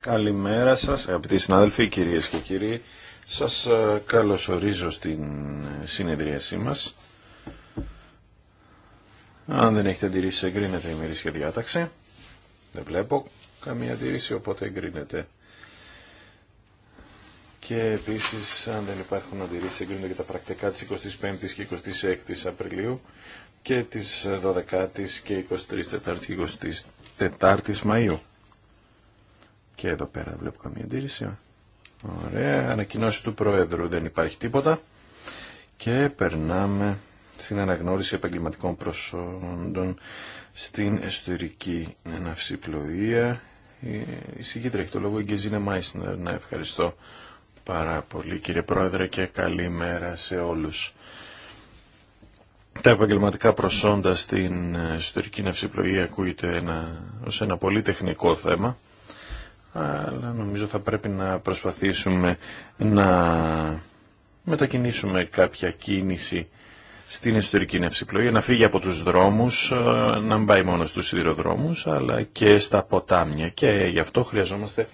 Καλημέρα σας, αγαπητοί συνάδελφοι, κυρίες και κύριοι. Σας ε, καλωσορίζω στην ε, συνεδρίασή μας. Αν δεν έχετε αντιρρήσει, εγκρίνεται η μερίσια διάταξη. Δεν βλέπω καμία αντιρρήση, οπότε εγκρίνεται. Και επίση, αν δεν υπάρχουν αντιρρήσει, εγκρίνονται και τα πρακτικά τη 25η και 26η Απριλίου και της 12ης και 23ης Τετάρτης και 24ης Μαΐου. Και εδώ πέρα βλέπω καμία αντίρρηση. Ωραία. Ανακοινώσει του Προέδρου δεν υπάρχει τίποτα. Και περνάμε στην αναγνώριση επαγγελματικών προσόντων στην εσωτερική ναυσιπλοεία. Η συγκίτρια έχει το λόγο, η Μάισνερ. Να ευχαριστώ πάρα πολύ κύριε Πρόεδρε και καλή μέρα σε όλους τα επαγγελματικά προσόντα στην ιστορική ναυσιπλοεία ακούγεται ένα, ως ένα πολύ τεχνικό θέμα αλλά νομίζω θα πρέπει να προσπαθήσουμε να μετακινήσουμε κάποια κίνηση στην ιστορική νευσιπλοεία, να φύγει από τους δρόμους, να μην πάει μόνο στους σιδηροδρόμους, αλλά και στα ποτάμια. Και γι' αυτό χρειαζόμαστε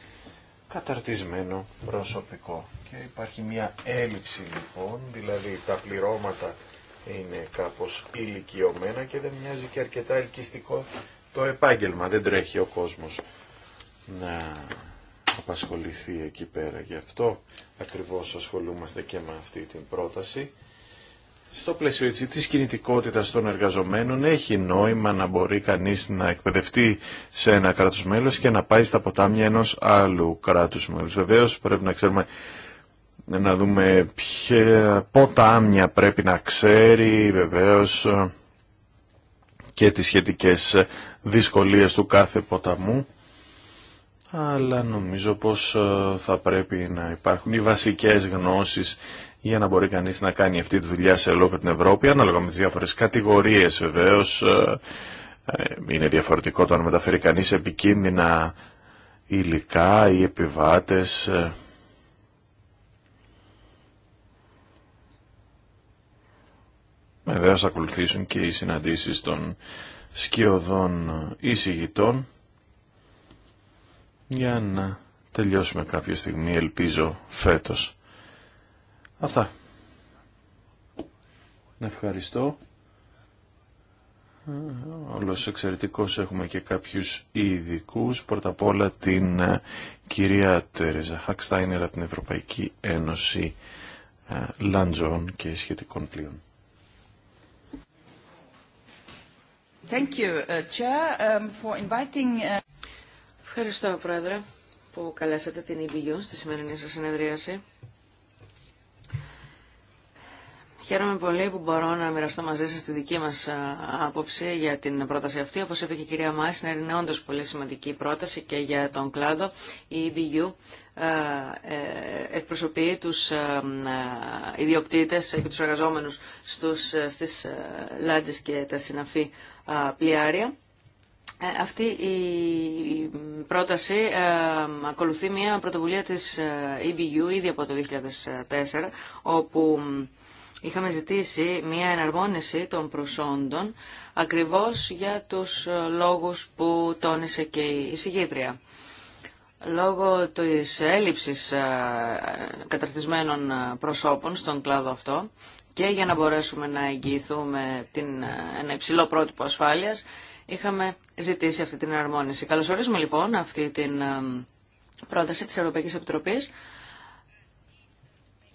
καταρτισμένο προσωπικό. Και υπάρχει μια έλλειψη λοιπόν, δηλαδή τα πληρώματα είναι κάπως ηλικιωμένα και δεν μοιάζει και αρκετά ελκυστικό το επάγγελμα. Δεν τρέχει ο κόσμος να απασχοληθεί εκεί πέρα. Γι' αυτό ακριβώς ασχολούμαστε και με αυτή την πρόταση. Στο πλαίσιο έτσι, της κινητικότητας των εργαζομένων έχει νόημα να μπορεί κανείς να εκπαιδευτεί σε ένα κράτος μέλος και να πάει στα ποτάμια ενός άλλου κράτους μέλους. Βεβαίως πρέπει να ξέρουμε να δούμε ποια, πότα πρέπει να ξέρει βεβαίως και τις σχετικές δυσκολίες του κάθε ποταμού αλλά νομίζω πως ε, θα πρέπει να υπάρχουν οι βασικές γνώσεις για να μπορεί κανείς να κάνει αυτή τη δουλειά σε ολόκληρη την Ευρώπη ανάλογα με τις διάφορες κατηγορίες βεβαίως ε, ε, είναι διαφορετικό το να μεταφέρει κανείς επικίνδυνα υλικά ή επιβάτες Βεβαίω θα ακολουθήσουν και οι συναντήσεις των σκιωδών εισηγητών για να τελειώσουμε κάποια στιγμή, ελπίζω, φέτος. Αυτά. Ευχαριστώ. Όλος εξαιρετικός έχουμε και κάποιους ειδικού. Πρώτα απ' όλα την ε, κυρία Τέρεζα Χακστάινερ από την Ευρωπαϊκή Ένωση ε, Λάντζων και σχετικών πλοίων. Uh, um, uh, Ευχαριστώ, Πρόεδρε, που καλέσατε την EBU στη σημερινή σας συνεδρίαση. Χαίρομαι πολύ που μπορώ να μοιραστώ μαζί σας τη δική μας άποψη για την πρόταση αυτή. Όπως είπε και η κυρία Μάσινερ, είναι όντως πολύ σημαντική πρόταση και για τον κλάδο. Η EBU ε, εκπροσωπεί τους ιδιοκτήτες και τους εργαζόμενους στους, στις Λάντζες και τα συναφή πλοιάρια. Ε, αυτή η πρόταση ε, ακολουθεί μια πρωτοβουλία της ε, EBU ήδη από το 2004, όπου είχαμε ζητήσει μια εναρμόνιση των προσόντων ακριβώς για τους λόγους που τόνισε και η εισηγήτρια. Λόγω της έλλειψης καταρτισμένων προσώπων στον κλάδο αυτό, και για να μπορέσουμε να εγγυηθούμε την, ε, ένα υψηλό πρότυπο ασφάλειας, είχαμε ζητήσει αυτή την αρμόνιση. Καλωσορίζουμε λοιπόν αυτή την ε, πρόταση της Ευρωπαϊκής Επιτροπής,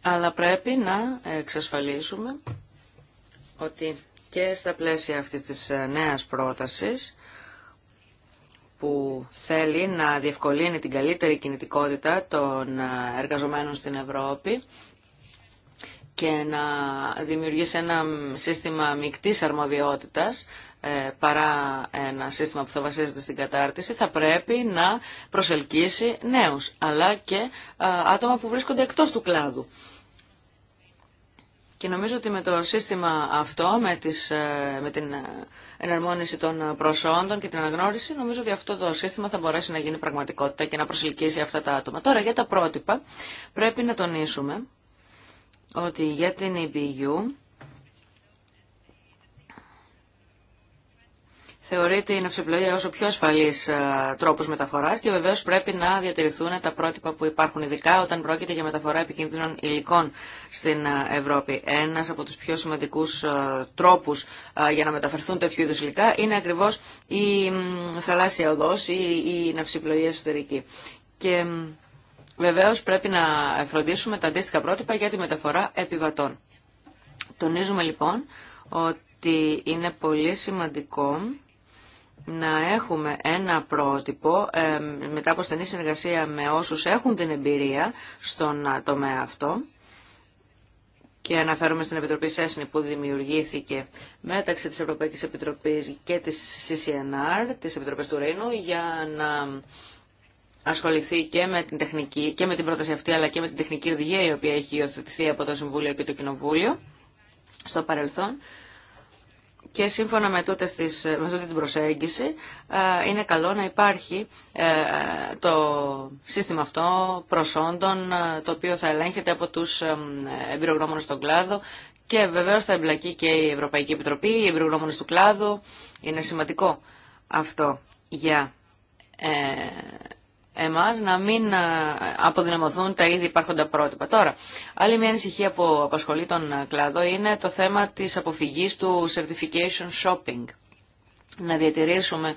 αλλά πρέπει να εξασφαλίσουμε ότι και στα πλαίσια αυτής της ε, νέας πρότασης, που θέλει να διευκολύνει την καλύτερη κινητικότητα των εργαζομένων στην Ευρώπη, και να δημιουργήσει ένα σύστημα μεικτής αρμοδιότητας ε, παρά ένα σύστημα που θα βασίζεται στην κατάρτιση θα πρέπει να προσελκύσει νέους αλλά και ε, άτομα που βρίσκονται εκτός του κλάδου. Και νομίζω ότι με το σύστημα αυτό, ε, με, την εναρμόνιση των προσόντων και την αναγνώριση, νομίζω ότι αυτό το σύστημα θα μπορέσει να γίνει πραγματικότητα και να προσελκύσει αυτά τα άτομα. Τώρα για τα πρότυπα πρέπει να τονίσουμε ότι για την EBU θεωρείται η ναυσιπλοεία ως ο πιο ασφαλής ε, τρόπος μεταφοράς και βεβαίως πρέπει να διατηρηθούν τα πρότυπα που υπάρχουν ειδικά όταν πρόκειται για μεταφορά επικίνδυνων υλικών στην ε, Ευρώπη. Ένας από τους πιο σημαντικούς ε, τρόπους για να μεταφερθούν τέτοιου είδους υλικά είναι ακριβώς η θαλάσσια οδός ή η ναυσιπλοεία εσωτερική. Και Βεβαίως πρέπει να φροντίσουμε τα αντίστοιχα πρότυπα για τη μεταφορά επιβατών. Τονίζουμε λοιπόν ότι είναι πολύ σημαντικό να έχουμε ένα πρότυπο μετά από στενή συνεργασία με όσους έχουν την εμπειρία στον τομέα αυτό και αναφέρομαι στην Επιτροπή ΣΕΣΝΗ που δημιουργήθηκε μεταξύ της Ευρωπαϊκής Επιτροπής και της CCNR, της Επιτροπής του Ρήνου, για να ασχοληθεί και με την τεχνική, και με την πρόταση αυτή, αλλά και με την τεχνική οδηγία η οποία έχει υιοθετηθεί από το Συμβούλιο και το Κοινοβούλιο στο παρελθόν. Και σύμφωνα με, τούτε στις, με την προσέγγιση, είναι καλό να υπάρχει ε, το σύστημα αυτό προσόντων, το οποίο θα ελέγχεται από τους εμπειρογνώμονες στον κλάδο και βεβαίως θα εμπλακεί και η Ευρωπαϊκή Επιτροπή, οι εμπειρογνώμονες του κλάδου. Είναι σημαντικό αυτό για ε, εμάς να μην ε, αποδυναμωθούν τα ήδη υπάρχοντα πρότυπα. Τώρα, άλλη μια ανησυχία που απασχολεί τον ε, κλάδο είναι το θέμα της αποφυγής του certification shopping. Να διατηρήσουμε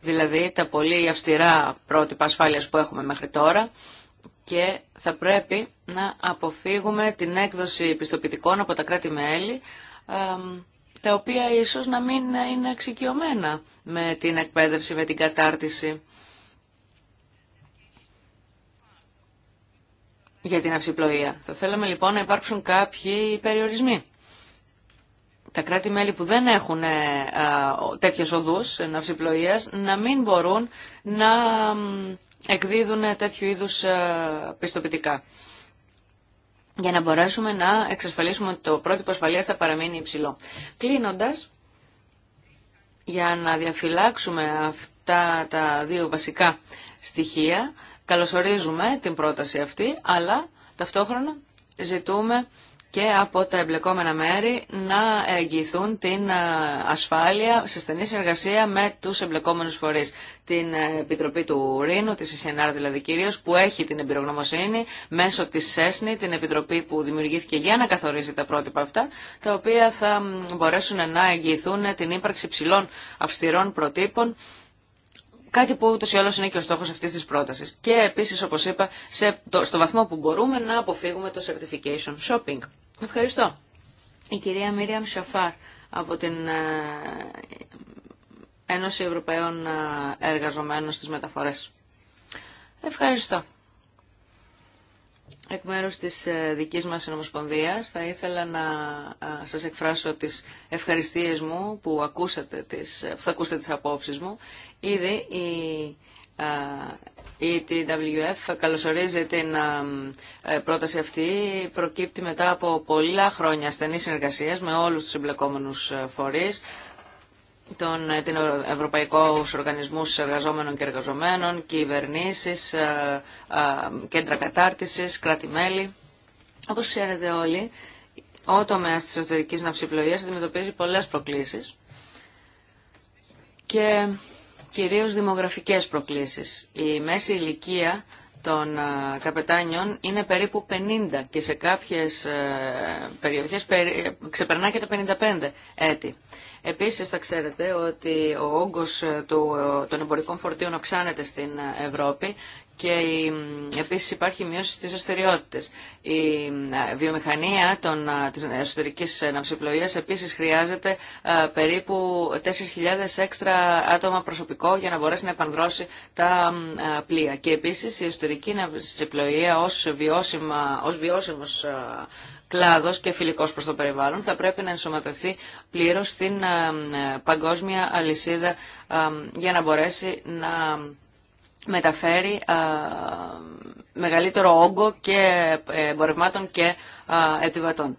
δηλαδή τα πολύ αυστηρά πρότυπα ασφάλειας που έχουμε μέχρι τώρα και θα πρέπει να αποφύγουμε την έκδοση πιστοποιητικών από τα κράτη-μέλη τα οποία ίσως να μην είναι εξοικειωμένα με την εκπαίδευση, με την κατάρτιση για την αυσιπλοεία. Θα θέλαμε λοιπόν να υπάρξουν κάποιοι περιορισμοί. Τα κράτη-μέλη που δεν έχουν ε, τέτοιες οδούς ε, ναυσιπλοείας να μην μπορούν να εκδίδουν ε, τέτοιου είδους πιστοποιητικά για να μπορέσουμε να εξασφαλίσουμε ότι το πρότυπο ασφαλείας θα παραμείνει υψηλό. Κλείνοντας, για να διαφυλάξουμε αυτά τα δύο βασικά στοιχεία, Καλωσορίζουμε την πρόταση αυτή, αλλά ταυτόχρονα ζητούμε και από τα εμπλεκόμενα μέρη να εγγυηθούν την ε, ασφάλεια σε στενή συνεργασία με τους εμπλεκόμενους φορείς. Την ε, Επιτροπή του Ρήνου, της ΕΣΕΝΑΡ δηλαδή κυρίως, που έχει την εμπειρογνωμοσύνη μέσω της ΣΕΣΝΗ, την Επιτροπή που δημιουργήθηκε για να καθορίζει τα πρότυπα αυτά, τα οποία θα μπορέσουν να εγγυηθούν την ύπαρξη ψηλών αυστηρών προτύπων Κάτι που ούτω ή άλλω είναι και ο στόχο αυτή τη πρόταση. Και επίση, όπω είπα, σε, το, στο βαθμό που μπορούμε να αποφύγουμε το certification shopping. Ευχαριστώ. Η κυρία Μίριαμ Σαφάρ από την ε, Ένωση Ευρωπαίων ε, Εργαζομένων στις Μεταφορές. Ευχαριστώ. Εκ μέρους της ε, δικής μας νομοσπονδίας. θα ήθελα να ε, σας εκφράσω τις ευχαριστίες μου που, ακούσατε τις, ε, που θα ακούσετε τις απόψεις μου. Ήδη η, η TWF καλωσορίζει την πρόταση αυτή. Προκύπτει μετά από πολλά χρόνια στενή συνεργασίας με όλους τους εμπλεκόμενους φορείς τον, την Ευρωπαϊκούς Οργανισμούς Εργαζόμενων και εργαζομενων κυβερνήσει, κυβερνήσεις, ε, ε, κέντρα κατάρτισης, κράτη-μέλη. Όπως ξέρετε όλοι, ο τομέας της εσωτερικής ναυσιπλοείας αντιμετωπίζει πολλές προκλήσεις και κυρίως δημογραφικές προκλήσεις. Η μέση ηλικία των ε, καπετάνιων είναι περίπου 50 και σε κάποιες περιοχές ξεπερνά και τα 55 έτη. Επίσης θα ξέρετε ότι ο όγκος των εμπορικών φορτίων αυξάνεται στην Ευρώπη και επίσης υπάρχει μείωση στις αστεριότητες. Η ε, βιομηχανία των, ε, της εσωτερικής ναυσιπλοείας επίσης χρειάζεται ε, περίπου 4.000 έξτρα άτομα προσωπικό για να μπορέσει να επανδρώσει τα πλοία. Και επίσης η εσωτερική ναυσιπλοεία ως, ως βιώσιμος κλάδος και φιλικό προς το περιβάλλον θα πρέπει να ενσωματωθεί πλήρω στην ε, ε, παγκόσμια αλυσίδα ε, για να μπορέσει να μεταφέρει μεγαλύτερο όγκο και εμπορευμάτων και επιβατών.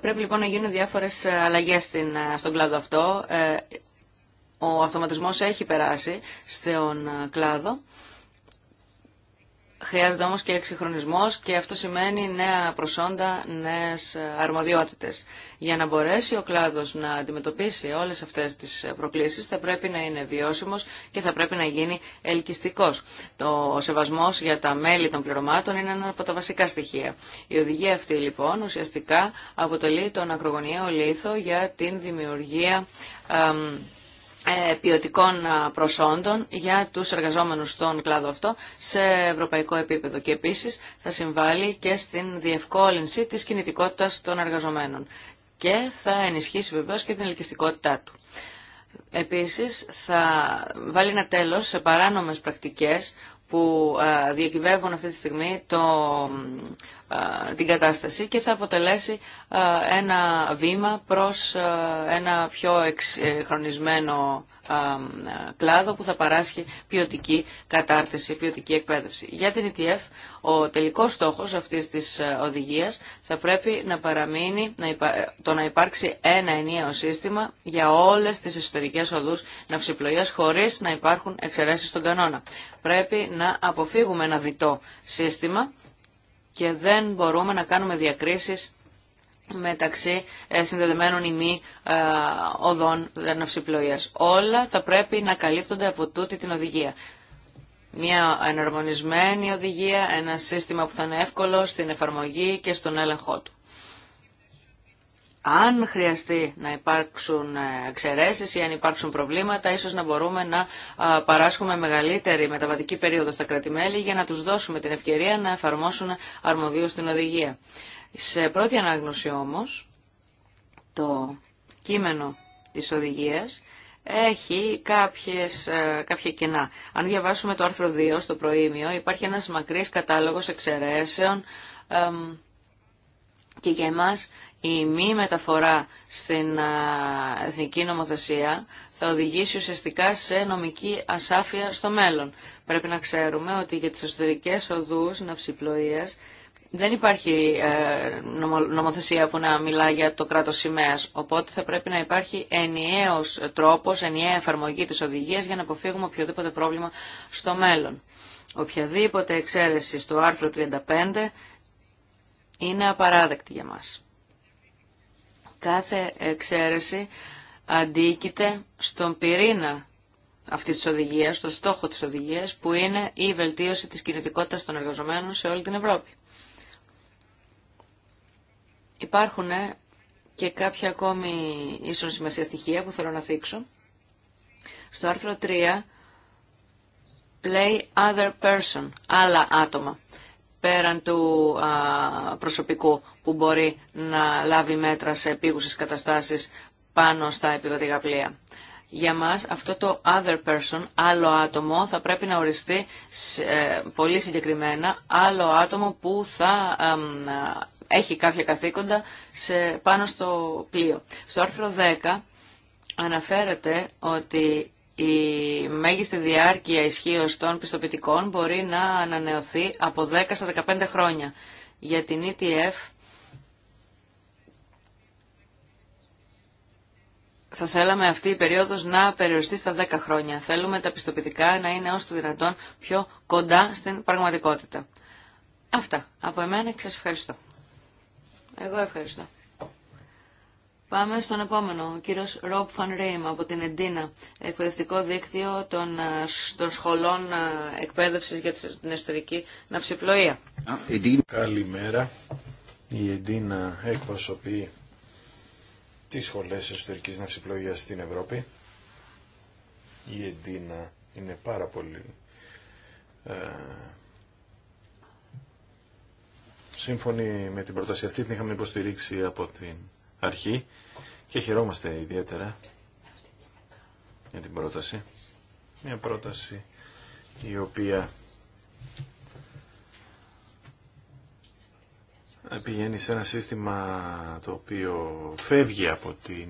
Πρέπει λοιπόν να γίνουν διάφορες αλλαγές στον κλάδο αυτό. Ο αυτοματισμός έχει περάσει στον κλάδο Χρειάζεται όμως και εξυγχρονισμός και αυτό σημαίνει νέα προσόντα, νέες αρμοδιότητες. Για να μπορέσει ο κλάδος να αντιμετωπίσει όλες αυτές τις προκλήσεις θα πρέπει να είναι βιώσιμος και θα πρέπει να γίνει ελκυστικός. Το σεβασμός για τα μέλη των πληρωμάτων είναι ένα από τα βασικά στοιχεία. Η οδηγία αυτή λοιπόν ουσιαστικά αποτελεί τον ακρογωνιαίο λίθο για την δημιουργία ε, ποιοτικών ε, προσόντων για τους εργαζόμενους στον κλάδο αυτό σε ευρωπαϊκό επίπεδο και επίσης θα συμβάλλει και στην διευκόλυνση της κινητικότητας των εργαζομένων και θα ενισχύσει βεβαίως και την ελκυστικότητά του. Επίσης θα βάλει ένα τέλος σε παράνομες πρακτικές που ε, διακυβεύουν αυτή τη στιγμή το την κατάσταση και θα αποτελέσει ένα βήμα προς ένα πιο εξχρονισμένο κλάδο που θα παράσχει ποιοτική κατάρτιση, ποιοτική εκπαίδευση. Για την ETF, ο τελικός στόχος αυτής της οδηγίας θα πρέπει να παραμείνει να το να υπάρξει ένα ενιαίο σύστημα για όλες τις ιστορικές οδούς ναυσιπλοείας χωρίς να υπάρχουν εξαιρέσεις στον κανόνα. Πρέπει να αποφύγουμε ένα διτό σύστημα και δεν μπορούμε να κάνουμε διακρίσεις μεταξύ ε, συνδεδεμένων ή μη ε, οδών ναυσιπλοείας. Όλα θα πρέπει να καλύπτονται από τούτη την οδηγία. Μια εναρμονισμένη οδηγία, ένα σύστημα που θα είναι εύκολο στην εφαρμογή και στον έλεγχό του αν χρειαστεί να υπάρξουν ε, εξαιρέσει ή αν υπάρξουν προβλήματα, ίσως να μπορούμε να παράσχουμε μεγαλύτερη μεταβατική περίοδο στα κρατημέλη για να τους δώσουμε την ευκαιρία να εφαρμόσουν αρμοδίως την οδηγία. Σε πρώτη ανάγνωση όμως, το κείμενο της οδηγία έχει κάποιες, ε, κάποια κενά. Αν διαβάσουμε το άρθρο 2 στο προήμιο, υπάρχει ένας μακρύς κατάλογος εξαιρέσεων και για εμάς η μη μεταφορά στην εθνική νομοθεσία θα οδηγήσει ουσιαστικά σε νομική ασάφεια στο μέλλον. Πρέπει να ξέρουμε ότι για τις εσωτερικές οδούς ναυσιπλοείας δεν υπάρχει ε, νομοθεσία που να μιλά για το κράτος σημαίας, οπότε θα πρέπει να υπάρχει ενιαίος τρόπος, ενιαία εφαρμογή της οδηγίας για να αποφύγουμε οποιοδήποτε πρόβλημα στο μέλλον. Οποιαδήποτε εξαίρεση στο άρθρο 35 είναι απαράδεκτη για μας κάθε εξαίρεση αντίκειται στον πυρήνα αυτής της οδηγίας, στον στόχο της οδηγίας, που είναι η βελτίωση της κινητικότητας των εργαζομένων σε όλη την Ευρώπη. Υπάρχουν και κάποια ακόμη ίσον σημασία στοιχεία που θέλω να θίξω. Στο άρθρο 3 λέει other person, άλλα άτομα πέραν του προσωπικού που μπορεί να λάβει μέτρα σε επίγουσες καταστάσεις πάνω στα επιβατικά πλοία. Για μας αυτό το other person, άλλο άτομο, θα πρέπει να οριστεί ε, πολύ συγκεκριμένα άλλο άτομο που θα έχει κάποια καθήκοντα σε, πάνω στο πλοίο. Στο άρθρο 10 αναφέρεται ότι η μέγιστη διάρκεια ισχύω των πιστοποιητικών μπορεί να ανανεωθεί από 10 στα 15 χρόνια. Για την ETF θα θέλαμε αυτή η περίοδος να περιοριστεί στα 10 χρόνια. Θέλουμε τα πιστοποιητικά να είναι όσο το δυνατόν πιο κοντά στην πραγματικότητα. Αυτά. Από εμένα και σας ευχαριστώ. Εγώ ευχαριστώ. Πάμε στον επόμενο, ο κύριος Ρόμπ Φαν Ρέιμ από την Εντίνα, εκπαιδευτικό δίκτυο των, ε, των σχολών ε, εκπαίδευσης για την εσωτερική ναυσιπλοεία. Καλημέρα. Η Εντίνα εκπροσωπεί τις σχολές εσωτερικής ναυσιπλοείας στην Ευρώπη. Η Εντίνα είναι πάρα πολύ ε, σύμφωνη με την πρόταση αυτή, την είχαμε υποστηρίξει από την αρχή και χαιρόμαστε ιδιαίτερα για την πρόταση. Μια πρόταση η οποία πηγαίνει σε ένα σύστημα το οποίο φεύγει από την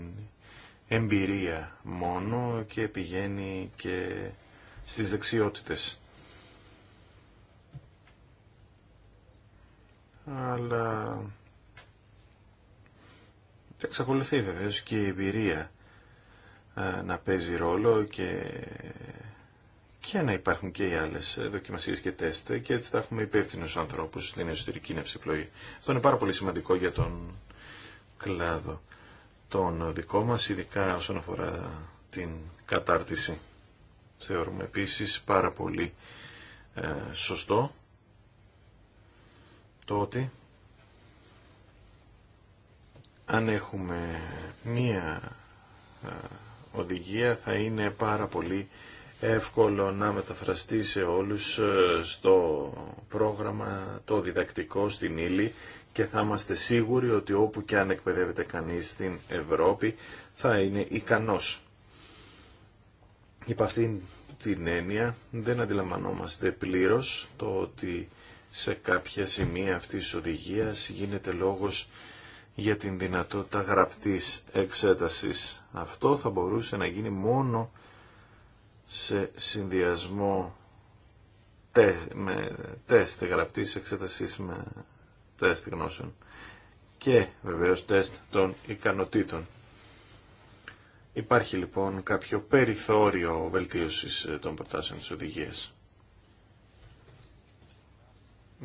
εμπειρία μόνο και πηγαίνει και στις δεξιότητες. Αλλά θα εξακολουθεί βεβαίω και η εμπειρία ε, να παίζει ρόλο και, και να υπάρχουν και οι άλλε δοκιμασίες και τεστ και έτσι θα έχουμε υπεύθυνου ανθρώπου στην εσωτερική ναυσιπλοή. Αυτό είναι πάρα πολύ σημαντικό για τον κλάδο τον δικό μας, ειδικά όσον αφορά την κατάρτιση. Θεωρούμε επίσης πάρα πολύ ε, σωστό το ότι αν έχουμε μία ε, οδηγία θα είναι πάρα πολύ εύκολο να μεταφραστεί σε όλους ε, στο πρόγραμμα το διδακτικό στην ύλη και θα είμαστε σίγουροι ότι όπου και αν εκπαιδεύεται κανείς στην Ευρώπη θα είναι ικανός. Υπ' αυτήν την έννοια δεν αντιλαμβανόμαστε πλήρως το ότι σε κάποια σημεία αυτής της οδηγίας γίνεται λόγος για την δυνατότητα γραπτής εξέτασης. Αυτό θα μπορούσε να γίνει μόνο σε συνδυασμό με τεστ γραπτής εξέτασης με τεστ γνώσεων και βεβαίως τεστ των ικανοτήτων. Υπάρχει λοιπόν κάποιο περιθώριο βελτίωσης ε, των προτάσεων της οδηγίας.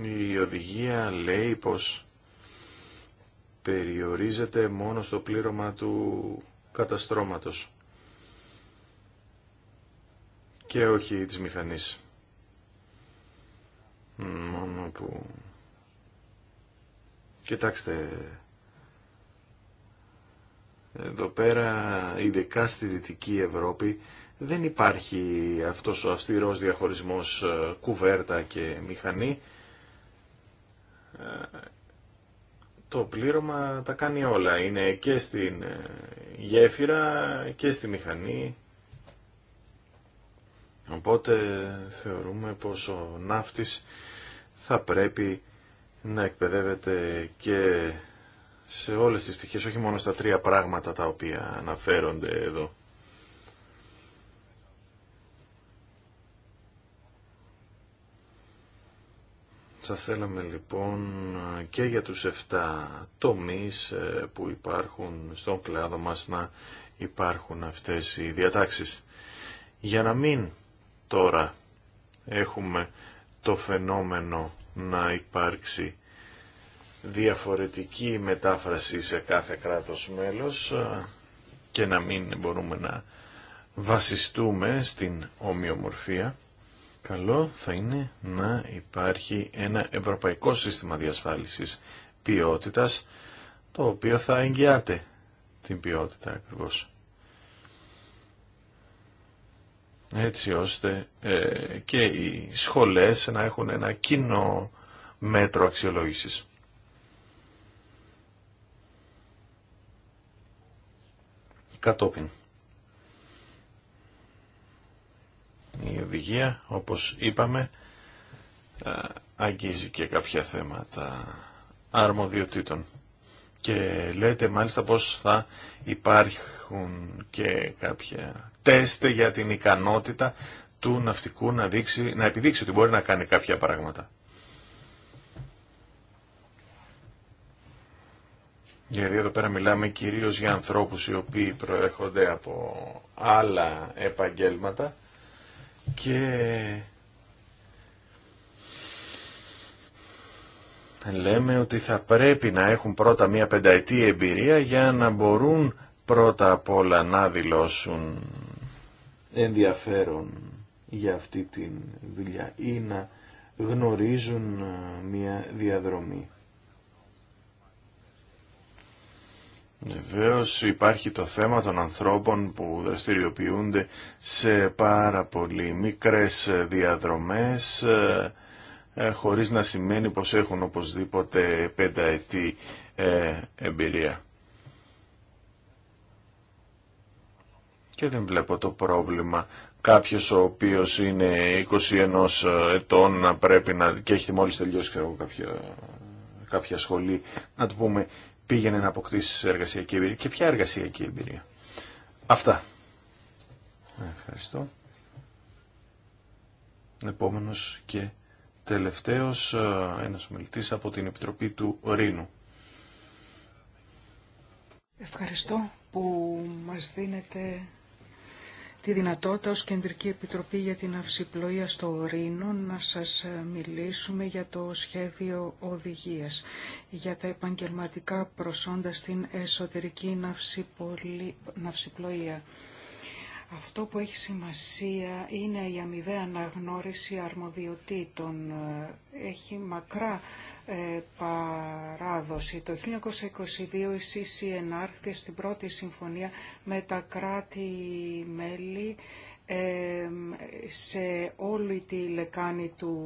Η οδηγία λέει πως περιορίζεται μόνο στο πλήρωμα του καταστρώματος και όχι της μηχανής. Μόνο που... Κοιτάξτε, εδώ πέρα, ειδικά στη Δυτική Ευρώπη, δεν υπάρχει αυτός ο αυστηρός διαχωρισμός ε, κουβέρτα και μηχανή. Ε, το πλήρωμα τα κάνει όλα. Είναι και στην ε, γέφυρα και στη μηχανή. Οπότε θεωρούμε πως ο ναύτης θα πρέπει να εκπαιδεύεται και σε όλες τις πτυχές, όχι μόνο στα τρία πράγματα τα οποία αναφέρονται εδώ. Θα θέλαμε λοιπόν και για τους 7 τομείς ε, που υπάρχουν στον κλάδο μας να υπάρχουν αυτές οι διατάξεις. Για να μην τώρα έχουμε το φαινόμενο να υπάρξει διαφορετική μετάφραση σε κάθε κράτος μέλος ε, και να μην μπορούμε να βασιστούμε στην ομοιομορφία καλό θα είναι να υπάρχει ένα ευρωπαϊκό σύστημα διασφάλισης ποιότητας, το οποίο θα εγγυάται την ποιότητα ακριβώς. Έτσι ώστε ε, και οι σχολές να έχουν ένα κοινό μέτρο αξιολόγησης. Κατόπιν, υγεία, όπως είπαμε, ε, αγγίζει και κάποια θέματα αρμοδιοτήτων. Και λέτε μάλιστα πως θα υπάρχουν και κάποια τεστ για την ικανότητα του ναυτικού να, δείξει, να επιδείξει ότι μπορεί να κάνει κάποια πράγματα. Γιατί εδώ πέρα μιλάμε κυρίως για ανθρώπους οι οποίοι προέρχονται από άλλα επαγγέλματα και λέμε ότι θα πρέπει να έχουν πρώτα μία πενταετή εμπειρία για να μπορούν πρώτα απ' όλα να δηλώσουν ενδιαφέρον για αυτή τη δουλειά ή να γνωρίζουν ε, μία διαδρομή Βεβαίω υπάρχει το θέμα των ανθρώπων που δραστηριοποιούνται σε πάρα πολύ μικρές διαδρομές ε, ε, χωρίς να σημαίνει πως έχουν οπωσδήποτε πενταετή ε, εμπειρία. Και δεν βλέπω το πρόβλημα κάποιος ο οποίος είναι 21 ετών να πρέπει να, και έχει μόλις τελειώσει κάποια, κάποια σχολή, να του πούμε πήγαινε να αποκτήσει εργασιακή εμπειρία και ποια εργασιακή εμπειρία. Αυτά. Ευχαριστώ. Επόμενος και τελευταίος ε, ένας μιλητής από την Επιτροπή του Ρήνου. Ευχαριστώ που μας δίνετε τη δυνατότητα ως Κεντρική Επιτροπή για την Αυσιπλοεία στο Ρήνο να σας ε, μιλήσουμε για το σχέδιο οδηγίας για τα επαγγελματικά προσόντα στην εσωτερική ναυσιπολη... ναυσιπλοεία. Αυτό που έχει σημασία είναι η αμοιβαία αναγνώριση αρμοδιοτήτων. Έχει μακρά ε, παράδοση. Το 1922 η ΣΥΣΥ ενάρχθη στην πρώτη συμφωνία με τα κράτη-μέλη ε, σε όλη τη λεκάνη του,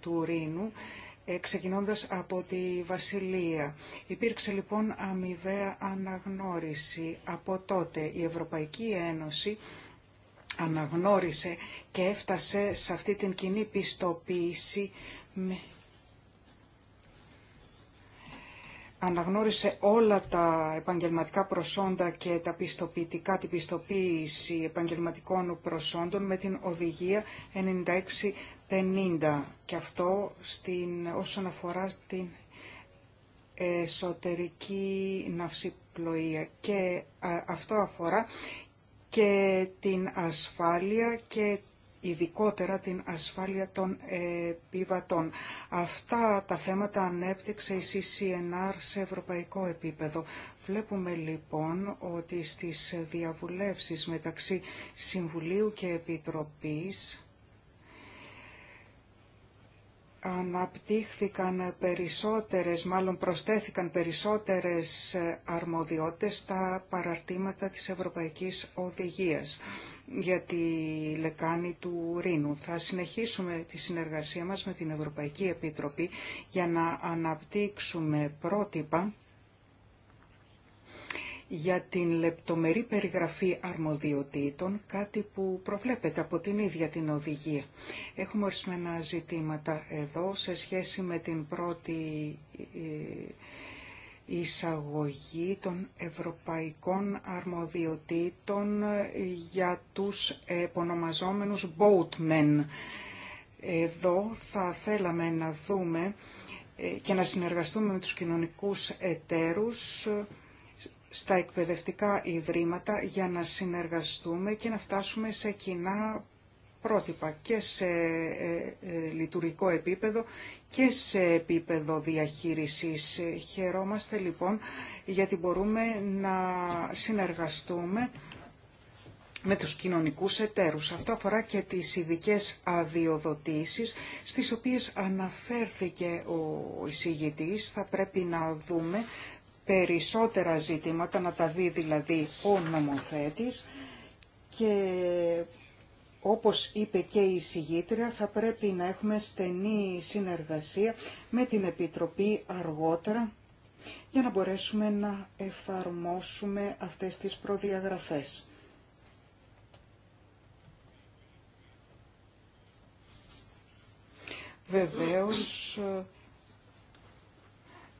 του Ρήνου ε, ξεκινώντας από τη Βασιλεία. Υπήρξε λοιπόν αμοιβαία αναγνώριση. Από τότε η Ευρωπαϊκή Ένωση αναγνώρισε και έφτασε σε αυτή την κοινή πιστοποίηση Αναγνώρισε όλα τα επαγγελματικά προσόντα και τα πιστοποιητικά, την πιστοποίηση επαγγελματικών προσόντων με την οδηγία 96 50 και αυτό στην, όσον αφορά την εσωτερική ναυσιπλοεία και αυτό αφορά και την ασφάλεια και ειδικότερα την ασφάλεια των επιβατών. Αυτά τα θέματα ανέπτυξε η CCNR σε ευρωπαϊκό επίπεδο. Βλέπουμε λοιπόν ότι στις διαβουλεύσεις μεταξύ Συμβουλίου και Επιτροπής αναπτύχθηκαν περισσότερες, μάλλον προσθέθηκαν περισσότερες αρμοδιότητες στα παραρτήματα της Ευρωπαϊκής Οδηγίας για τη λεκάνη του Ρήνου. Θα συνεχίσουμε τη συνεργασία μας με την Ευρωπαϊκή Επιτροπή για να αναπτύξουμε πρότυπα για την λεπτομερή περιγραφή αρμοδιοτήτων, κάτι που προβλέπεται από την ίδια την οδηγία. Έχουμε ορισμένα ζητήματα εδώ σε σχέση με την πρώτη ε, εισαγωγή των ευρωπαϊκών αρμοδιοτήτων ε, για τους επωνομαζόμενους boatmen. Εδώ θα θέλαμε να δούμε ε, και να συνεργαστούμε με τους κοινωνικούς εταίρους στα εκπαιδευτικά ιδρύματα για να συνεργαστούμε και να φτάσουμε σε κοινά πρότυπα και σε ε, ε, λειτουργικό επίπεδο και σε επίπεδο διαχείρισης. Χαιρόμαστε λοιπόν γιατί μπορούμε να συνεργαστούμε με τους κοινωνικούς εταίρους. Αυτό αφορά και τις ειδικέ αδειοδοτήσεις, στις οποίες αναφέρθηκε ο εισηγητής. Θα πρέπει να δούμε περισσότερα ζητήματα, να τα δει δηλαδή ο νομοθέτης και όπως είπε και η συγγήτρια, θα πρέπει να έχουμε στενή συνεργασία με την Επιτροπή αργότερα για να μπορέσουμε να εφαρμόσουμε αυτές τις προδιαγραφές. Βεβαίως, ε,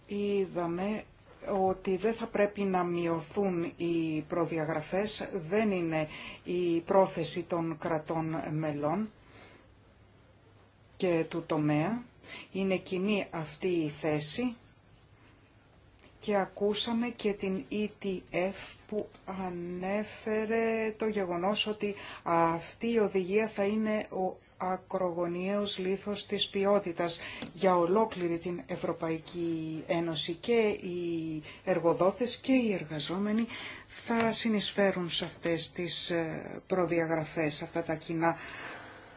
είδαμε ότι δεν θα πρέπει να μειωθούν οι προδιαγραφές, δεν είναι η πρόθεση των κρατών μελών και του τομέα. Είναι κοινή αυτή η θέση και ακούσαμε και την ETF που ανέφερε το γεγονός ότι αυτή η οδηγία θα είναι ο ακρογωνιαίος λίθος της ποιότητας για ολόκληρη την Ευρωπαϊκή Ένωση και οι εργοδότες και οι εργαζόμενοι θα συνεισφέρουν σε αυτές τις ε, προδιαγραφές, αυτά τα κοινά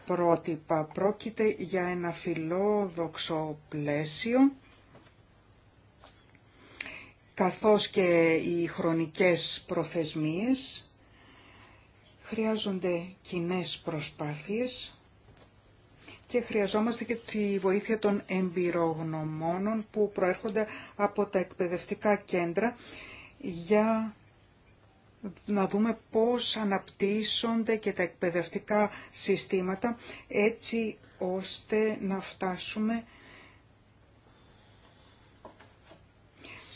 πρότυπα. Πρόκειται για ένα φιλόδοξο πλαίσιο καθώς και οι χρονικές προθεσμίες χρειάζονται κοινέ προσπάθειες και χρειαζόμαστε και τη βοήθεια των εμπειρογνωμόνων που προέρχονται από τα εκπαιδευτικά κέντρα για να δούμε πώς αναπτύσσονται και τα εκπαιδευτικά συστήματα έτσι ώστε να φτάσουμε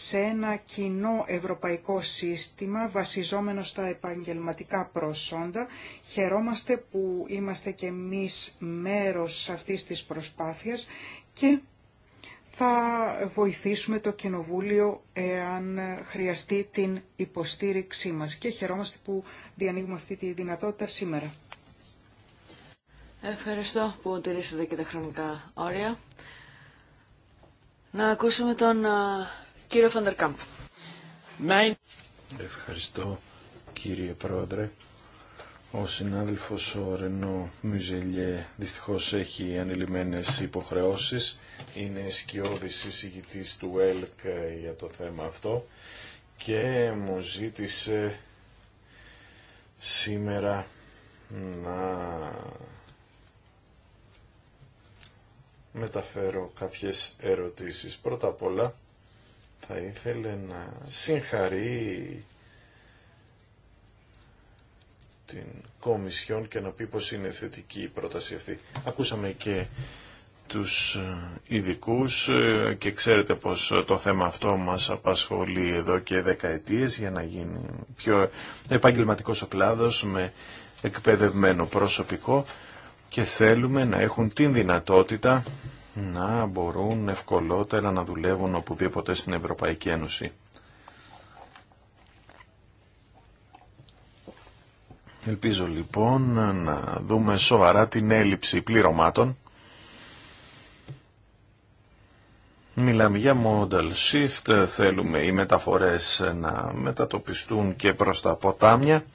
σε ένα κοινό ευρωπαϊκό σύστημα βασιζόμενο στα επαγγελματικά προσόντα. Χαιρόμαστε που είμαστε και εμείς μέρος αυτής της προσπάθειας και θα βοηθήσουμε το Κοινοβούλιο εάν χρειαστεί την υποστήριξή μας και χαιρόμαστε που διανοίγουμε αυτή τη δυνατότητα σήμερα. Ευχαριστώ που τηρήσατε και τα χρονικά όρια. Να ακούσουμε τον Κύριο Φαντερκάμπ. Ευχαριστώ κύριε Πρόεδρε. Ο συνάδελφος ο Ρενό Μιζελιέ δυστυχώς έχει ανηλυμένες υποχρεώσεις. Είναι σκιώδης εισηγητής του ΕΛΚ για το θέμα αυτό και μου ζήτησε σήμερα να μεταφέρω κάποιες ερωτήσεις. Πρώτα απ' όλα θα ήθελε να συγχαρεί την Κομισιόν και να πει πως είναι θετική η πρόταση αυτή. Ακούσαμε και τους ε, ειδικού ε, και ξέρετε πως ε, το θέμα αυτό μας απασχολεί εδώ και δεκαετίες για να γίνει πιο επαγγελματικός ο κλάδος με εκπαιδευμένο προσωπικό και θέλουμε να έχουν την δυνατότητα να μπορούν ευκολότερα να δουλεύουν οπουδήποτε στην Ευρωπαϊκή Ένωση. Ελπίζω λοιπόν να δούμε σοβαρά την έλλειψη πληρωμάτων. Μιλάμε για modal shift, θέλουμε οι μεταφορές να μετατοπιστούν και προς τα ποτάμια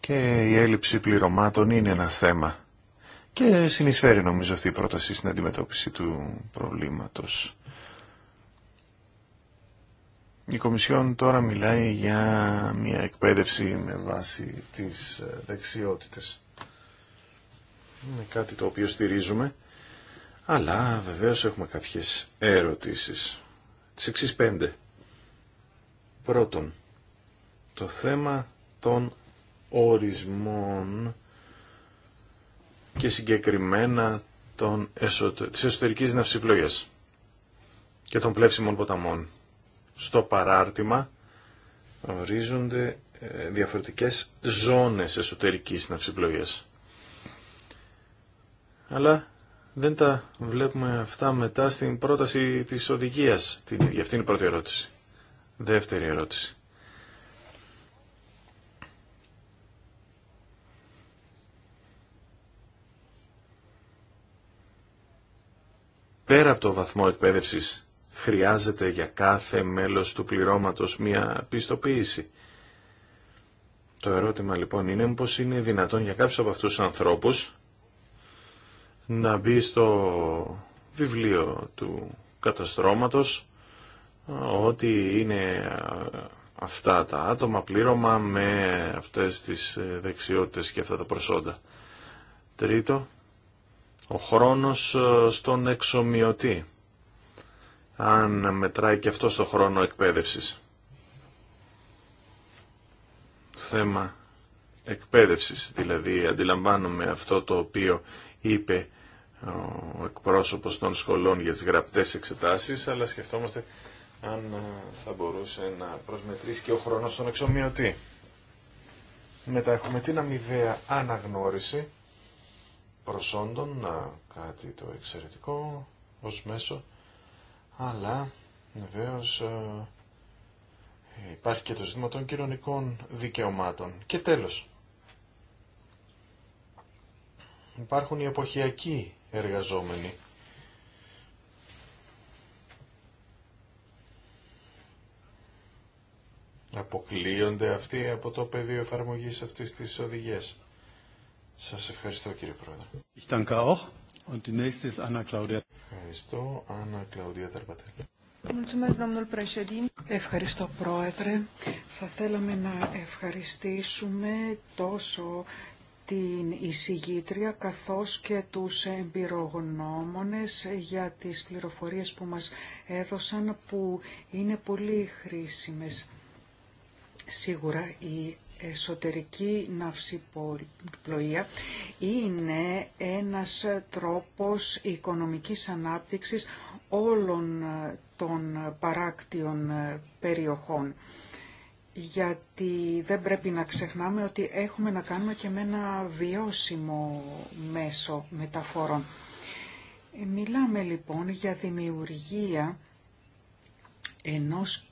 και η έλλειψη πληρωμάτων είναι ένα θέμα και συνεισφέρει νομίζω αυτή η πρόταση στην αντιμετώπιση του προβλήματος. Η Κομισιόν τώρα μιλάει για μια εκπαίδευση με βάση τις ε, δεξιότητες. Είναι κάτι το οποίο στηρίζουμε, αλλά βεβαίως έχουμε κάποιες ερωτήσεις. Τις εξής πέντε. Πρώτον, το θέμα των ορισμών και συγκεκριμένα των εσωτερική της εσωτερικής ναυσιπλογίας και των πλεύσιμων ποταμών. Στο παράρτημα ορίζονται ε, διαφορετικές ζώνες εσωτερικής ναυσιπλογίας. Αλλά δεν τα βλέπουμε αυτά μετά στην πρόταση της οδηγίας. Την... Αυτή είναι η πρώτη ερώτηση. Δεύτερη ερώτηση. πέρα από το βαθμό εκπαίδευσης χρειάζεται για κάθε μέλος του πληρώματος μια πιστοποίηση. Το ερώτημα λοιπόν είναι πως είναι δυνατόν για κάποιους από αυτούς τους ανθρώπους να μπει στο βιβλίο του καταστρώματος ότι είναι αυτά τα άτομα πλήρωμα με αυτές τις δεξιότητες και αυτά τα προσόντα. Τρίτο, ο χρόνος ε, στον εξομοιωτή, αν μετράει και αυτό το χρόνο εκπαίδευσης. Θέμα εκπαίδευσης, δηλαδή αντιλαμβάνομαι αυτό το οποίο είπε ο εκπρόσωπος των σχολών για τις γραπτές εξετάσεις, αλλά σκεφτόμαστε αν ε, θα μπορούσε να προσμετρήσει και ο χρόνος στον εξομοιωτή. Μετά έχουμε την αμοιβαία αναγνώριση προσόντων, κάτι το εξαιρετικό ως μέσο, αλλά βεβαίω ε, υπάρχει και το ζήτημα των κοινωνικών δικαιωμάτων. Και τέλος, υπάρχουν οι εποχιακοί εργαζόμενοι. Αποκλείονται αυτοί από το πεδίο εφαρμογής αυτής της οδηγίας. Σας ευχαριστώ κύριε Πρόεδρε. Ich danke auch. Und die nächste ist Anna Claudia. Ευχαριστώ, Άννα Κλαουδία Ταρπατέλη. Ευχαριστώ Πρόεδρε. Θα θέλαμε να ευχαριστήσουμε τόσο την εισηγήτρια καθώς και τους εμπειρογνώμονες για τις πληροφορίες που μας έδωσαν που είναι πολύ χρήσιμες. Σίγουρα η εσωτερική ναυσιπλοεία είναι ένας τρόπος οικονομικής ανάπτυξης όλων των παράκτιων περιοχών. Γιατί δεν πρέπει να ξεχνάμε ότι έχουμε να κάνουμε και με ένα βιώσιμο μέσο μεταφορών. Μιλάμε λοιπόν για δημιουργία ενός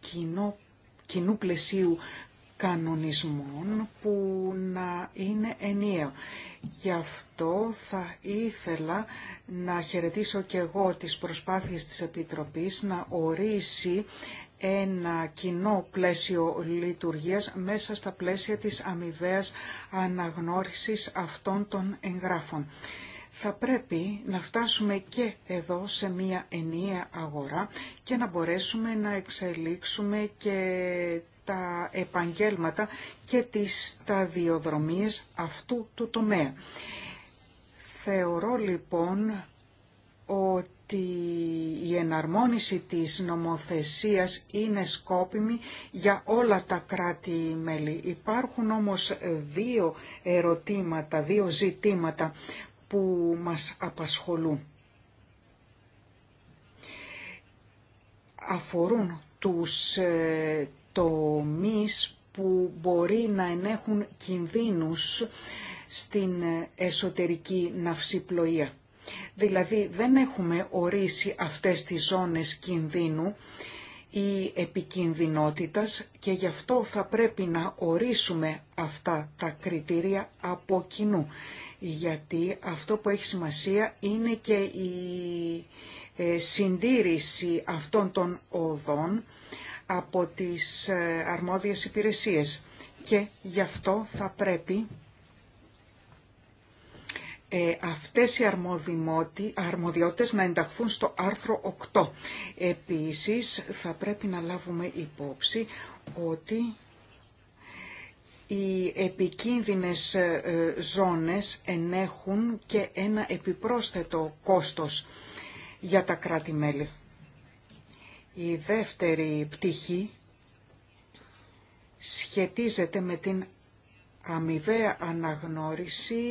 κοινού πλαισίου κανονισμών που να είναι ενιαίο. Γι' αυτό θα ήθελα να χαιρετήσω και εγώ τις προσπάθειες της Επιτροπής να ορίσει ένα κοινό πλαίσιο λειτουργίας μέσα στα πλαίσια της αμοιβαία αναγνώρισης αυτών των εγγράφων. Θα πρέπει να φτάσουμε και εδώ σε μία ενιαία αγορά και να μπορέσουμε να εξελίξουμε και τα επαγγέλματα και τις σταδιοδρομίες αυτού του τομέα. Θεωρώ λοιπόν ότι η εναρμόνιση της νομοθεσίας είναι σκόπιμη για όλα τα κράτη-μέλη. Υπάρχουν όμως δύο ερωτήματα, δύο ζητήματα που μας απασχολούν. Αφορούν τους, ε, τομείς που μπορεί να ενέχουν κινδύνους στην εσωτερική ναυσιπλοεία. Δηλαδή δεν έχουμε ορίσει αυτές τις ζώνες κινδύνου ή επικινδυνότητας και γι' αυτό θα πρέπει να ορίσουμε αυτά τα κριτήρια από κοινού. Γιατί αυτό που έχει σημασία είναι και η ε, συντήρηση αυτών των οδών από τις ε, αρμόδιες υπηρεσίες και γι' αυτό θα πρέπει ε, αυτές οι αρμοδιότητες να ενταχθούν στο άρθρο 8. Επίσης θα πρέπει να λάβουμε υπόψη ότι οι επικίνδυνες ε, ζώνες ενέχουν και ένα επιπρόσθετο κόστος για τα κράτη-μέλη. Η δεύτερη πτυχή σχετίζεται με την αμοιβαία αναγνώριση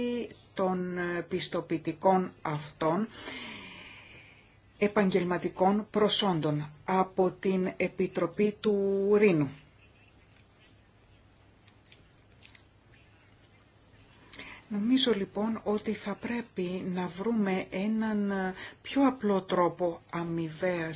των πιστοποιητικών αυτών επαγγελματικών προσόντων από την Επιτροπή του Ρήνου. Νομίζω λοιπόν ότι θα πρέπει να βρούμε έναν πιο απλό τρόπο αμοιβαία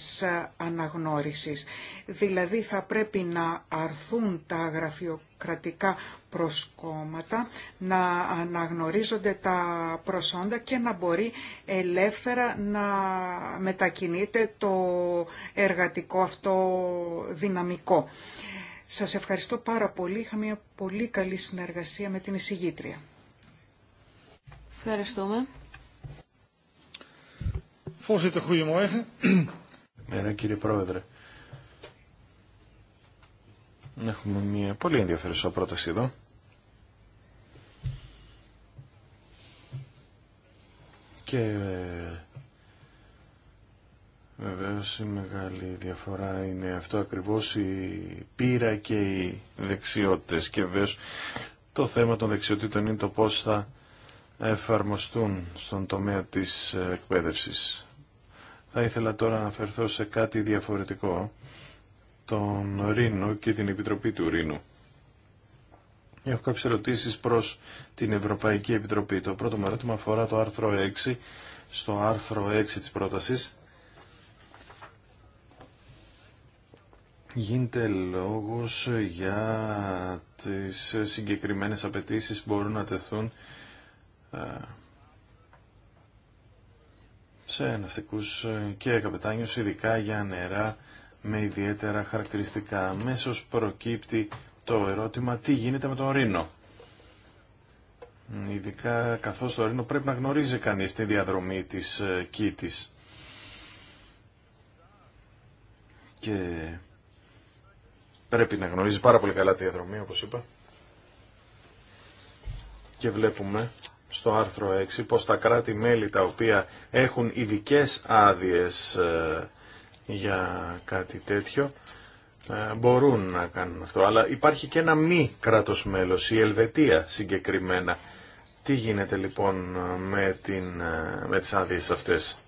αναγνώρισης. Δηλαδή θα πρέπει να αρθούν τα γραφειοκρατικά προσκόμματα, να αναγνωρίζονται τα προσόντα και να μπορεί ελεύθερα να μετακινείται το εργατικό αυτό δυναμικό. Σας ευχαριστώ πάρα πολύ. Είχα μια πολύ καλή συνεργασία με την εισηγήτρια. Ευχαριστούμε. Voorzitter, goedemorgen. κύριε Πρόεδρε. Έχουμε μια πολύ ενδιαφέρουσα πρόταση εδώ. Και βεβαίω η μεγάλη διαφορά είναι αυτό ακριβώς η πείρα και οι δεξιότητες. Και βεβαίω το θέμα των δεξιοτήτων είναι το πώς θα εφαρμοστούν στον τομέα της εκπαίδευσης. Θα ήθελα τώρα να αναφερθώ σε κάτι διαφορετικό, τον Ρήνο και την Επιτροπή του Ρήνου. Έχω κάποιες ερωτήσεις προς την Ευρωπαϊκή Επιτροπή. Το πρώτο μου ερώτημα αφορά το άρθρο 6, στο άρθρο 6 της πρότασης. Γίνεται λόγος για τις συγκεκριμένες απαιτήσεις που μπορούν να τεθούν ε, σε ναυτικούς ε, και καπετάνιους, ειδικά για νερά με ιδιαίτερα χαρακτηριστικά. Αμέσως προκύπτει το ερώτημα τι γίνεται με τον Ρήνο. Ειδικά καθώς το Ρήνο πρέπει να γνωρίζει κανείς τη διαδρομή της ε, Κίτης. Και πρέπει να γνωρίζει πάρα πολύ καλά τη διαδρομή όπως είπα. Και βλέπουμε στο άρθρο 6 πως τα κράτη-μέλη τα οποία έχουν ειδικέ άδειες ε, για κάτι τέτοιο ε, μπορούν να κάνουν αυτό. Αλλά υπάρχει και ένα μη κράτος μέλος, η Ελβετία συγκεκριμένα. Τι γίνεται λοιπόν ε, με, την, με τις άδειες αυτές.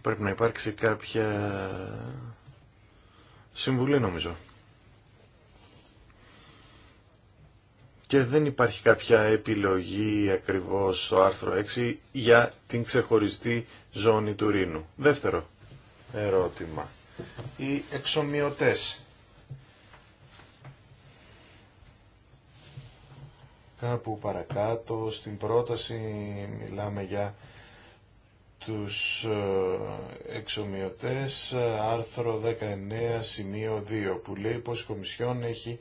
Πρέπει να υπάρξει κάποια συμβουλή νομίζω. και δεν υπάρχει κάποια επιλογή ακριβώς στο άρθρο 6 για την ξεχωριστή ζώνη του Ρήνου. Δεύτερο ερώτημα. Οι εξομοιωτές. Κάπου παρακάτω στην πρόταση μιλάμε για τους ε, εξομοιωτές ε, άρθρο 19 σημείο 2 που λέει πως η Κομισιόν έχει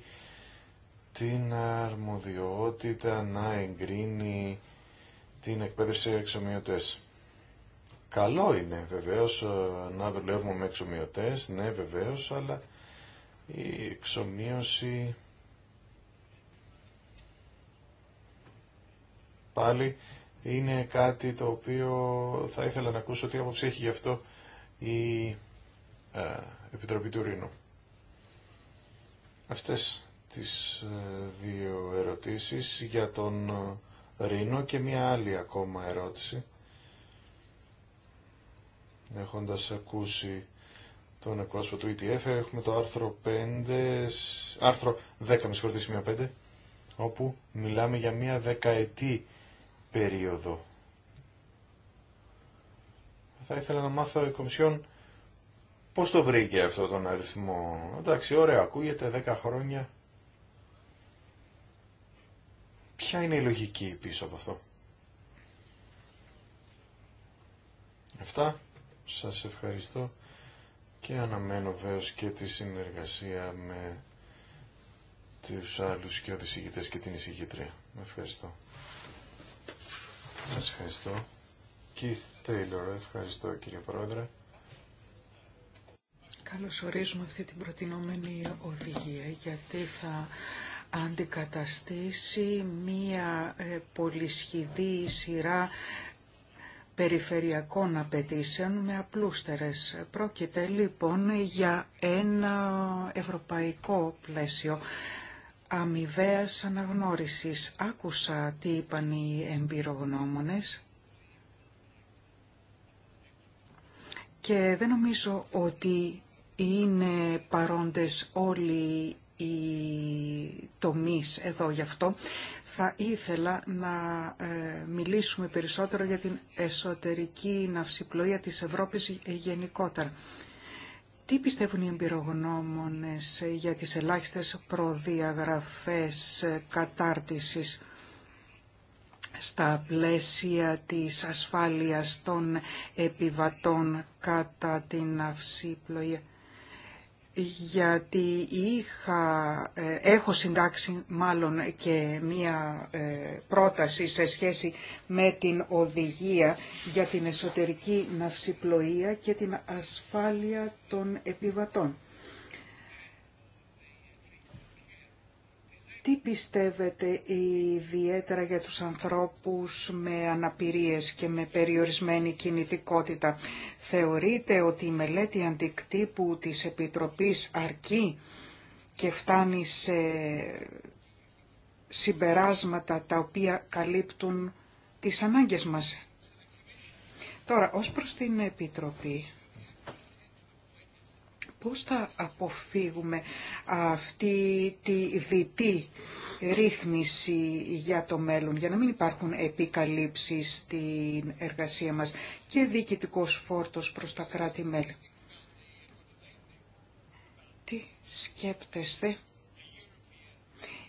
την αρμοδιότητα να εγκρίνει την εκπαίδευση εξομοιωτές. Καλό είναι βεβαίως ε, να δουλεύουμε με εξομοιωτές, ναι βεβαίως, αλλά η εξομοίωση πάλι είναι κάτι το οποίο θα ήθελα να ακούσω τι άποψη έχει γι' αυτό η ε, Επιτροπή του Ρήνου. Αυτές τις ε, δύο ερωτήσεις για τον ε, Ρήνο και μια άλλη ακόμα ερώτηση. Έχοντας ακούσει τον εκπρόσωπο του ETF, έχουμε το άρθρο 5, άρθρο 10, με συγχωρείτε, 5, όπου μιλάμε για μια δεκαετή περίοδο. Θα ήθελα να μάθω η Κομισιόν πώς το βρήκε αυτό τον αριθμό. Εντάξει, ωραία, ακούγεται 10 χρόνια Ποια είναι η λογική πίσω από αυτό. Αυτά. Σας ευχαριστώ και αναμένω βέβαια και τη συνεργασία με τους άλλους και ηγητές και την εισηγήτρια. Ευχαριστώ. Σας ευχαριστώ. Keith Taylor, ευχαριστώ κύριε Πρόεδρε. Καλώς ορίζουμε αυτή την προτινόμενη οδηγία γιατί θα αντικαταστήσει μία ε, πολυσχηδή σειρά περιφερειακών απαιτήσεων με απλούστερες. Πρόκειται λοιπόν για ένα ευρωπαϊκό πλαίσιο αμοιβαίας αναγνώρισης. Άκουσα τι είπαν οι εμπειρογνώμονες και δεν νομίζω ότι είναι παρόντες όλοι οι τομείς εδώ γι' αυτό. Θα ήθελα να ε, μιλήσουμε περισσότερο για την εσωτερική ναυσιπλοεία της Ευρώπης γενικότερα. Τι πιστεύουν οι εμπειρογνώμονες για τις ελάχιστες προδιαγραφές κατάρτισης στα πλαίσια της ασφάλειας των επιβατών κατά την ναυσιπλοΐα; γιατί είχα, ε, έχω συντάξει μάλλον και μία ε, πρόταση σε σχέση με την οδηγία για την εσωτερική ναυσιπλοεία και την ασφάλεια των επιβατών. Τι πιστεύετε ιδιαίτερα για τους ανθρώπους με αναπηρίες και με περιορισμένη κινητικότητα. Θεωρείτε ότι η μελέτη αντικτύπου της Επιτροπής αρκεί και φτάνει σε συμπεράσματα τα οποία καλύπτουν τις ανάγκες μας. Τώρα, ως προς την Επιτροπή, πώς θα αποφύγουμε αυτή τη διτή ρύθμιση για το μέλλον, για να μην υπάρχουν επικαλύψεις στην εργασία μας και διοικητικός φόρτος προς τα κράτη-μέλη. Τι σκέπτεστε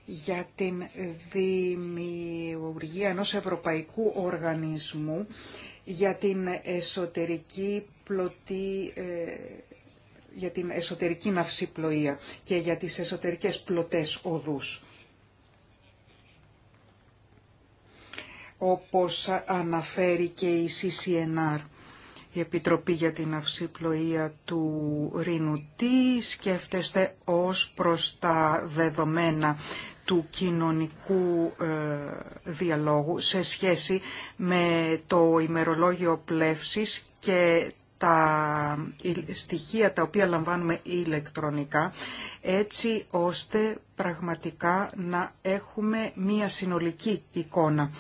για την δημιουργία ενός ευρωπαϊκού οργανισμού για την εσωτερική πλωτή ε, για την εσωτερική ναυσύπλοεία και για τις εσωτερικές πλωτές οδούς. Όπως αναφέρει και η CCNR, η Επιτροπή για την Ναυσύπλοεία του Ρήνου, τι σκέφτεστε ως προς τα δεδομένα του κοινωνικού ε, διαλόγου σε σχέση με το ημερολόγιο πλεύσης και τα στοιχεία τα οποία λαμβάνουμε ηλεκτρονικά, έτσι ώστε πραγματικά να έχουμε μία συνολική εικόνα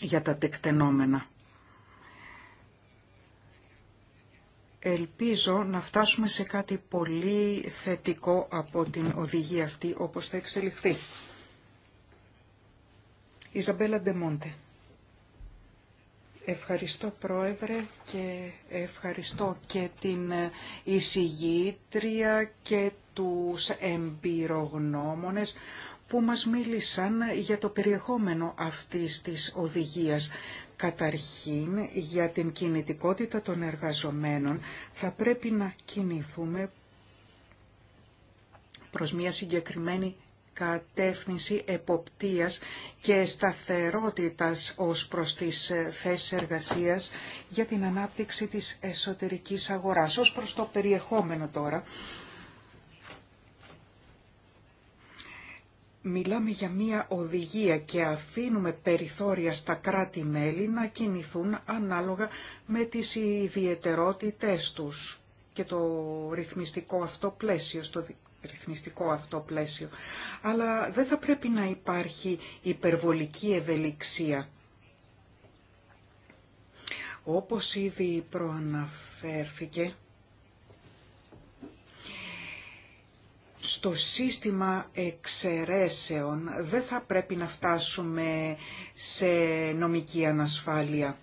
για τα τεκτενόμενα. Ελπίζω να φτάσουμε σε κάτι πολύ θετικό από την οδηγία αυτή, όπως θα εξελιχθεί. Ιζαμπέλα Ντεμόντε. Ευχαριστώ Πρόεδρε και ευχαριστώ και την εισηγήτρια και τους εμπειρογνώμονες που μας μίλησαν για το περιεχόμενο αυτής της οδηγίας. Καταρχήν, για την κινητικότητα των εργαζομένων θα πρέπει να κινηθούμε προς μια συγκεκριμένη κατεύθυνση εποπτείας και σταθερότητας ως προς τις θέσεις εργασίας για την ανάπτυξη της εσωτερικής αγοράς. Ως προς το περιεχόμενο τώρα, μιλάμε για μία οδηγία και αφήνουμε περιθώρια στα κράτη-μέλη να κινηθούν ανάλογα με τις ιδιαιτερότητές τους και το ρυθμιστικό αυτό πλαίσιο στο ρυθμιστικό αυτό πλαίσιο. Αλλά δεν θα πρέπει να υπάρχει υπερβολική ευελιξία. Όπως ήδη προαναφέρθηκε, στο σύστημα εξαιρέσεων δεν θα πρέπει να φτάσουμε σε νομική ανασφάλεια.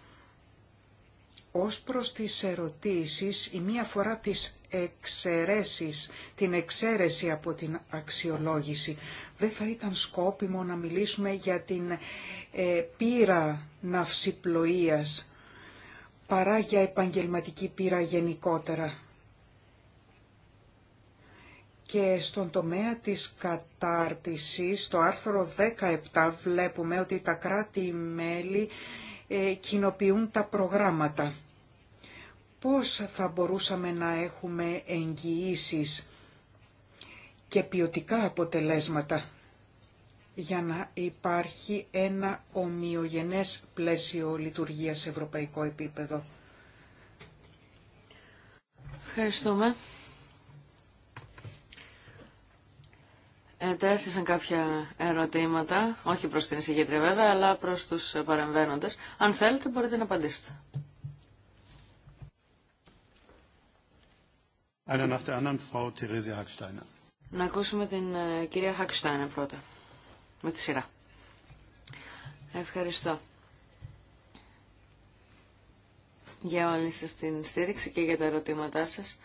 Ως προς τις ερωτήσεις, η μία φορά τις εξαιρέσεις, την εξαίρεση από την αξιολόγηση. Δεν θα ήταν σκόπιμο να μιλήσουμε για την ε, πείρα ναυσιπλοείας παρά για επαγγελματική πείρα γενικότερα. Και στον τομέα της κατάρτισης, στο άρθρο 17 βλέπουμε ότι τα κράτη-μέλη ε, κοινοποιούν τα προγράμματα πώς θα μπορούσαμε να έχουμε εγγυήσει και ποιοτικά αποτελέσματα για να υπάρχει ένα ομοιογενές πλαίσιο λειτουργίας σε ευρωπαϊκό επίπεδο. Ευχαριστούμε. Ετέθησαν κάποια ερωτήματα, όχι προς την εισηγήτρια βέβαια, αλλά προς τους παρεμβαίνοντες. Αν θέλετε μπορείτε να απαντήσετε. Να ακούσουμε την ε, κυρία Χακστάινα πρώτα, με τη σειρά. Ευχαριστώ για όλη σας την στήριξη και για τα ερωτήματά σας.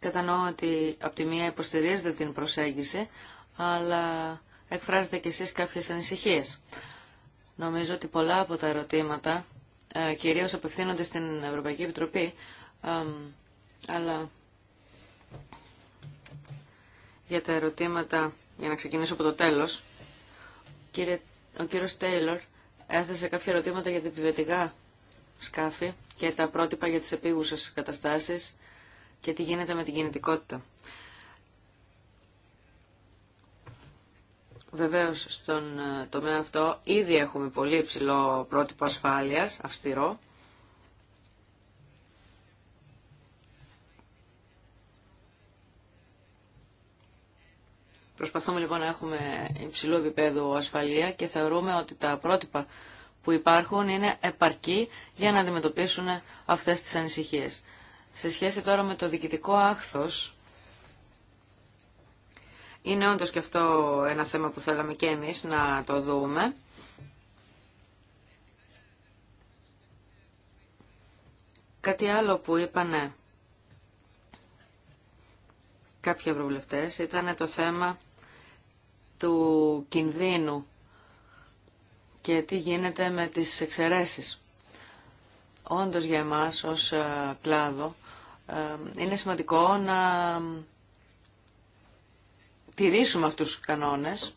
Κατανοώ ότι από τη μία υποστηρίζετε την προσέγγιση, αλλά εκφράζετε κι εσείς κάποιες ανησυχίες. Νομίζω ότι πολλά από τα ερωτήματα ε, κυρίως απευθύνονται στην Ευρωπαϊκή Επιτροπή, αλλά για τα ερωτήματα, για να ξεκινήσω από το τέλος, ο κύριος Τέιλορ έθεσε κάποια ερωτήματα για την επιβετικά σκάφη και τα πρότυπα για τις επίγουσες καταστάσεις και τι γίνεται με την κινητικότητα. Βεβαίω, στον ε, τομέα αυτό ήδη έχουμε πολύ υψηλό πρότυπο ασφάλειας, αυστηρό. Προσπαθούμε λοιπόν να έχουμε υψηλό επιπέδου ασφαλεία και θεωρούμε ότι τα πρότυπα που υπάρχουν είναι επαρκή για να αντιμετωπίσουν αυτές τις ανησυχίες. Σε σχέση τώρα με το διοικητικό άχθος, είναι όντως και αυτό ένα θέμα που θέλαμε και εμείς να το δούμε. Κάτι άλλο που είπανε κάποιοι ευρωβουλευτές ήταν το θέμα του κινδύνου και τι γίνεται με τις εξαιρέσεις. Όντως για εμάς ως ε, κλάδο ε, είναι σημαντικό να τηρήσουμε αυτούς τους κανόνες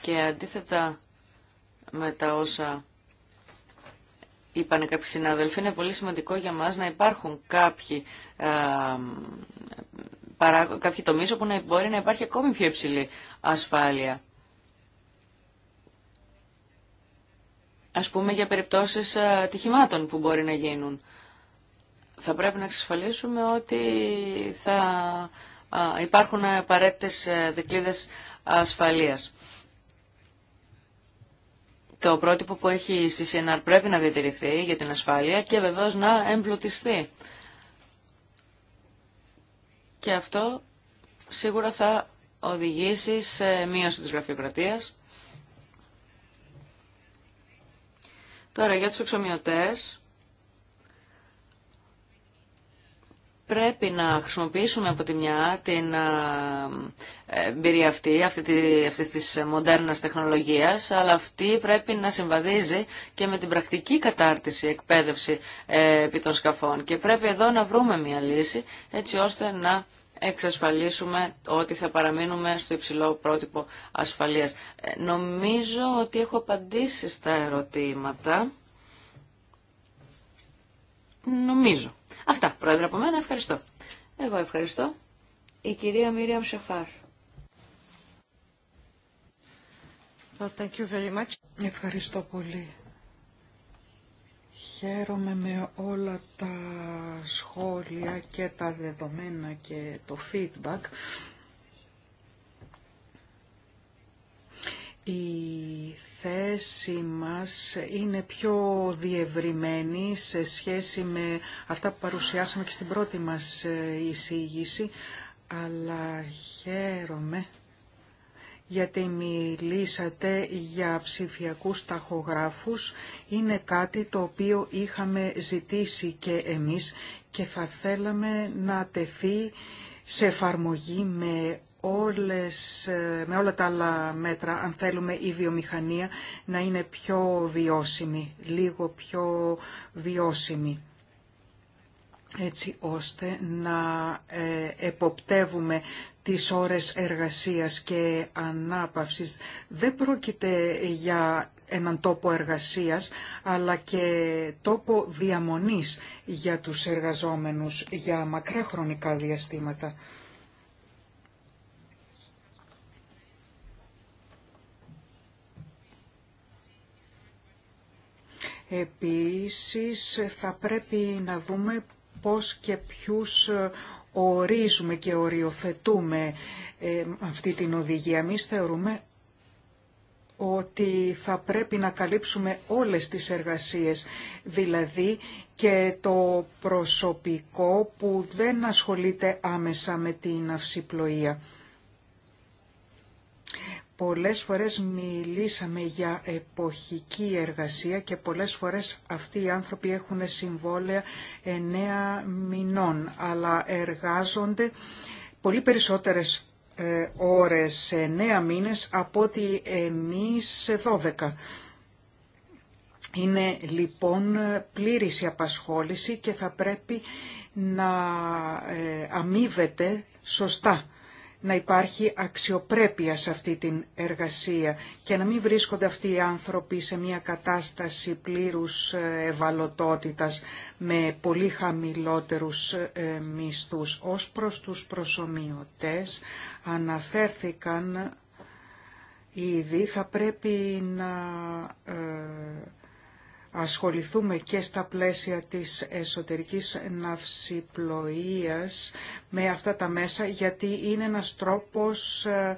και αντίθετα με τα όσα είπαν κάποιοι συνάδελφοι, είναι πολύ σημαντικό για μας να υπάρχουν κάποιοι, α, ε, παρά, κάποιοι τομείς όπου να μπορεί να υπάρχει ακόμη πιο υψηλή ασφάλεια. Ας πούμε για περιπτώσεις ε, ατυχημάτων που μπορεί να γίνουν. Θα πρέπει να εξασφαλίσουμε ότι θα υπάρχουν απαραίτητες ε, δικλείδε ασφαλείας. Το πρότυπο που έχει η CCNR πρέπει να διατηρηθεί για την ασφάλεια και βεβαίως να εμπλουτιστεί. Και αυτό σίγουρα θα οδηγήσει σε μείωση της γραφειοκρατίας. Τώρα για τους εξομοιωτές πρέπει να χρησιμοποιήσουμε από τη μια την ε, εμπειρία αυτή, αυτή τη, αυτής της μοντέρνας τεχνολογίας, αλλά αυτή πρέπει να συμβαδίζει και με την πρακτική κατάρτιση, εκπαίδευση ε, επί των σκαφών. Και πρέπει εδώ να βρούμε μια λύση έτσι ώστε να εξασφαλίσουμε ότι θα παραμείνουμε στο υψηλό πρότυπο ασφαλείας. Ε, νομίζω ότι έχω απαντήσει στα ερωτήματα. Νομίζω. Αυτά, πρόεδρε από μένα, ευχαριστώ. Εγώ ευχαριστώ. Η κυρία Μίριαμ Σεφάρ. Ευχαριστώ πολύ. Χαίρομαι με όλα τα σχόλια και τα δεδομένα και το feedback Η θέση μας είναι πιο διευρυμένη σε σχέση με αυτά που παρουσιάσαμε και στην πρώτη μας ε, εισήγηση, αλλά χαίρομαι γιατί μιλήσατε για ψηφιακούς ταχογράφους. Είναι κάτι το οποίο είχαμε ζητήσει και εμείς και θα θέλαμε να τεθεί σε εφαρμογή με όλες, ε, με όλα τα άλλα μέτρα αν θέλουμε η βιομηχανία να είναι πιο βιώσιμη, λίγο πιο βιώσιμη έτσι ώστε να ε, εποπτεύουμε τις ώρες εργασίας και ανάπαυσης. Δεν πρόκειται για έναν τόπο εργασίας, αλλά και τόπο διαμονής για τους εργαζόμενους για μακρά χρονικά διαστήματα. Επίσης θα πρέπει να δούμε πώς και ποιους ορίζουμε και οριοθετούμε ε, αυτή την οδηγία. Εμείς θεωρούμε ότι θα πρέπει να καλύψουμε όλες τις εργασίες, δηλαδή και το προσωπικό που δεν ασχολείται άμεσα με την αυσιπλοεία. Πολλές φορές μιλήσαμε για εποχική εργασία και πολλές φορές αυτοί οι άνθρωποι έχουν συμβόλαια εννέα μηνών, αλλά εργάζονται πολύ περισσότερες ε, ώρες σε εννέα μήνες από ότι εμείς σε δώδεκα. Είναι λοιπόν πλήρης η απασχόληση και θα πρέπει να ε, αμείβεται σωστά να υπάρχει αξιοπρέπεια σε αυτή την εργασία και να μην βρίσκονται αυτοί οι άνθρωποι σε μια κατάσταση πλήρους ε, ευαλωτότητας με πολύ χαμηλότερους ε, μισθούς. Ως προς τους προσωμιωτές αναφέρθηκαν ήδη θα πρέπει να ε, ασχοληθούμε και στα πλαίσια της εσωτερικής ναυσιπλοείας με αυτά τα μέσα γιατί είναι ένας τρόπος ε,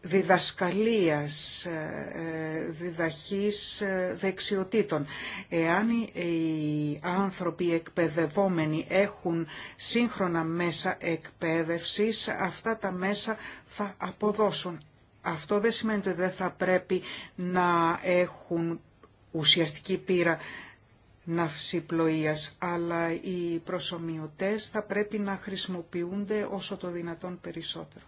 διδασκαλίας, ε, ε, διδαχής δεξιοτήτων. Εάν οι άνθρωποι εκπαιδευόμενοι έχουν σύγχρονα μέσα εκπαίδευσης, αυτά τα μέσα θα αποδώσουν. Αυτό δεν σημαίνει ότι δεν θα πρέπει να έχουν ουσιαστική πείρα ναυσιπλοείας, αλλά οι προσωμιωτές θα πρέπει να χρησιμοποιούνται όσο το δυνατόν περισσότερο.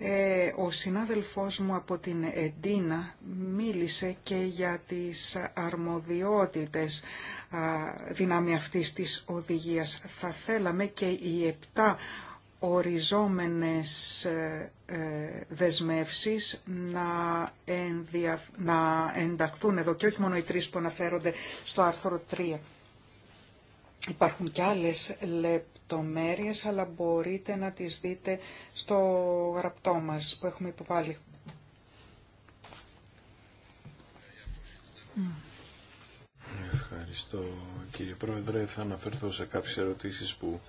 Ε, ο συνάδελφός μου από την Εντίνα μίλησε και για τις αρμοδιότητες δυνάμει αυτής της οδηγίας. Θα θέλαμε και οι επτά οριζόμενες ε, ε, δεσμεύσεις να, να ενταχθούν εδώ και όχι μόνο οι τρεις που αναφέρονται στο άρθρο 3. Υπάρχουν και άλλες λεπτομέρειες, αλλά μπορείτε να τις δείτε στο γραπτό μας που έχουμε υποβάλει. Mm. Ευχαριστώ κύριε Πρόεδρε. Θα αναφερθώ σε κάποιες ερωτήσεις που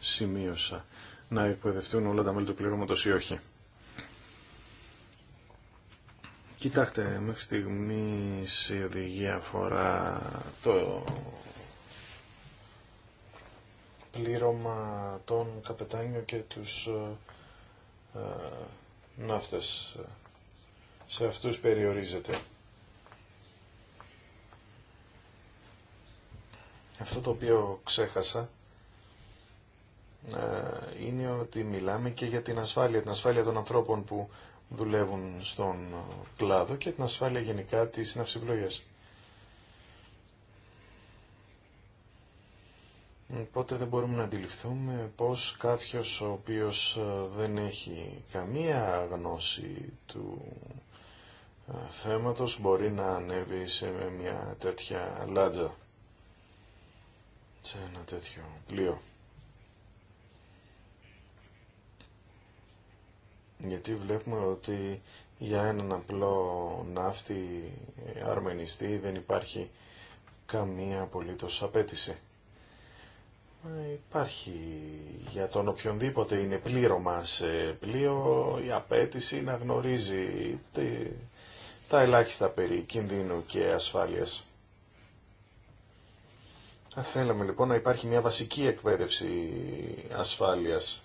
σημείωσα. Να εκπαιδευτούν όλα τα μέλη του πληρώματος ή όχι. Κοιτάξτε, μέχρι στιγμή η οδηγία αφορά το πλήρωμα των καπετάνιων και τους ε, ε, ναύτες. Σε αυτούς περιορίζεται. Αυτό το οποίο ξέχασα ε, είναι ότι μιλάμε και για την ασφάλεια, την ασφάλεια των ανθρώπων που δουλεύουν στον ε, κλάδο και την ασφάλεια γενικά της ναυσιπλογίας. Οπότε δεν μπορούμε να αντιληφθούμε πως κάποιος ο οποίος ε, δεν έχει καμία γνώση του θέματος μπορεί να ανέβει σε μια τέτοια λάτζα σε ένα τέτοιο πλοίο. Γιατί βλέπουμε ότι για έναν απλό ναύτη ε, αρμενιστή δεν υπάρχει καμία απολύτως απέτηση. Ε, υπάρχει για τον οποιονδήποτε είναι πλήρωμα σε πλοίο η απέτηση να γνωρίζει τα ελάχιστα περί κινδύνου και ασφάλειας. Θα θέλαμε λοιπόν να υπάρχει μια βασική εκπαίδευση ασφάλειας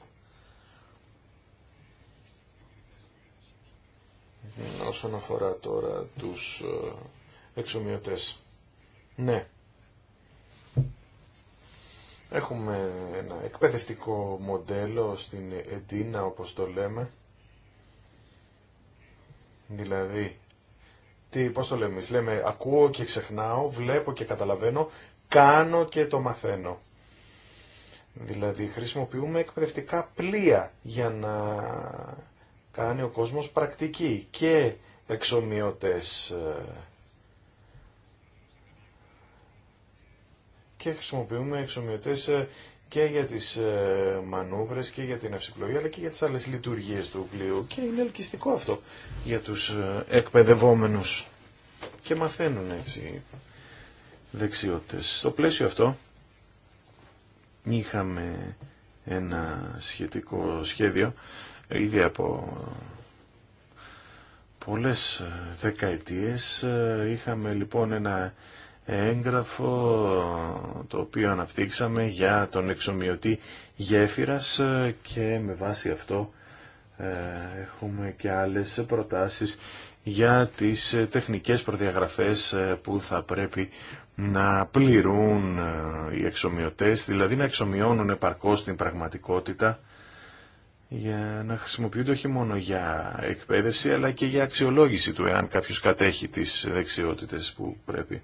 όσον αφορά τώρα τους ε, εξομοιωτές. Ναι. Έχουμε ένα εκπαιδευτικό μοντέλο στην Εντίνα, όπως το λέμε. Δηλαδή, τι, πώς το λέμε εμείς, λέμε ακούω και ξεχνάω, βλέπω και καταλαβαίνω κάνω και το μαθαίνω. Δηλαδή χρησιμοποιούμε εκπαιδευτικά πλοία για να κάνει ο κόσμος πρακτική και εξομοιωτές ε, και χρησιμοποιούμε εξομοιωτές ε, και για τις ε, μανούβρες και για την ευσυπλογία αλλά και για τις άλλες λειτουργίες του πλοίου και είναι ελκυστικό αυτό για τους εκπαιδευόμενους και μαθαίνουν έτσι δεξιότητες. Στο πλαίσιο αυτό είχαμε ένα σχετικό σχέδιο ήδη από πολλές δεκαετίες. Είχαμε λοιπόν ένα έγγραφο το οποίο αναπτύξαμε για τον εξομοιωτή γέφυρας και με βάση αυτό ε, έχουμε και άλλες προτάσεις για τις τεχνικές προδιαγραφές ε, που θα πρέπει να πληρούν ε, οι εξομοιωτές, δηλαδή να εξομοιώνουν επαρκώς την πραγματικότητα για να χρησιμοποιούνται όχι μόνο για εκπαίδευση αλλά και για αξιολόγηση του εάν κάποιος κατέχει τις δεξιότητες που πρέπει.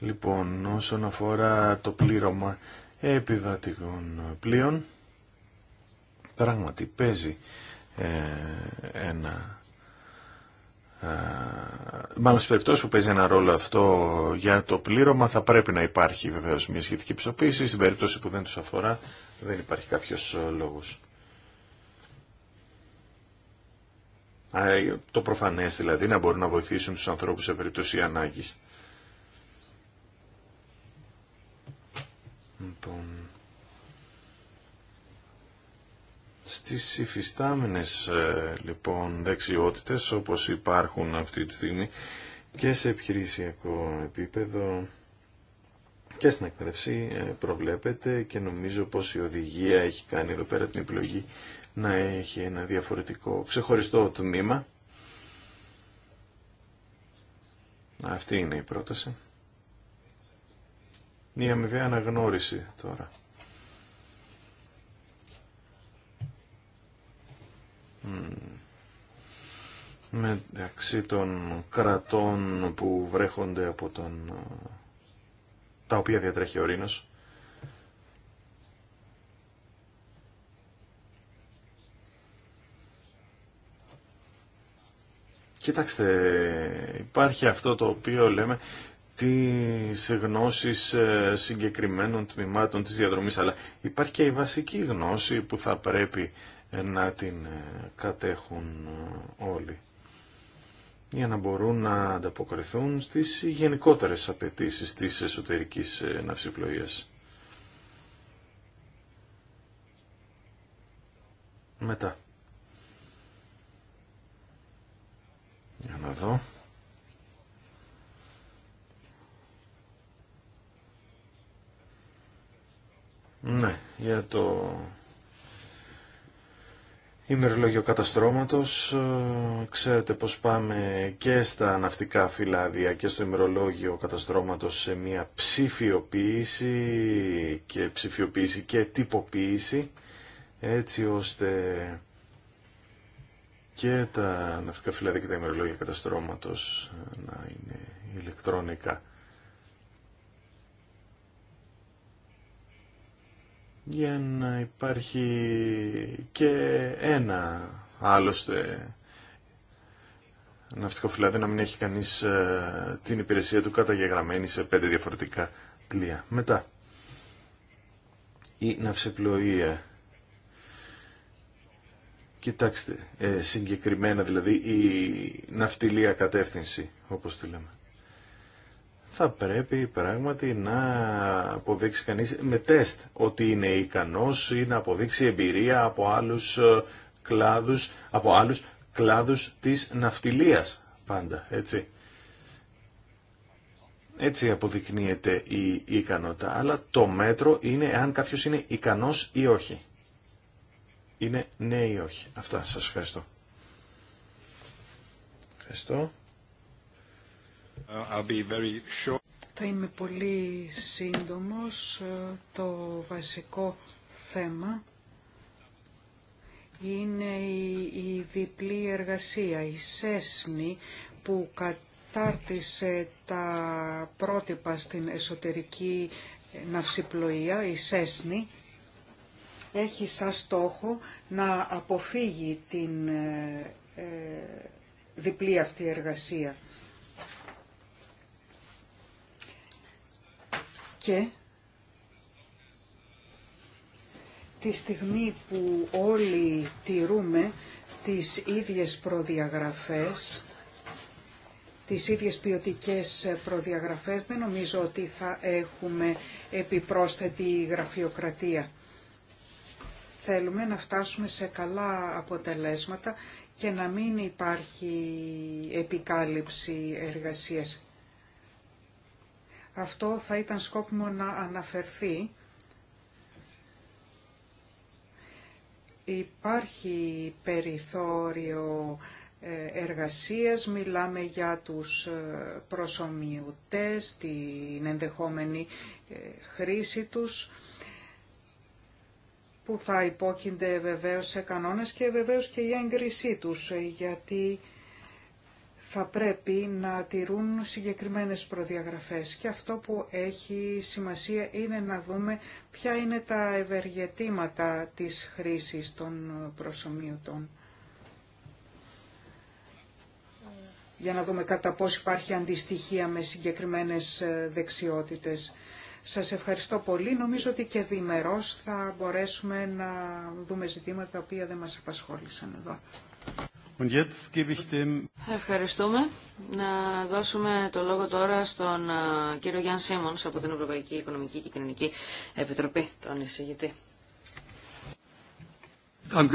Λοιπόν, όσον αφορά το πλήρωμα επιβατικών πλοίων, πράγματι παίζει ε, ένα ε, μάλλον στις περιπτώσεις που παίζει ένα ρόλο αυτό για το πλήρωμα θα πρέπει να υπάρχει βεβαίως μια σχετική πιστοποίηση. Στην περίπτωση που δεν τους αφορά δεν υπάρχει κάποιος λόγος. Ε, το προφανές δηλαδή να μπορούν να βοηθήσουν τους ανθρώπους σε περίπτωση ανάγκης. Λοιπόν, Στις υφιστάμενες ε, λοιπόν δεξιότητες όπως υπάρχουν αυτή τη στιγμή και σε επιχειρησιακό επίπεδο και στην εκπαίδευση ε, προβλέπεται και νομίζω πως η οδηγία έχει κάνει εδώ πέρα την επιλογή να έχει ένα διαφορετικό ξεχωριστό τμήμα. Αυτή είναι η πρόταση. Η αμοιβή αναγνώριση τώρα. μεταξύ των κρατών που βρέχονται από τον τα οποία διατρέχει ο Ρήνος. Κοιτάξτε, υπάρχει αυτό το οποίο λέμε τι γνώσει ε, συγκεκριμένων τμήματων της διαδρομής, αλλά υπάρχει και η βασική γνώση που θα πρέπει ε, να την ε, κατέχουν ε, όλοι για να μπορούν να ανταποκριθούν στις γενικότερες απαιτήσεις της εσωτερικής ναυσιπλοείας. Μετά. Για να δω. Ναι, για το ημερολόγιο καταστρώματος. Ε, ξέρετε πως πάμε και στα ναυτικά φυλάδια και στο ημερολόγιο καταστρώματος σε μια ψηφιοποίηση και ψηφιοποίηση και τυποποίηση έτσι ώστε και τα ναυτικά φυλάδια και τα ημερολόγια καταστρώματος να είναι ηλεκτρονικά. για να υπάρχει και ένα άλλωστε ναυτικό φυλάδι να μην έχει κανείς ε, την υπηρεσία του καταγεγραμμένη σε πέντε διαφορετικά πλοία. Μετά, η ναυσεπλοεία. Κοιτάξτε, ε, συγκεκριμένα δηλαδή η ναυτιλία κατεύθυνση, όπως τη λέμε θα πρέπει πράγματι να αποδείξει κανείς με τεστ ότι είναι ικανός ή να αποδείξει εμπειρία από άλλους ε, κλάδους, από άλλους κλάδους της ναυτιλίας πάντα, έτσι. Έτσι αποδεικνύεται η ικανότητα, αλλά το μέτρο είναι αν κάποιος είναι ικανός ή όχι. Είναι ναι ή όχι. Αυτά, σας ευχαριστώ. Ευχαριστώ. Uh, Θα είμαι πολύ σύντομος. Ε, το βασικό θέμα είναι η, διπλή εργασία, η ΣΕΣΝΗ που κατάρτισε τα πρότυπα στην εσωτερική ναυσιπλοεία, η ΣΕΣΝΗ, έχει σαν στόχο να αποφύγει την ε, ε, διπλή αυτή εργασία. και τη στιγμή που όλοι τηρούμε τις ίδιες προδιαγραφές, τις ίδιες ποιοτικές προδιαγραφές, δεν νομίζω ότι θα έχουμε επιπρόσθετη γραφειοκρατία. Θέλουμε να φτάσουμε σε καλά αποτελέσματα και να μην υπάρχει επικάλυψη εργασίας. Αυτό θα ήταν σκόπιμο να αναφερθεί. Υπάρχει περιθώριο ε, εργασίας, μιλάμε για τους ε, προσωμιωτές, την ενδεχόμενη ε, χρήση τους, που θα υπόκεινται βεβαίως σε κανόνες και βεβαίως και η έγκρισή τους, γιατί θα πρέπει να τηρούν συγκεκριμένες προδιαγραφές και αυτό που έχει σημασία είναι να δούμε ποια είναι τα ευεργετήματα της χρήσης των προσωμιωτών. Για να δούμε κατά πώς υπάρχει αντιστοιχία με συγκεκριμένες ε, δεξιότητες. Σας ευχαριστώ πολύ. Νομίζω ότι και διμερώς θα μπορέσουμε να δούμε ζητήματα τα οποία δεν μας απασχόλησαν εδώ. Ευχαριστούμε. Να δώσουμε το λόγο τώρα στον κύριο Γιάν Σίμονς από την Ευρωπαϊκή Οικονομική και Κοινωνική Επιτροπή, τον εισηγητή. Eh,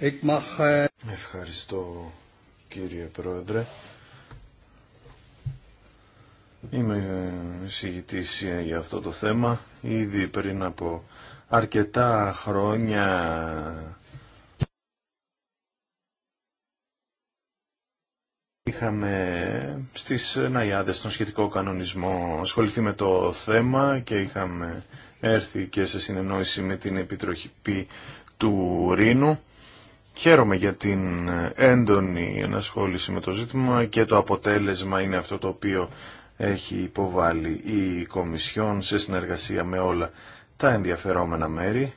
eh, Ευχαριστώ κύριε Πρόεδρε. Είμαι ε, εισηγητής ε, για αυτό το θέμα. Ήδη πριν από αρκετά χρόνια είχαμε στις Ναϊάδες τον σχετικό κανονισμό ασχοληθεί με το θέμα και είχαμε έρθει και σε συνεννόηση με την Επιτροχή του Ρήνου. Χαίρομαι για την έντονη ενασχόληση με το ζήτημα και το αποτέλεσμα είναι αυτό το οποίο έχει υποβάλει η Κομισιόν σε συνεργασία με όλα τα ενδιαφερόμενα μέρη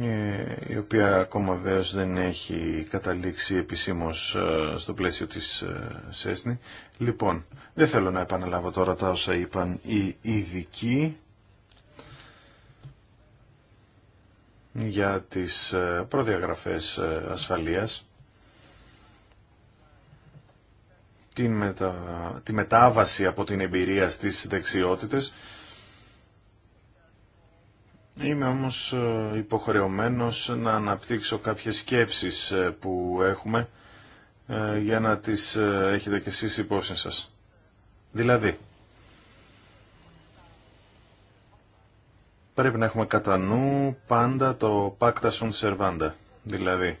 Ε, η οποία ακόμα βέβαια δεν έχει καταλήξει επισήμως ε, στο πλαίσιο της ε, ΣΕΣΝΗ. Λοιπόν, δεν θέλω να επαναλάβω τώρα τα όσα είπαν οι ειδικοί για τις προδιαγραφές ασφαλείας, τη, μετα... τη μετάβαση από την εμπειρία στις δεξιότητες ναι. Είμαι όμως ε, υποχρεωμένος να αναπτύξω κάποιες σκέψεις ε, που έχουμε ε, για να τις έχετε κι εσείς υπόψη σας. Δηλαδή, πρέπει να έχουμε κατά νου πάντα το pacta sunt servanda. Δηλαδή,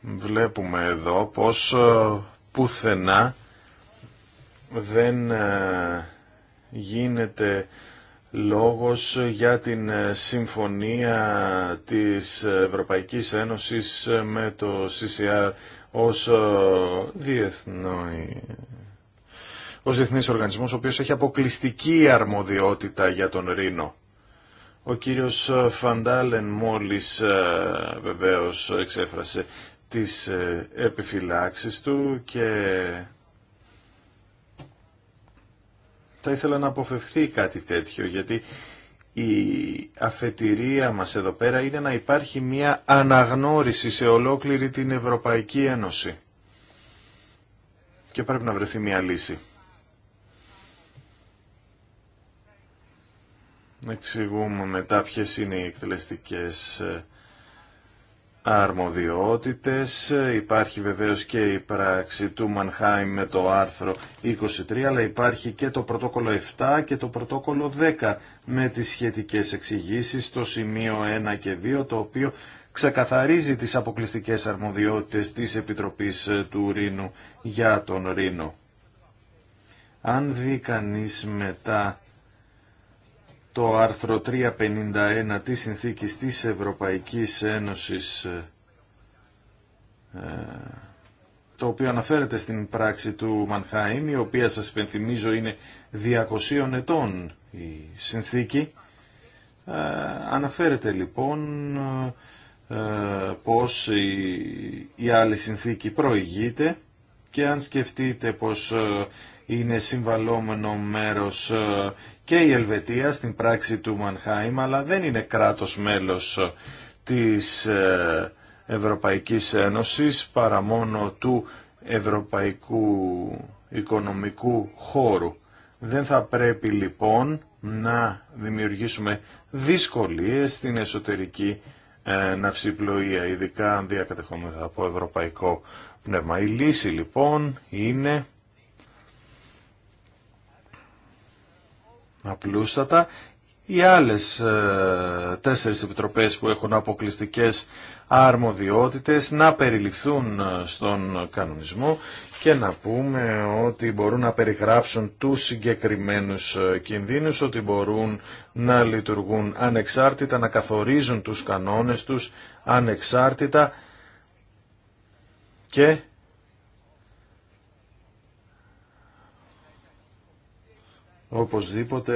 βλέπουμε εδώ πως πουθενά δεν γίνεται λόγος για την ε, συμφωνία της Ευρωπαϊκής Ένωσης ε, με το CCR ως ε, διεθνή ως διεθνής οργανισμός ο οποίος έχει αποκλειστική αρμοδιότητα για τον Ρήνο. Ο κύριος Φαντάλεν μόλις βεβαίως εξέφρασε τις επιφυλάξεις του και θα ήθελα να αποφευχθεί κάτι τέτοιο, γιατί η αφετηρία μας εδώ πέρα είναι να υπάρχει μια αναγνώριση σε ολόκληρη την Ευρωπαϊκή Ένωση. Και πρέπει να βρεθεί μια λύση. Να εξηγούμε μετά ποιες είναι οι εκτελεστικές ε, αρμοδιότητες. Υπάρχει βεβαίως και η πράξη του Μανχάιμ με το άρθρο 23, αλλά υπάρχει και το πρωτόκολλο 7 και το πρωτόκολλο 10 με τις σχετικές εξηγήσεις στο σημείο 1 και 2, το οποίο ξεκαθαρίζει τις αποκλειστικές αρμοδιότητες της Επιτροπής του Ρήνου για τον Ρήνο. Αν δει κανείς μετά το άρθρο 351 της Συνθήκης της Ευρωπαϊκής Ένωσης ε, ε, το οποίο αναφέρεται στην πράξη του Μανχάιμ, η οποία σας υπενθυμίζω είναι 200 ετών η συνθήκη. Ε, αναφέρεται λοιπόν πως η, άλλη συνθήκη προηγείται και αν σκεφτείτε πως είναι συμβαλόμενο μέρος ε, και η Ελβετία στην πράξη του Μανχάιμ, αλλά δεν είναι κράτος μέλος ε, της ε, Ευρωπαϊκής Ένωσης παρά μόνο του Ευρωπαϊκού Οικονομικού Χώρου. Δεν θα πρέπει λοιπόν να δημιουργήσουμε δυσκολίες στην εσωτερική ναυσιπλοεία, ειδικά αν διακατεχόμεθα από ευρωπαϊκό πνεύμα. Η λύση λοιπόν είναι απλούστατα. Οι άλλες ε, τέσσερις επιτροπές που έχουν αποκλειστικές αρμοδιότητες να περιληφθούν ε, στον κανονισμό και να πούμε ότι μπορούν να περιγράψουν τους συγκεκριμένους ε, κινδύνους, ότι μπορούν να λειτουργούν ανεξάρτητα, να καθορίζουν τους κανόνες τους ανεξάρτητα και οπωσδήποτε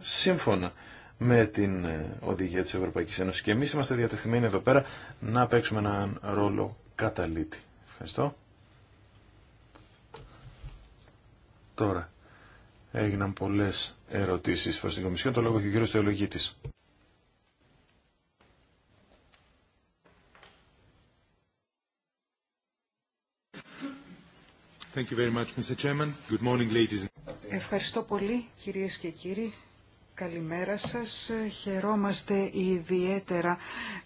σύμφωνα με την ε, οδηγία της Ευρωπαϊκής Ένωσης. Και εμείς είμαστε διατεθειμένοι εδώ πέρα να παίξουμε έναν ρόλο καταλήτη. Ευχαριστώ. Τώρα, έγιναν πολλές ερωτήσεις προς την Κομισιόν. Το λόγο έχει ο κύριος Θεολογίτης. Thank you very much, Mr. Chairman. Good morning, ladies. Ευχαριστώ πολύ κυρίες και κύριοι. Καλημέρα σας. Χαιρόμαστε ιδιαίτερα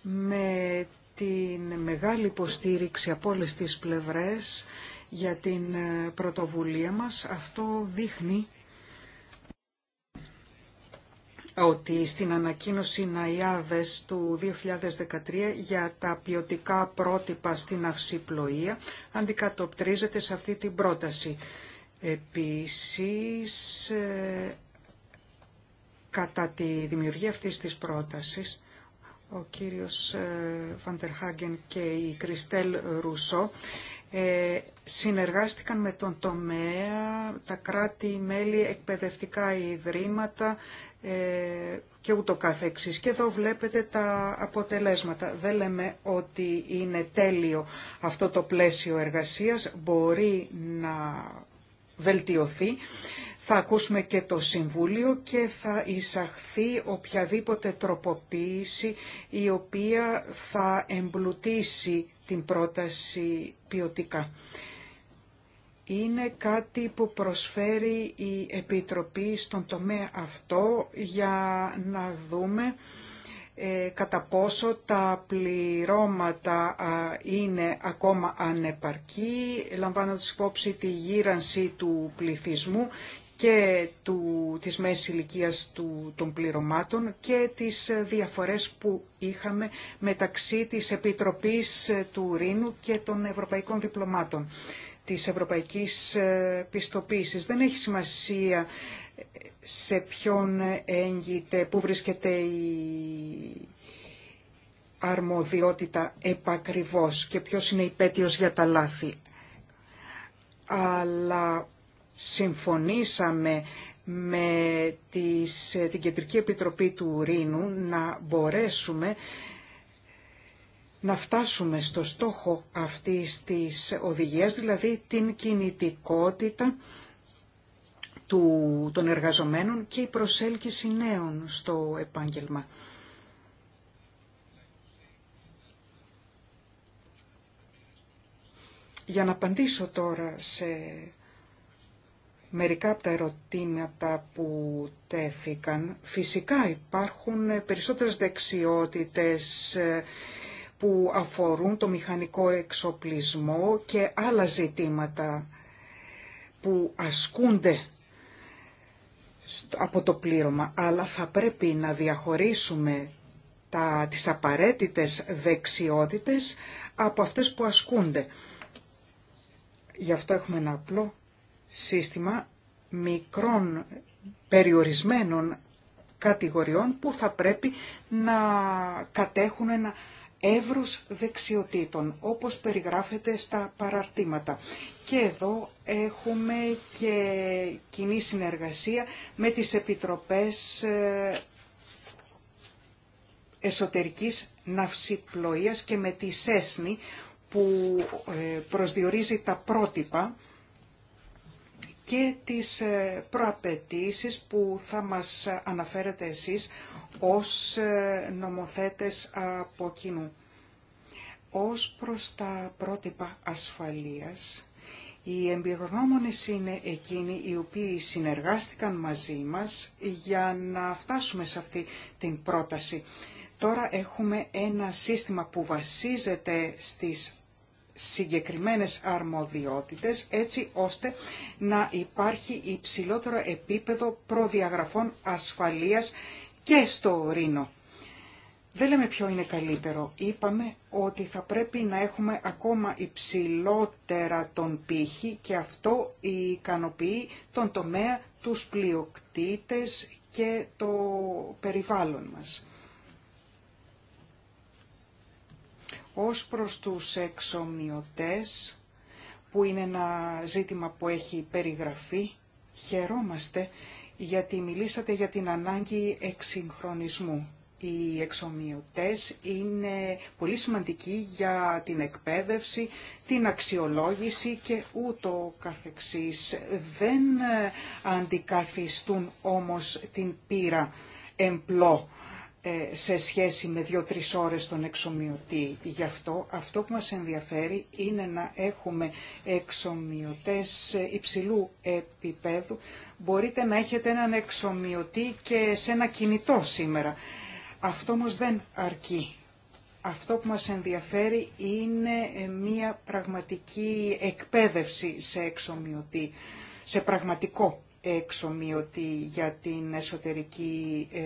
με την μεγάλη υποστήριξη από όλες τις πλευρές για την ε, πρωτοβουλία μας. Αυτό δείχνει ότι στην ανακοίνωση Ναϊάδες του 2013 για τα ποιοτικά πρότυπα στην αυσιπλοεία αντικατοπτρίζεται σε αυτή την πρόταση. Επίσης, ε, κατά τη δημιουργία αυτής της πρότασης, ο κύριος ε, Χάγκεν και η Κριστέλ Ρουσό ε, συνεργάστηκαν με τον τομέα, τα κράτη-μέλη, εκπαιδευτικά ιδρύματα και ούτω καθεξής. Και εδώ βλέπετε τα αποτελέσματα. Δεν λέμε ότι είναι τέλειο αυτό το πλαίσιο εργασίας. Μπορεί να βελτιωθεί. Θα ακούσουμε και το Συμβούλιο και θα εισαχθεί οποιαδήποτε τροποποίηση η οποία θα εμπλουτίσει την πρόταση ποιοτικά. Είναι κάτι που προσφέρει η Επιτροπή στον τομέα αυτό για να δούμε ε, κατά πόσο τα πληρώματα είναι ακόμα ανεπαρκή, λαμβάνοντας υπόψη τη γύρανση του πληθυσμού και του, της μέσης ηλικία των πληρωμάτων και τις διαφορές που είχαμε μεταξύ της Επιτροπής του Ρήνου και των Ευρωπαϊκών Διπλωμάτων της Ευρωπαϊκής ε, Πιστοποίησης. Δεν έχει σημασία σε ποιον έγκυται, πού βρίσκεται η αρμοδιότητα επακριβώς και ποιος είναι υπέτειος για τα λάθη. Αλλά συμφωνήσαμε με τις, την Κεντρική Επιτροπή του Ρήνου να μπορέσουμε να φτάσουμε στο στόχο αυτής της οδηγίας, δηλαδή την κινητικότητα του, των εργαζομένων και η προσέλκυση νέων στο επάγγελμα. Για να απαντήσω τώρα σε μερικά από τα ερωτήματα που τέθηκαν, φυσικά υπάρχουν περισσότερες δεξιότητες ε, που αφορούν το μηχανικό εξοπλισμό και άλλα ζητήματα που ασκούνται από το πλήρωμα, αλλά θα πρέπει να διαχωρίσουμε τα, τις απαραίτητες δεξιότητες από αυτές που ασκούνται. Γι' αυτό έχουμε ένα απλό σύστημα μικρών περιορισμένων κατηγοριών που θα πρέπει να κατέχουν ένα εύρους δεξιοτήτων, όπως περιγράφεται στα παραρτήματα. Και εδώ έχουμε και κοινή συνεργασία με τις Επιτροπές ε, Εσωτερικής Ναυσιπλοείας και με τη ΣΕΣΝΗ που ε, προσδιορίζει τα πρότυπα και τις ε, προαπαιτήσεις που θα μας αναφέρετε εσείς ως ε, νομοθέτες από κοινού. Ως προς τα πρότυπα ασφαλείας, οι εμπειρογνώμονες είναι εκείνοι οι οποίοι συνεργάστηκαν μαζί μας για να φτάσουμε σε αυτή την πρόταση. Τώρα έχουμε ένα σύστημα που βασίζεται στις συγκεκριμένες αρμοδιότητες έτσι ώστε να υπάρχει υψηλότερο επίπεδο προδιαγραφών ασφαλείας και στο Ρήνο. Δεν λέμε ποιο είναι καλύτερο. Είπαμε ότι θα πρέπει να έχουμε ακόμα υψηλότερα τον πύχη και αυτό ικανοποιεί τον τομέα τους πλειοκτήτες και το περιβάλλον μας. Ως προς τους εξομοιωτές, που είναι ένα ζήτημα που έχει περιγραφεί, χαιρόμαστε γιατί μιλήσατε για την ανάγκη εξυγχρονισμού. Οι εξομοιωτές είναι πολύ σημαντικοί για την εκπαίδευση, την αξιολόγηση και ούτω καθεξής. Δεν ε, αντικαθιστούν όμως την πείρα εμπλό ε, σε σχέση με δύο-τρεις ώρες τον εξομοιωτή. Γι' αυτό αυτό που μας ενδιαφέρει είναι να έχουμε εξομοιωτές υψηλού επίπεδου. Μπορείτε να έχετε έναν εξομοιωτή και σε ένα κινητό σήμερα. Αυτό όμως δεν αρκεί. Αυτό που μας ενδιαφέρει είναι μια πραγματική εκπαίδευση σε εξομοιωτή, σε πραγματικό εξομοιωτή για την εσωτερική ε,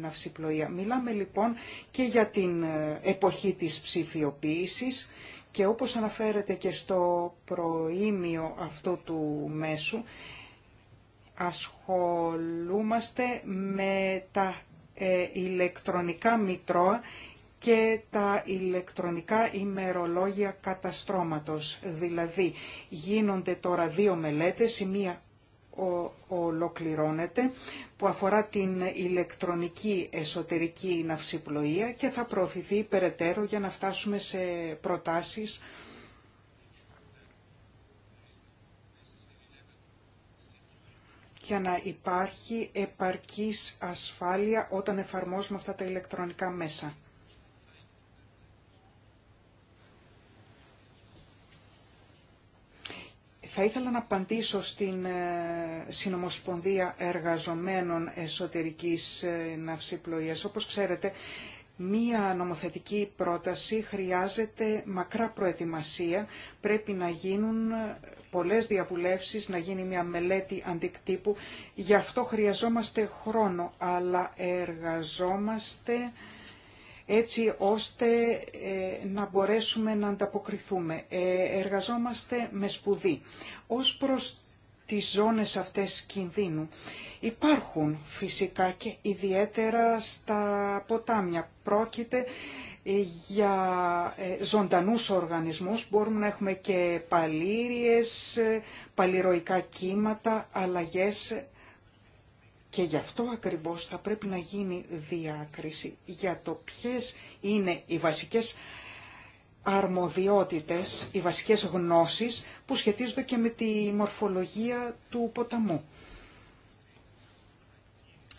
ναυσιπλοεία. Μιλάμε λοιπόν και για την ε, εποχή της ψηφιοποίησης και όπως αναφέρεται και στο προήμιο αυτού του μέσου, ασχολούμαστε με τα ε, ηλεκτρονικά μητρώα και τα ηλεκτρονικά ημερολόγια καταστρώματος. Δηλαδή γίνονται τώρα δύο μελέτες, η μία ολοκληρώνεται που αφορά την ηλεκτρονική εσωτερική ναυσιπλοεία και θα προωθηθεί περαιτέρω για να φτάσουμε σε προτάσεις για να υπάρχει επαρκής ασφάλεια όταν εφαρμόζουμε αυτά τα ηλεκτρονικά μέσα. Θα ήθελα να απαντήσω στην ε, Συνομοσπονδία Εργαζομένων Εσωτερικής ε, Ναυσιπλοείας. Όπως ξέρετε, μία νομοθετική πρόταση χρειάζεται μακρά προετοιμασία. Πρέπει να γίνουν ε, πολλές διαβουλεύσεις, να γίνει μια μελέτη αντικτύπου. Γι' αυτό χρειαζόμαστε χρόνο, αλλά εργαζόμαστε έτσι ώστε ε, να μπορέσουμε να ανταποκριθούμε. Ε, εργαζόμαστε με σπουδή. Ως προς τις ζώνες αυτές κινδύνου υπάρχουν φυσικά και ιδιαίτερα στα ποτάμια. Πρόκειται ε, για ζωντανούς οργανισμούς. Μπορούμε να έχουμε και παλήριες, παλιροϊκά κύματα, αλλαγές και γι' αυτό ακριβώς θα πρέπει να γίνει διάκριση για το ποιες είναι οι βασικές αρμοδιότητες, οι βασικές γνώσεις που σχετίζονται και με τη μορφολογία του ποταμού.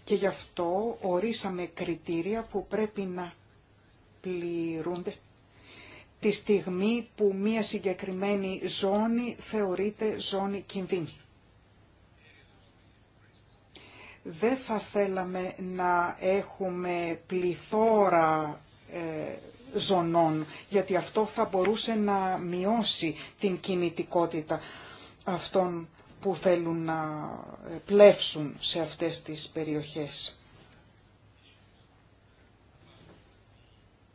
Και γι' αυτό ορίσαμε κριτήρια που πρέπει να πληρούνται τη στιγμή που μία συγκεκριμένη ζώνη θεωρείται ζώνη κινδύνου. δεν θα θέλαμε να έχουμε πληθώρα ε, ζωνών, γιατί αυτό θα μπορούσε να μειώσει την κινητικότητα αυτών που θέλουν να ε, πλεύσουν σε αυτές τις περιοχές.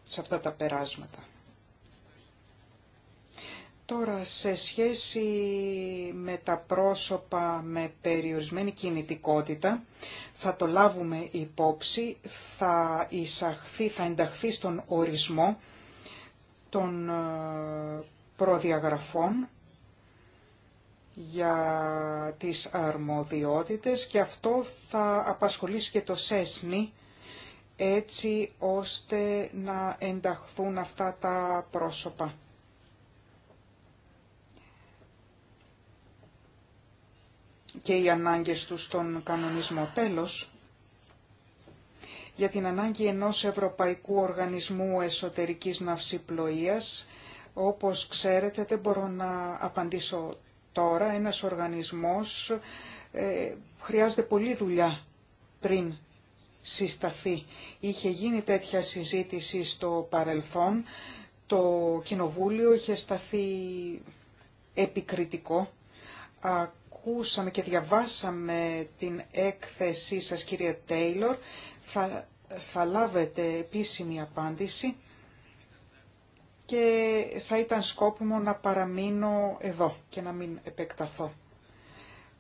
Σε αυτά τα περάσματα. Τώρα, σε σχέση με τα πρόσωπα με περιορισμένη κινητικότητα, θα το λάβουμε υπόψη, θα εισαχθεί, θα ενταχθεί στον ορισμό των ε, προδιαγραφών για τις αρμοδιότητες και αυτό θα απασχολήσει και το ΣΕΣΝΗ έτσι ώστε να ενταχθούν αυτά τα πρόσωπα. και οι ανάγκες του στον κανονισμό. Τέλος, για την ανάγκη ενός Ευρωπαϊκού Οργανισμού Εσωτερικής Ναυσιπλοείας, όπως ξέρετε δεν μπορώ να απαντήσω τώρα, ένας οργανισμός ε, χρειάζεται πολλή δουλειά πριν συσταθεί. Είχε γίνει τέτοια συζήτηση στο παρελθόν, το Κοινοβούλιο είχε σταθεί επικριτικό ακούσαμε και διαβάσαμε την έκθεσή σας κυρία Τέιλορ. Θα, θα λάβετε επίσημη απάντηση και θα ήταν σκόπιμο να παραμείνω εδώ και να μην επεκταθώ.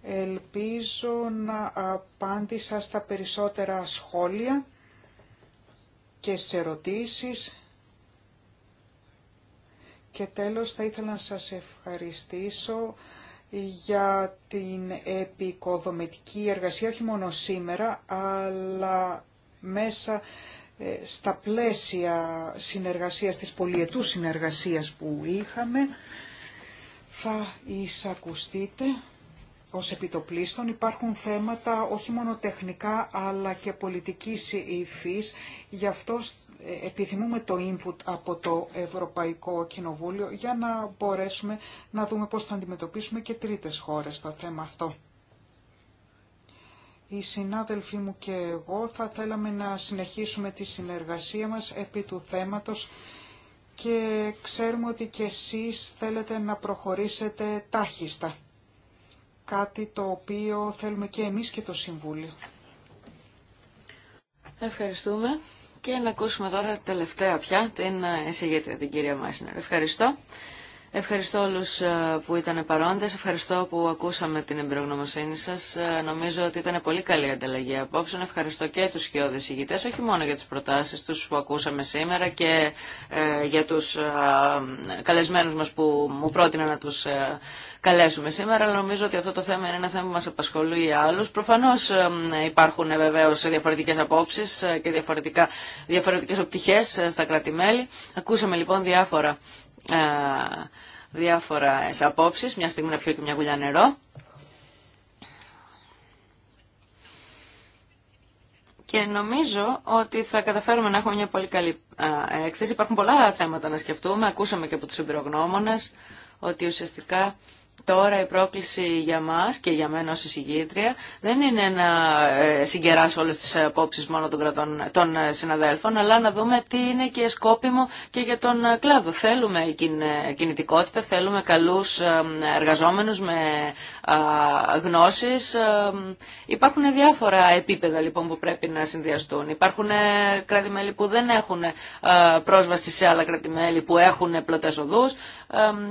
Ελπίζω να απάντησα στα περισσότερα σχόλια και σε ερωτήσεις. Και τέλος θα ήθελα να σας ευχαριστήσω για την επικοδομητική εργασία, όχι μόνο σήμερα, αλλά μέσα ε, στα πλαίσια συνεργασίας, της πολιετού συνεργασίας που είχαμε. Θα εισακουστείτε ως επιτοπλίστων υπάρχουν θέματα όχι μόνο τεχνικά αλλά και πολιτικής υφής. Γι' αυτό ε, επιθυμούμε το input από το Ευρωπαϊκό Κοινοβούλιο για να μπορέσουμε να δούμε πώς θα αντιμετωπίσουμε και τρίτες χώρες το θέμα αυτό. Οι συνάδελφοί μου και εγώ θα θέλαμε να συνεχίσουμε τη συνεργασία μας επί του θέματος και ξέρουμε ότι και εσείς θέλετε να προχωρήσετε τάχιστα κάτι το οποίο θέλουμε και εμείς και το Συμβούλιο. Ευχαριστούμε. Και να ακούσουμε τώρα τελευταία πια την ε, εισηγήτρια, την κυρία Μάσινερ. Ευχαριστώ. Ευχαριστώ όλους ε, που ήταν παρόντες, ευχαριστώ που ακούσαμε την εμπειρογνωμοσύνη σας. Ε, νομίζω ότι ήταν πολύ καλή ανταλλαγή απόψεων. Ευχαριστώ και τους σκιώδες ηγητές, όχι μόνο για τις προτάσεις τους που ακούσαμε σήμερα και ε, για τους καλεσμένους μας που μου πρότειναν να τους καλέσουμε σήμερα, αλλά νομίζω ότι αυτό το θέμα είναι ένα θέμα που μας απασχολεί άλλους. Προφανώς υπάρχουν βεβαίως διαφορετικές απόψεις και διαφορετικά, διαφορετικές οπτυχές στα κράτη-μέλη. Ακούσαμε λοιπόν διάφορα διάφορα απόψει, μια στιγμή να πιω και μια γουλιά νερό. Και νομίζω ότι θα καταφέρουμε να έχουμε μια πολύ καλή έκθεση. Υπάρχουν πολλά θέματα να σκεφτούμε. Ακούσαμε και από του εμπειρογνώμονε ότι ουσιαστικά Τώρα η πρόκληση για μας και για μένα ως εισηγήτρια δεν είναι να ε, συγκεράσω όλες τις απόψεις μόνο των, κρατών, των ε, συναδέλφων, αλλά να δούμε τι είναι και σκόπιμο και για τον ε, κλάδο. Θέλουμε κινητικότητα, θέλουμε καλούς εργαζόμενους με γνώσεις. Ε, υπάρχουν διάφορα επίπεδα λοιπόν που πρέπει να συνδυαστούν. Υπάρχουν ε, κράτη-μέλη που δεν έχουν ε, πρόσβαση σε άλλα κράτη-μέλη που έχουν πλωτές οδούς.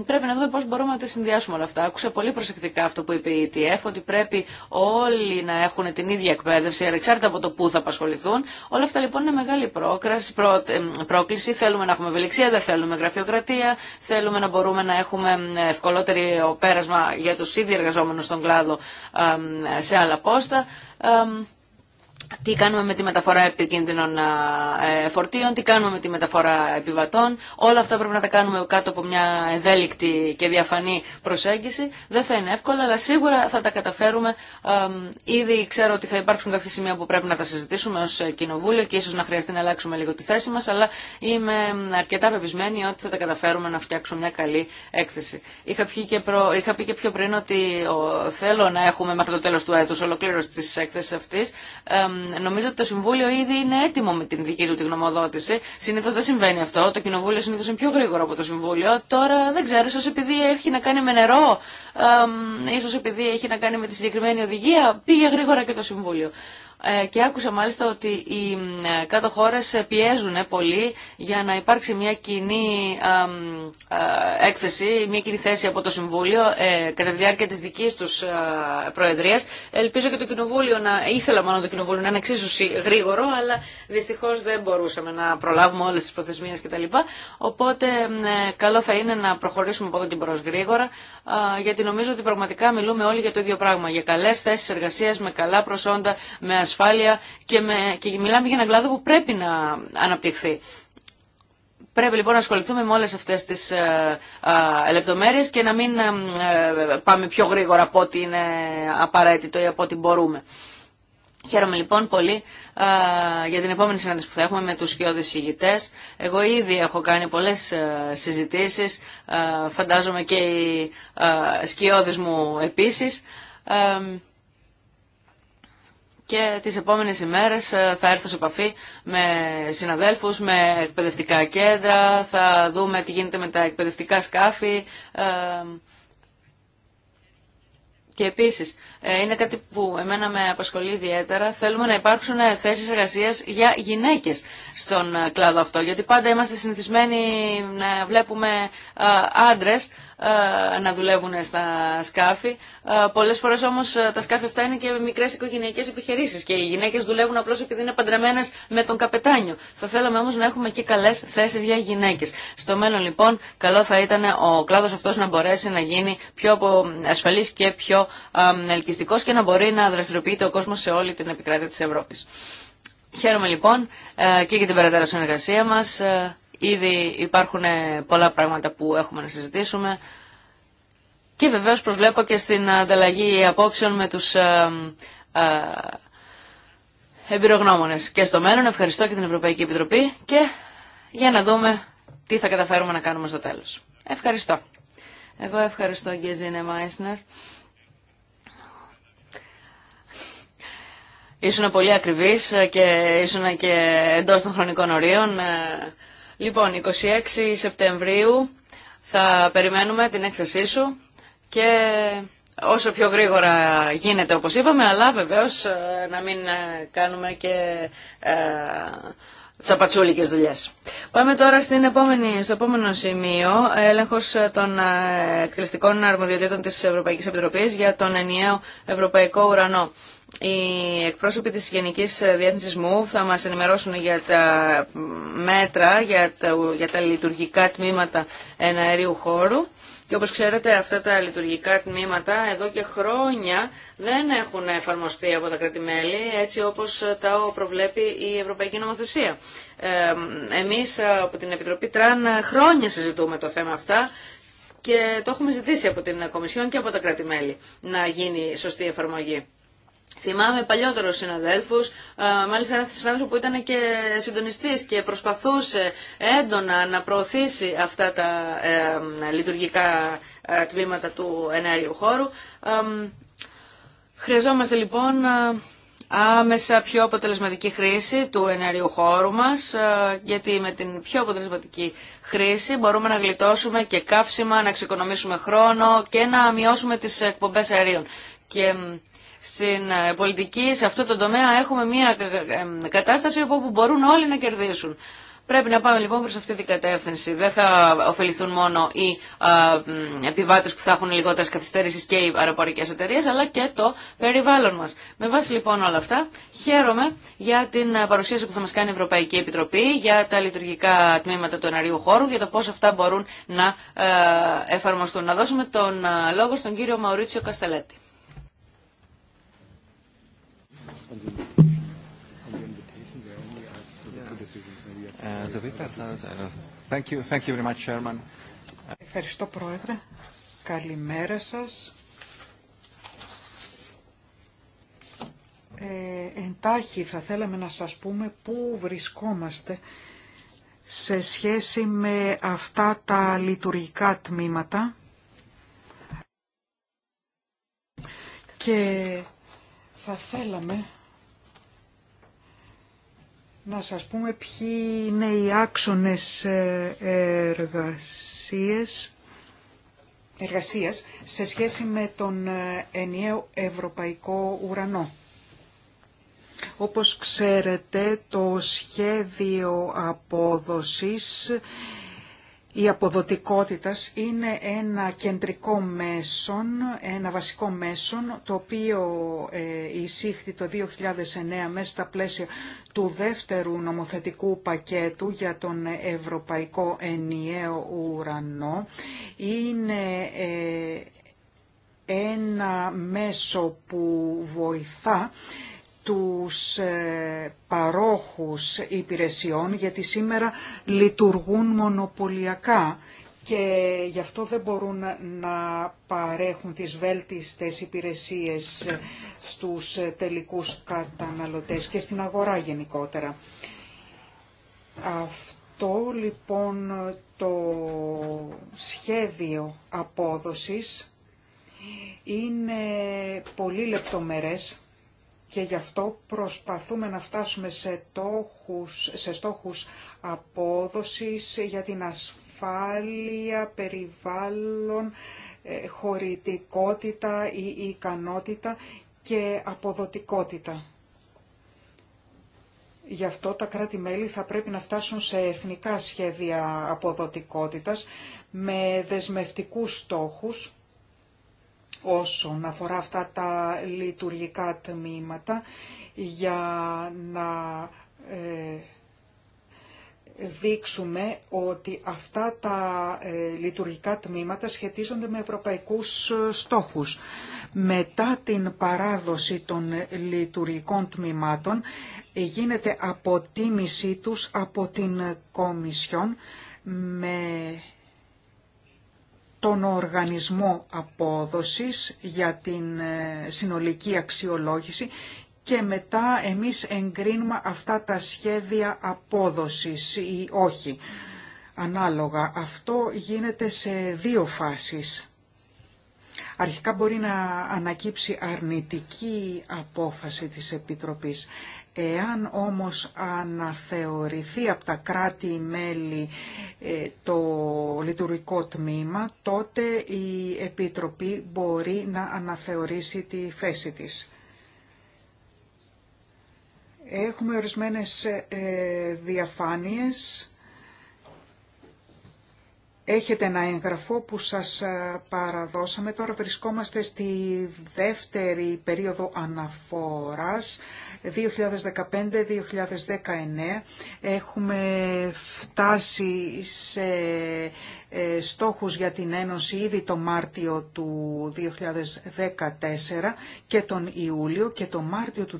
Πρέπει να δούμε πώς μπορούμε να τα συνδυάσουμε όλα αυτά. Άκουσα πολύ προσεκτικά αυτό που είπε η ETF, ότι πρέπει όλοι να έχουν την ίδια εκπαίδευση, ανεξάρτητα από το πού θα απασχοληθούν. Όλα αυτά λοιπόν είναι μεγάλη πρόκληση. Θέλουμε να έχουμε ευελιξία, δεν θέλουμε γραφειοκρατία, θέλουμε να μπορούμε να έχουμε ευκολότερη πέρασμα για τους ήδη εργαζόμενους εργαζόμενους στον κλάδο σε άλλα πόστα τι κάνουμε με τη μεταφορά επικίνδυνων ε, φορτίων, τι κάνουμε με τη μεταφορά επιβατών. Όλα αυτά πρέπει να τα κάνουμε κάτω από μια ευέλικτη και διαφανή προσέγγιση. Δεν θα είναι εύκολο, αλλά σίγουρα θα τα καταφέρουμε. Ήδη ξέρω ότι θα υπάρξουν κάποια σημεία που πρέπει να τα συζητήσουμε ως ε, κοινοβούλιο και ίσως να χρειαστεί να αλλάξουμε λίγο τη θέση μας, αλλά είμαι αρκετά πεπισμένη ότι θα τα καταφέρουμε να φτιάξουμε μια καλή έκθεση. Είχα πει και, προ... Είχα πιο πριν ότι θέλω να έχουμε μέχρι το τέλο του έτους ολοκλήρωση της έκθεσης νομίζω ότι το Συμβούλιο ήδη είναι έτοιμο με την δική του τη γνωμοδότηση. Συνήθω δεν συμβαίνει αυτό. Το Κοινοβούλιο συνήθω είναι πιο γρήγορο από το Συμβούλιο. Τώρα δεν ξέρω, ίσω επειδή έχει να κάνει με νερό, ίσω επειδή έχει να κάνει με τη συγκεκριμένη οδηγία, πήγε γρήγορα και το Συμβούλιο. Ε, και άκουσα μάλιστα ότι οι ε, κάτω χώρε πιέζουν πολύ για να υπάρξει μια κοινή ε, έκθεση, μια κοινή θέση από το Συμβούλιο κατά τη διάρκεια της δικής τους Προεδρία. Ελπίζω και το Κοινοβούλιο να, ήθελα μόνο το Κοινοβούλιο να είναι εξίσου γρήγορο, αλλά δυστυχώ δεν μπορούσαμε να προλάβουμε όλες τις προθεσμίε κτλ. Οπότε καλό θα είναι να προχωρήσουμε από εδώ και μπρο γρήγορα, γιατί νομίζω ότι πραγματικά μιλούμε όλοι για το ίδιο πράγμα, για καλέ θέσει εργασία, με καλά προσόντα, με ασφάλεια και, με, μιλάμε για έναν κλάδο που πρέπει να αναπτυχθεί. Πρέπει λοιπόν να ασχοληθούμε με όλες αυτές τις ε, ε λεπτομέρειες και να μην ε, ε, πάμε πιο γρήγορα από ό,τι είναι απαραίτητο ή από ό,τι μπορούμε. Χαίρομαι λοιπόν πολύ για την επόμενη συνάντηση που θα έχουμε με τους σκιώδεις ηγητές. Εγώ ήδη έχω κάνει πολλές συζητήσεις, φαντάζομαι και οι σκιώδεις μου επίσης και τις επόμενες ημέρες ε, θα έρθω σε επαφή με συναδέλφους, με εκπαιδευτικά κέντρα, θα δούμε τι γίνεται με τα εκπαιδευτικά σκάφη. Ε, και επίσης, ε, είναι κάτι που εμένα με απασχολεί ιδιαίτερα, θέλουμε να υπάρξουν θέσεις εργασίας για γυναίκες στον κλάδο αυτό, γιατί πάντα είμαστε συνηθισμένοι να βλέπουμε άντρες, ε, να δουλεύουν στα σκάφη. Ε, πολλές φορές όμως ε, τα σκάφη αυτά είναι και μικρές οικογενειακές επιχειρήσεις και οι γυναίκες δουλεύουν απλώς επειδή είναι παντρεμένες με τον καπετάνιο. Θα θέλαμε όμως να έχουμε και καλές θέσεις για γυναίκες. Στο μέλλον λοιπόν καλό θα ήταν ο κλάδος αυτός να μπορέσει να γίνει πιο ασφαλής και πιο ελκυστικός και να μπορεί να δραστηριοποιείται ο κόσμο σε όλη την επικράτεια της Ευρώπης. Χαίρομαι λοιπόν και για την περαιτέρω συνεργασία μας. Ήδη υπάρχουν ε, πολλά πράγματα που έχουμε να συζητήσουμε και βεβαίως προσβλέπω και στην ανταλλαγή απόψεων με τους ε, ε, εμπειρογνώμονες και στο μέλλον. Ευχαριστώ και την Ευρωπαϊκή Επιτροπή και για να δούμε τι θα καταφέρουμε να κάνουμε στο τέλος. Ευχαριστώ. Εγώ ευχαριστώ Γκέζινε Μάισνερ. Ήσουν πολύ ακριβής και ήσουν και εντός των χρονικών ορίων. Λοιπόν, 26 Σεπτεμβρίου θα περιμένουμε την έκθεσή σου και όσο πιο γρήγορα γίνεται όπως είπαμε, αλλά βεβαίως ε, να μην ε, κάνουμε και ε, τσαπατσούλικες δουλειές. Πάμε τώρα στην επόμενη, στο επόμενο σημείο, έλεγχος των εκτελεστικών αρμοδιοτήτων της Ευρωπαϊκής Επιτροπής για τον ενιαίο Ευρωπαϊκό Ουρανό οι εκπρόσωποι της Γενικής Διεύθυνσης μου θα μας ενημερώσουν για τα μέτρα, για τα, για τα λειτουργικά τμήματα εναερίου χώρου. Και όπως ξέρετε αυτά τα λειτουργικά τμήματα εδώ και χρόνια δεν έχουν εφαρμοστεί από τα κράτη-μέλη έτσι όπως τα προβλέπει η Ευρωπαϊκή Νομοθεσία. εμείς από την Επιτροπή Τραν χρόνια συζητούμε το θέμα αυτά και το έχουμε ζητήσει από την Κομισιόν και από τα κράτη-μέλη να γίνει σωστή εφαρμογή. Θυμάμαι παλιότερου συναδέλφου, ε, μάλιστα ένα συνάδελφο που ήταν και συντονιστή και προσπαθούσε έντονα να προωθήσει αυτά τα ε, λειτουργικά ε, τμήματα του ενέργειου χώρου. Χρειαζόμαστε λοιπόν άμεσα πιο αποτελεσματική χρήση του ενέργειου χώρου μας, γιατί με την πιο αποτελεσματική χρήση μπορούμε να γλιτώσουμε και καύσιμα, να εξοικονομήσουμε χρόνο και να μειώσουμε τις εκπομπές αερίων. Και στην ε, πολιτική, σε αυτό το τομέα έχουμε μια ε, ε, κατάσταση όπου μπορούν όλοι να κερδίσουν. Πρέπει να πάμε λοιπόν προς αυτή την κατεύθυνση. Δεν θα ωφεληθούν μόνο οι επιβάτες που θα έχουν λιγότερες καθυστερήσεις και οι αεροπορικές εταιρείες, αλλά και το περιβάλλον μας. Με βάση λοιπόν όλα αυτά, χαίρομαι για την παρουσίαση που θα μας κάνει η Ευρωπαϊκή Επιτροπή, για τα λειτουργικά τμήματα του εναρίου χώρου, για το πώς αυτά μπορούν να εφαρμοστούν. Να δώσουμε τον λόγο στον κύριο Μαουρίτσιο Καστελέτη. Ευχαριστώ Πρόεδρε. Καλημέρα σας. Ε, εντάχει θα θέλαμε να σας πούμε πού βρισκόμαστε σε σχέση με αυτά τα λειτουργικά τμήματα και θα θέλαμε να σας πούμε ποιοι είναι οι άξονες ε, εργασίες, εργασίας σε σχέση με τον ε, ενιαίο ευρωπαϊκό ουρανό. Όπως ξέρετε, το σχέδιο απόδοσης η αποδοτικότητα είναι ένα κεντρικό μέσον, ένα βασικό μέσον, το οποίο ε, εισήχθη το 2009 μέσα στα πλαίσια του δεύτερου νομοθετικού πακέτου για τον Ευρωπαϊκό Ενιαίο Ουρανό. Είναι ε, ένα μέσο που βοηθά τους ε, παρόχους υπηρεσιών, γιατί σήμερα λειτουργούν μονοπωλιακά και γι' αυτό δεν μπορούν να παρέχουν τις βέλτιστες υπηρεσίες στους τελικούς καταναλωτές και στην αγορά γενικότερα. Αυτό λοιπόν το σχέδιο απόδοσης είναι πολύ λεπτομερές και γι' αυτό προσπαθούμε να φτάσουμε σε, τόχους, σε στόχους απόδοσης για την ασφάλεια, περιβάλλον, ε, χωρητικότητα ή ικανότητα και αποδοτικότητα. Γι' αυτό τα κράτη-μέλη θα πρέπει να φτάσουν σε εθνικά σχέδια αποδοτικότητας με δεσμευτικούς στόχους όσον αφορά αυτά τα λειτουργικά τμήματα για να ε, δείξουμε ότι αυτά τα ε, λειτουργικά τμήματα σχετίζονται με ευρωπαϊκούς ε, στόχους. Μετά την παράδοση των λειτουργικών τμήματων γίνεται αποτίμησή τους από την Κομισιόν με τον οργανισμό απόδοσης για την ε, συνολική αξιολόγηση και μετά εμείς εγκρίνουμε αυτά τα σχέδια απόδοσης ή όχι. Ανάλογα, αυτό γίνεται σε δύο φάσεις. Αρχικά μπορεί να ανακύψει αρνητική απόφαση της Επιτροπής. Εάν όμως αναθεωρηθεί από τα κράτη-μέλη ε, το λειτουργικό τμήμα, τότε η Επιτροπή μπορεί να αναθεωρήσει τη θέση της. Έχουμε ορισμένες ε, διαφάνειες. Έχετε ένα έγγραφο που σας ε, παραδώσαμε. Τώρα βρισκόμαστε στη δεύτερη περίοδο αναφόρας 2015-2019 έχουμε φτάσει σε ε, στόχους για την Ένωση ήδη το Μάρτιο του 2014 και τον Ιούλιο και το Μάρτιο του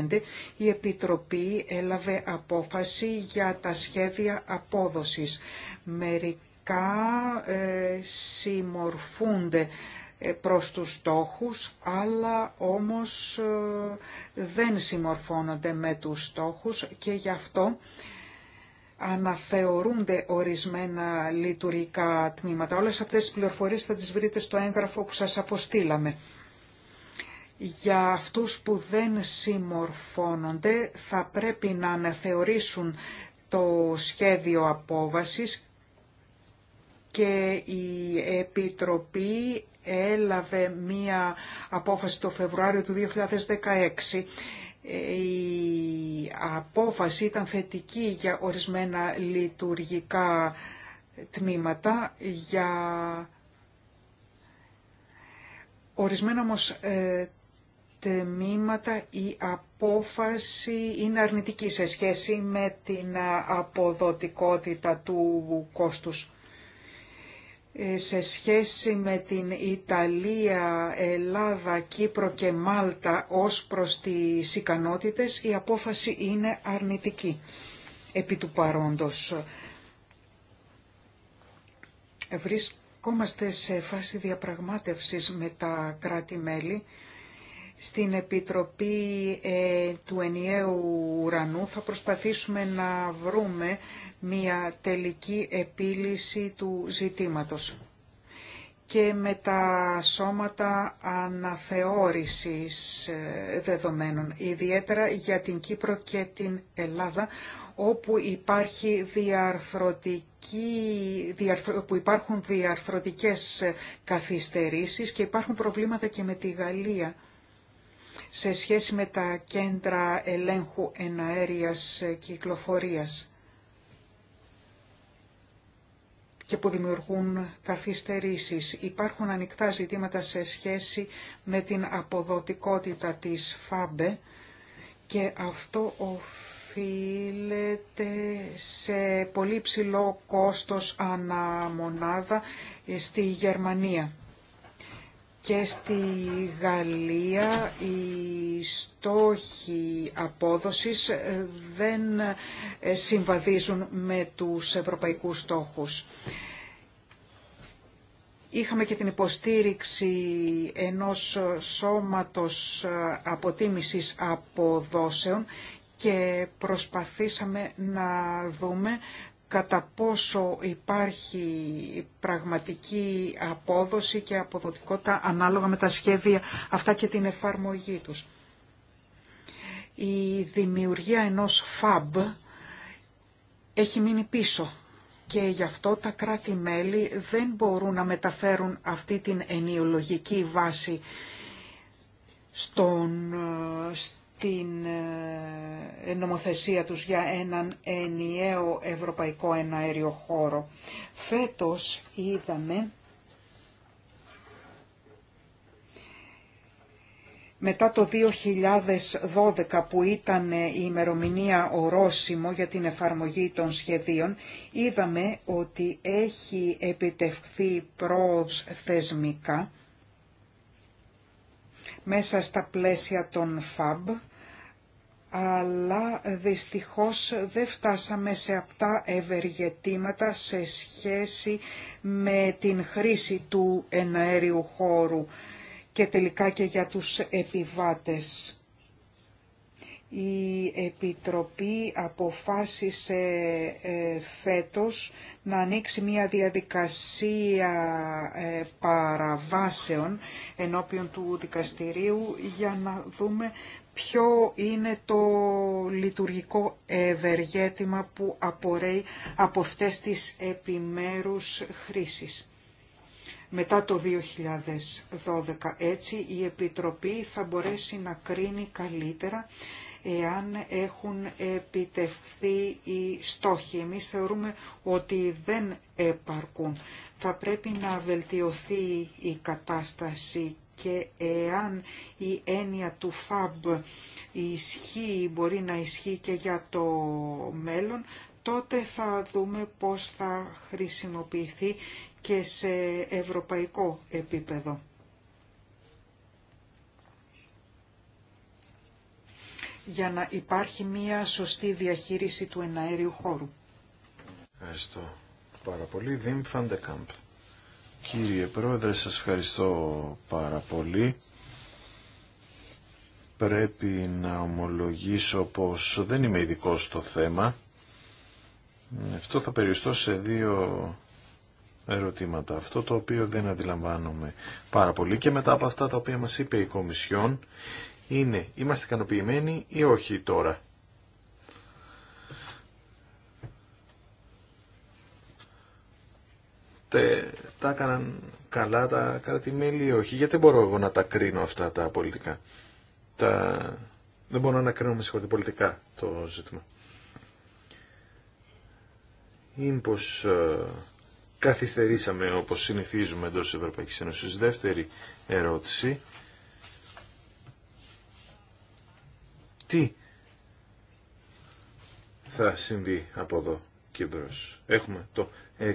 2015 η Επιτροπή έλαβε απόφαση για τα σχέδια απόδοσης. Μερικά ε, συμμορφούνται προς τους στόχους, αλλά όμως ε, δεν συμμορφώνονται με τους στόχους και γι' αυτό αναθεωρούνται ορισμένα λειτουργικά τμήματα. Όλες αυτές τις πληροφορίες θα τις βρείτε στο έγγραφο που σας αποστήλαμε. Για αυτούς που δεν συμμορφώνονται θα πρέπει να αναθεωρήσουν το σχέδιο απόβασης και η Επιτροπή έλαβε μία απόφαση το Φεβρουάριο του 2016 ε, η απόφαση ήταν θετική για ορισμένα λειτουργικά τμήματα, για ορισμένα όμως ε, τμήματα η απόφαση είναι αρνητική σε σχέση με την ε, αποδοτικότητα του κόστους. Ε, σε σχέση με την Ιταλία, Ελλάδα, Κύπρο και Μάλτα ως προς τις ικανότητες η απόφαση είναι αρνητική επί του παρόντος. Βρισκόμαστε σε φάση διαπραγμάτευσης με τα κράτη-μέλη. Στην Επιτροπή ε, του Ενιαίου Ουρανού θα προσπαθήσουμε να βρούμε μια τελική επίλυση του ζητήματος και με τα σώματα αναθεώρησης ε, δεδομένων, ιδιαίτερα για την Κύπρο και την Ελλάδα, όπου, υπάρχει διαρθρωτική, όπου υπάρχουν διαρθρωτικές ε, καθυστερήσεις και υπάρχουν προβλήματα και με τη Γαλλία σε σχέση με τα κέντρα ελέγχου εναέριας ε, κυκλοφορίας. και που δημιουργούν καθυστερήσεις. Υπάρχουν ανοιχτά ζητήματα σε σχέση με την αποδοτικότητα της ΦΑΜΠΕ και αυτό οφείλεται σε πολύ ψηλό κόστος αναμονάδα στη Γερμανία. Και στη Γαλλία οι στόχοι απόδοσης ε, δεν ε, συμβαδίζουν με τους ευρωπαϊκούς στόχους. Είχαμε και την υποστήριξη ενός σώματος ε, αποτίμησης αποδόσεων και προσπαθήσαμε να δούμε κατά πόσο υπάρχει πραγματική απόδοση και αποδοτικότητα ανάλογα με τα σχέδια αυτά και την εφαρμογή τους. Η δημιουργία ενός FAB έχει μείνει πίσω και γι' αυτό τα κράτη-μέλη δεν μπορούν να μεταφέρουν αυτή την ενιολογική βάση στον, ε, την ε, νομοθεσία τους για έναν ενιαίο ευρωπαϊκό εναέριο χώρο. Φέτος είδαμε μετά το 2012 που ήταν ε, η ημερομηνία ορόσημο για την εφαρμογή των σχεδίων, είδαμε ότι έχει επιτευχθεί πρόοδος θεσμικά μέσα στα πλαίσια των ΦΑΜΠ αλλά ε, δυστυχώς δεν φτάσαμε σε αυτά ευεργετήματα σε σχέση με την χρήση του εναέριου χώρου και τελικά και για τους επιβάτες. Η Επιτροπή αποφάσισε ε, φέτος να ανοίξει μια διαδικασία ε, παραβάσεων ενώπιον του δικαστηρίου για να δούμε ποιο είναι το λειτουργικό ευεργέτημα που απορρέει από αυτές τις επιμέρους χρήσεις. Μετά το 2012 έτσι η Επιτροπή θα μπορέσει να κρίνει καλύτερα εάν έχουν επιτευχθεί οι στόχοι. Εμείς θεωρούμε ότι δεν επαρκούν. Θα πρέπει να βελτιωθεί η κατάσταση και εάν η έννοια του ΦΑΜΠ ισχύει, μπορεί να ισχύει και για το μέλλον, τότε θα δούμε πώς θα χρησιμοποιηθεί και σε ευρωπαϊκό επίπεδο. για να υπάρχει μία σωστή διαχείριση του εναέριου χώρου. Ευχαριστώ πάρα πολύ. Βιμ Φαντεκάμπ. Κύριε Πρόεδρε, σας ευχαριστώ πάρα πολύ. Πρέπει να ομολογήσω πως δεν είμαι ειδικό στο θέμα. Αυτό θα περιοριστώ σε δύο ερωτήματα. Αυτό το οποίο δεν αντιλαμβάνομαι πάρα πολύ και μετά από αυτά τα οποία μας είπε η Κομισιόν είναι είμαστε ικανοποιημένοι ή όχι τώρα. Τε, τα έκαναν καλά τα κράτη-μέλη ή όχι. Γιατί δεν μπορώ εγώ να τα κρίνω αυτά τα πολιτικά. Τα... Δεν μπορώ να κρίνω, με πολιτικά το ζήτημα. Ή ε, καθυστερήσαμε όπως συνηθίζουμε εντός της Ευρωπαϊκής Ένωσης. Δεύτερη ερώτηση. Τι θα συμβεί από εδώ και Έχουμε το 6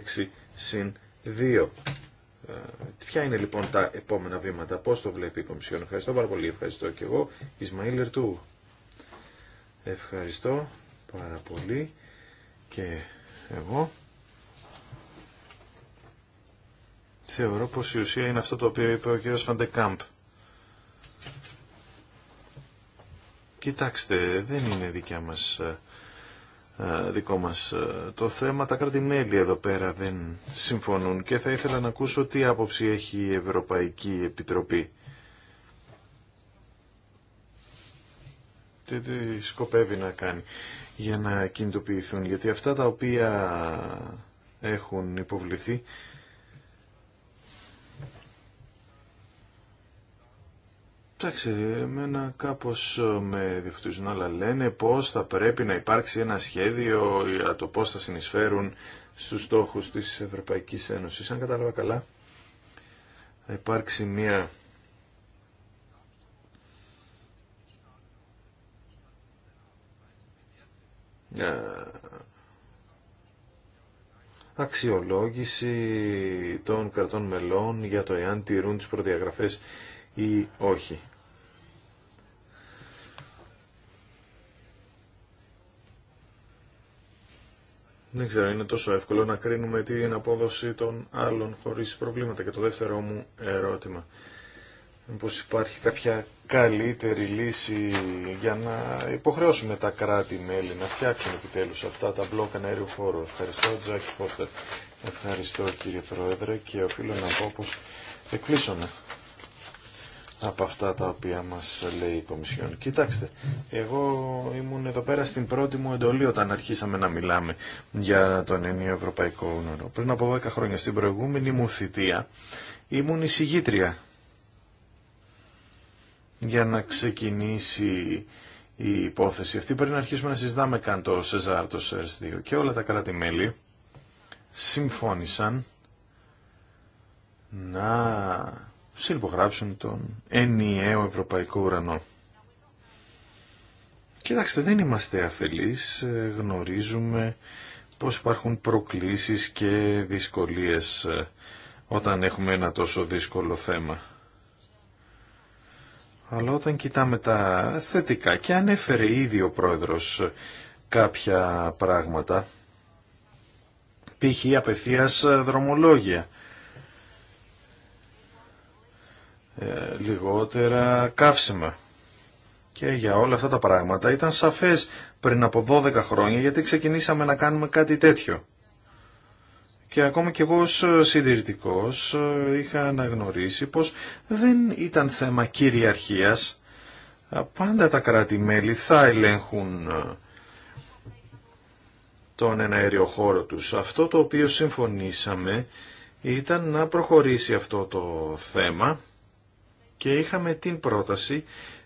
συν 2. Ε, ποια είναι λοιπόν τα επόμενα βήματα, πώς το βλέπει η Κομισιόν. Ευχαριστώ πάρα πολύ, ευχαριστώ και εγώ. Ισμαήλ Ερτού. Ευχαριστώ πάρα πολύ και εγώ. Θεωρώ πως η ουσία είναι αυτό το οποίο είπε ο κύριος Φαντεκάμπ. Κοιτάξτε, δεν είναι δικιά μας ε, δικό μας το θέμα. Τα κράτη-μέλη εδώ πέρα δεν συμφωνούν και θα ήθελα να ακούσω τι άποψη έχει η Ευρωπαϊκή Επιτροπή. Τι, τι σκοπεύει να κάνει για να κινητοποιηθούν. Γιατί αυτά τα οποία έχουν υποβληθεί Εντάξει, εμένα κάπως ε, με διευθύνουν, αλλά λένε πώς θα πρέπει να υπάρξει ένα σχέδιο για το πώς θα συνεισφέρουν στους στόχους της Ευρωπαϊκής Ένωσης. Αν κατάλαβα καλά, θα υπάρξει μια ε, αξιολόγηση των κρατών μελών για το εάν τηρούν τις προδιαγραφές ή όχι. Δεν ξέρω, είναι τόσο εύκολο να κρίνουμε την απόδοση των άλλων χωρίς προβλήματα. Και το δεύτερο μου ερώτημα. Μήπως υπάρχει κάποια καλύτερη λύση για να υποχρεώσουμε τα κράτη-μέλη να φτιάξουν επιτέλους αυτά τα μπλοκ αέριου χώρου. Ευχαριστώ, Τζάκι Πόστερ. Ευχαριστώ, κύριε Πρόεδρε, και οφείλω να πω πως εκπλήσωνα από αυτά τα οποία μας λέει η Κομισιόν. Κοιτάξτε, εγώ ήμουν εδώ πέρα στην πρώτη μου εντολή όταν αρχίσαμε να μιλάμε για τον ενίο ευρωπαϊκό νερό. Πριν από 10 χρόνια, στην προηγούμενη μου θητεία, ήμουν εισηγήτρια για να ξεκινήσει η υπόθεση αυτή. Πριν αρχίσουμε να συζητάμε καν το ΣΕΖΑΡ, το 2 και όλα τα κράτη-μέλη συμφώνησαν να συνυπογράψουν τον ενιαίο ευρωπαϊκό ουρανό. Κοιτάξτε, δεν είμαστε αφελείς, ε, γνωρίζουμε πως υπάρχουν προκλήσεις και δυσκολίες ε, όταν έχουμε ένα τόσο δύσκολο θέμα. Αλλά όταν κοιτάμε τα θετικά και ανέφερε ήδη ο πρόεδρος ε, κάποια πράγματα, π.χ. απευθείας δρομολόγια Ε, λιγότερα καύσιμα. Και για όλα αυτά τα πράγματα ήταν σαφές πριν από 12 χρόνια γιατί ξεκινήσαμε να κάνουμε κάτι τέτοιο. Και ακόμα και εγώ ως συντηρητικός ε, είχα αναγνωρίσει πως δεν ήταν θέμα κυριαρχίας. Ε, πάντα τα κράτη-μέλη θα ελέγχουν τον ένα χώρο τους. Αυτό το οποίο συμφωνήσαμε ήταν να προχωρήσει αυτό το θέμα και είχαμε την πρόταση,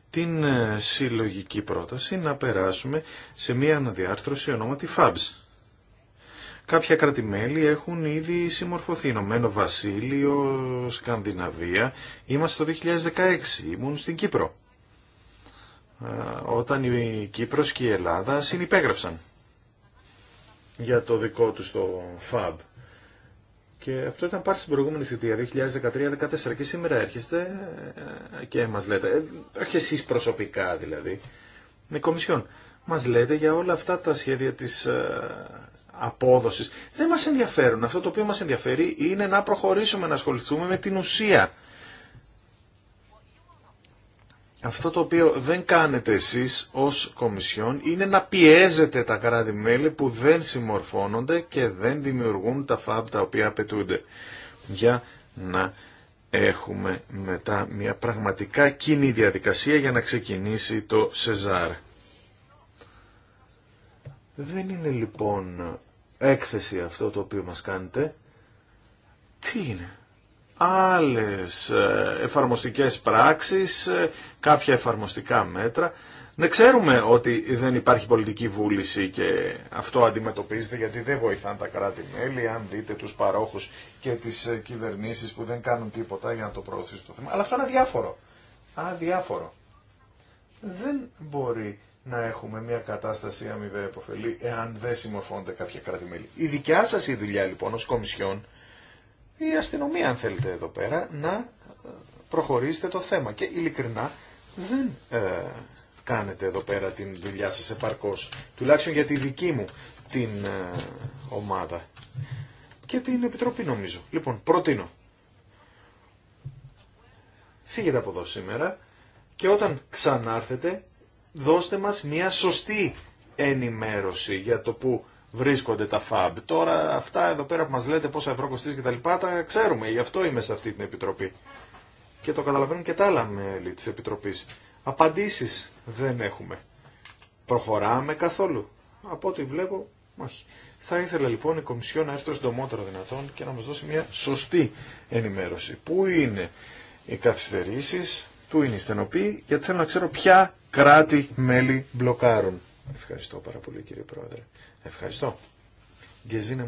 την ε, συλλογική πρόταση να περάσουμε σε μια αναδιάρθρωση ονόματι FABS. Κάποια κρατημέλη έχουν ήδη συμμορφωθεί. Ηνωμένο Βασίλειο, Σκανδιναβία. Είμαστε το 2016, ήμουν στην Κύπρο. Ε, όταν η Κύπρος και η Ελλάδα συνυπέγραψαν για το δικό τους το FAB. Και αυτό ήταν πάρει στην προηγούμενη θητεία, 2013-2014. Και σήμερα έρχεστε ε, και μας λέτε, ε, όχι εσείς προσωπικά δηλαδή, με κομισιόν, μας λέτε για όλα αυτά τα σχέδια της ε, απόδοσης. Δεν μας ενδιαφέρουν. Αυτό το οποίο μας ενδιαφέρει είναι να προχωρήσουμε, να ασχοληθούμε με την ουσία αυτό το οποίο δεν κάνετε εσείς ως Κομισιόν είναι να πιέζετε τα κράτη-μέλη που δεν συμμορφώνονται και δεν δημιουργούν τα φαμπ τα οποία απαιτούνται για να έχουμε μετά μια πραγματικά κοινή διαδικασία για να ξεκινήσει το ΣΕΖΑΡ. Δεν είναι λοιπόν έκθεση αυτό το οποίο μας κάνετε. Τι είναι άλλες ε, εφαρμοστικές πράξεις, ε, κάποια εφαρμοστικά μέτρα. Να ξέρουμε ότι δεν υπάρχει πολιτική βούληση και αυτό αντιμετωπίζεται γιατί δεν βοηθάν τα κράτη-μέλη, αν δείτε τους παρόχους και τις ε, κυβερνήσεις που δεν κάνουν τίποτα για να το προωθήσουν το θέμα. Αλλά αυτό είναι αδιάφορο. Αδιάφορο. Δεν μπορεί να έχουμε μια κατάσταση αμοιβαία υποφελή εάν δεν συμμορφωνται καποια κάποια κράτη-μέλη. Η δικιά σας η δουλειά λοιπόν ως Κομισιόν η αστυνομία αν θέλετε εδώ πέρα να ε, προχωρήσετε το θέμα και ειλικρινά δεν ε, κάνετε εδώ πέρα την δουλειά σας επαρκώς τουλάχιστον για τη δική μου την ε, ομάδα και την Επιτροπή νομίζω. Λοιπόν, προτείνω. Φύγετε από εδώ σήμερα και όταν ξανάρθετε δώστε μας μια σωστή ενημέρωση για το που βρίσκονται τα FAB. Τώρα αυτά εδώ πέρα που μας λέτε πόσα ευρώ κοστίζει και τα λοιπά τα ξέρουμε. Γι' αυτό είμαι σε αυτή την Επιτροπή. Και το καταλαβαίνουν και τα άλλα μέλη της Επιτροπής. Απαντήσεις δεν έχουμε. Προχωράμε καθόλου. Από ό,τι βλέπω, όχι. Θα ήθελα λοιπόν η Κομισιόν να έρθει το συντομότερο δυνατόν και να μας δώσει μια σωστή ενημέρωση. Πού είναι οι καθυστερήσεις, πού είναι η στενοποίοι, γιατί θέλω να ξέρω ποια κράτη-μέλη μπλοκάρουν. Ευχαριστώ πάρα πολύ κύριε Πρόεδρε. Ευχαριστώ. Γκεζίνε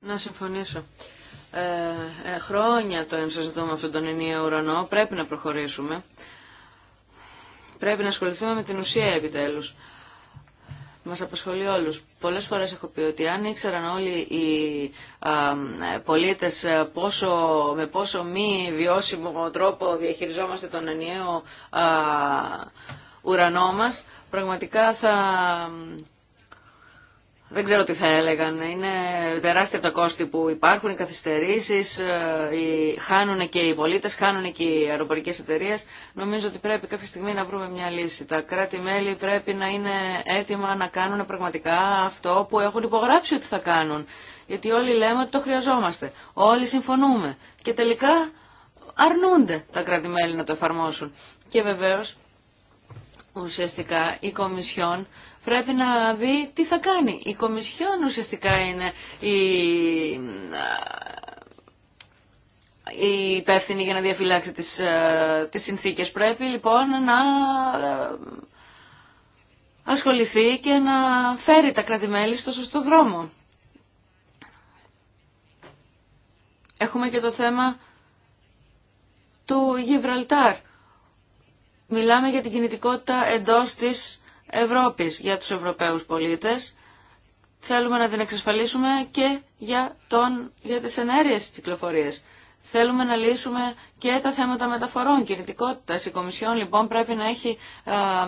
Να συμφωνήσω. Ε, ε χρόνια το συζητούμε αυτόν τον ενιαίο ουρανό. Πρέπει να προχωρήσουμε. Πρέπει να ασχοληθούμε με την ουσία επιτέλους. Μας απασχολεί όλου. Πολλέ φορές έχω πει ότι αν ήξεραν όλοι οι ε, πολίτες ε, πόσο, με πόσο μη βιώσιμο τρόπο διαχειριζόμαστε τον ενιαίο ουρανό μας, Πραγματικά θα... Δεν ξέρω τι θα έλεγαν. Είναι τεράστια τα κόστη που υπάρχουν, οι καθυστερήσει, ε, οι... χάνουν και οι πολίτε, χάνουν και οι αεροπορικέ εταιρείε. Νομίζω ότι πρέπει κάποια στιγμή να βρούμε μια λύση. Τα κράτη-μέλη πρέπει να είναι έτοιμα να κάνουν πραγματικά αυτό που έχουν υπογράψει ότι θα κάνουν. Γιατί όλοι λέμε ότι το χρειαζόμαστε. Όλοι συμφωνούμε. Και τελικά αρνούνται τα κράτη-μέλη να το εφαρμόσουν. Και βεβαίω ουσιαστικά η Κομισιόν πρέπει να δει τι θα κάνει. Η Κομισιόν ουσιαστικά είναι η, ε, η υπεύθυνη για να διαφυλάξει τις, ε, τις συνθήκες. Πρέπει λοιπόν να ε, ασχοληθεί και να φέρει τα κράτη-μέλη στο σωστό δρόμο. Έχουμε και το θέμα του Γιβραλτάρ. Μιλάμε για την κινητικότητα εντός της Ευρώπης για τους Ευρωπαίους πολίτες. Θέλουμε να την εξασφαλίσουμε και για, τον, για τις ενέργειες της Θέλουμε να λύσουμε και τα θέματα μεταφορών, κινητικότητα. Η Κομισιόν λοιπόν πρέπει να έχει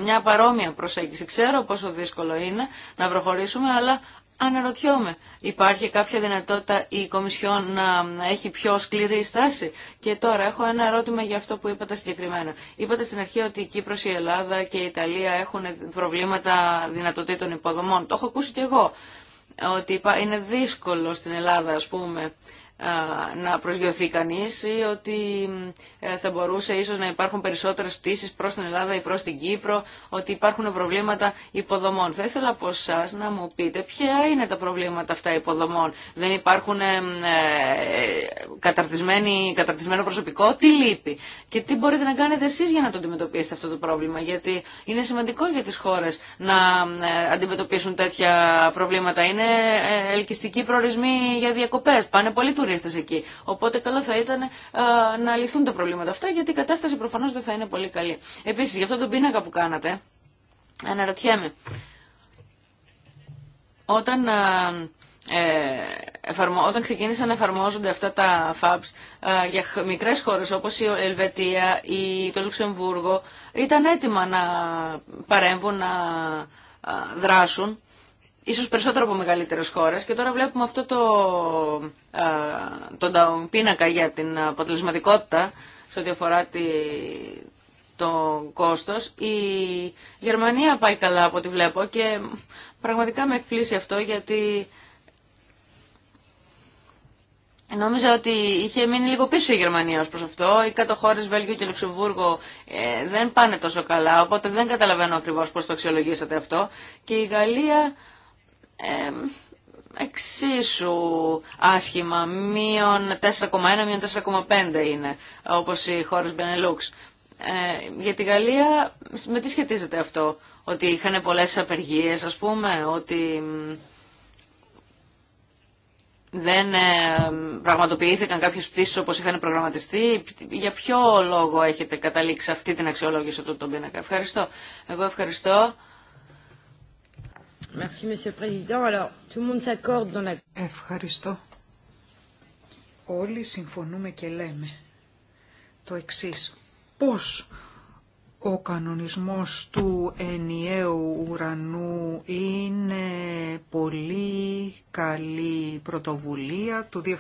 μια παρόμοια προσέγγιση. Ξέρω πόσο δύσκολο είναι να προχωρήσουμε, αλλά Αναρωτιόμαι, υπάρχει κάποια δυνατότητα η Κομισιόν να έχει πιο σκληρή στάση. Και τώρα έχω ένα ερώτημα για αυτό που είπατε συγκεκριμένα. Είπατε στην αρχή ότι η Κύπρος, η Ελλάδα και η Ιταλία έχουν προβλήματα δυνατοτήτων υποδομών. Το έχω ακούσει και εγώ, ότι είναι δύσκολο στην Ελλάδα, ας πούμε, να προσγειωθεί κανείς ή ότι ε, θα μπορούσε ίσως να υπάρχουν περισσότερες πτήσει προς την Ελλάδα ή προς την Κύπρο, ότι υπάρχουν προβλήματα υποδομών. Θα ήθελα από εσά να μου πείτε ποια είναι τα προβλήματα αυτά υποδομών. Δεν υπάρχουν ε, καταρτισμένο προσωπικό, τι λείπει και τι μπορείτε να κάνετε εσείς για να το αντιμετωπίσετε αυτό το πρόβλημα, γιατί είναι σημαντικό για τις χώρες να ε, αντιμετωπίσουν τέτοια προβλήματα. Είναι ε, ελκυστικοί προορισμοί για διακοπές, πάνε πολύ Οπότε καλό θα ήταν να λυθούν τα προβλήματα αυτά γιατί η κατάσταση προφανώ δεν θα είναι πολύ καλή. Επίση, για αυτό τον πίνακα που κάνατε, αναρωτιέμαι. Όταν ε, όταν ξεκίνησαν να εφαρμόζονται αυτά τα FABs για μικρές χώρες όπως η Ελβετία ή το Λουξεμβούργο ήταν έτοιμα να παρέμβουν, να δράσουν ίσως περισσότερο από μεγαλύτερες χώρες και τώρα βλέπουμε αυτό το, το, πίνακα για την αποτελεσματικότητα σε ό,τι αφορά τη, το κόστος. Η Γερμανία πάει καλά από ό,τι βλέπω και πραγματικά με εκπλήσει αυτό γιατί Νόμιζα ότι είχε μείνει λίγο πίσω η Γερμανία ως προς αυτό. Οι κάτω χώρες, Βέλγιο και Λουξεμβούργο ε, δεν πάνε τόσο καλά, οπότε δεν καταλαβαίνω ακριβώς πώς το αξιολογήσατε αυτό. Και η Γαλλία εξίσου άσχημα. Μείον 4,1, μείον 4,5 είναι, όπως οι χώρες Μπενελούξ. Ε, για τη Γαλλία, με τι σχετίζεται αυτό, ότι είχαν πολλές απεργίες, ας πούμε, ότι δεν ε, πραγματοποιήθηκαν κάποιες πτήσεις όπως είχαν προγραμματιστεί. Για ποιο λόγο έχετε καταλήξει αυτή την αξιολόγηση του τον πίνακα. Ευχαριστώ. Εγώ ευχαριστώ. Ευχαριστώ. Όλοι συμφωνούμε και λέμε το εξής. Πώς ο κανονισμός του ενιαίου ουρανού είναι πολύ καλή πρωτοβουλία του 2004,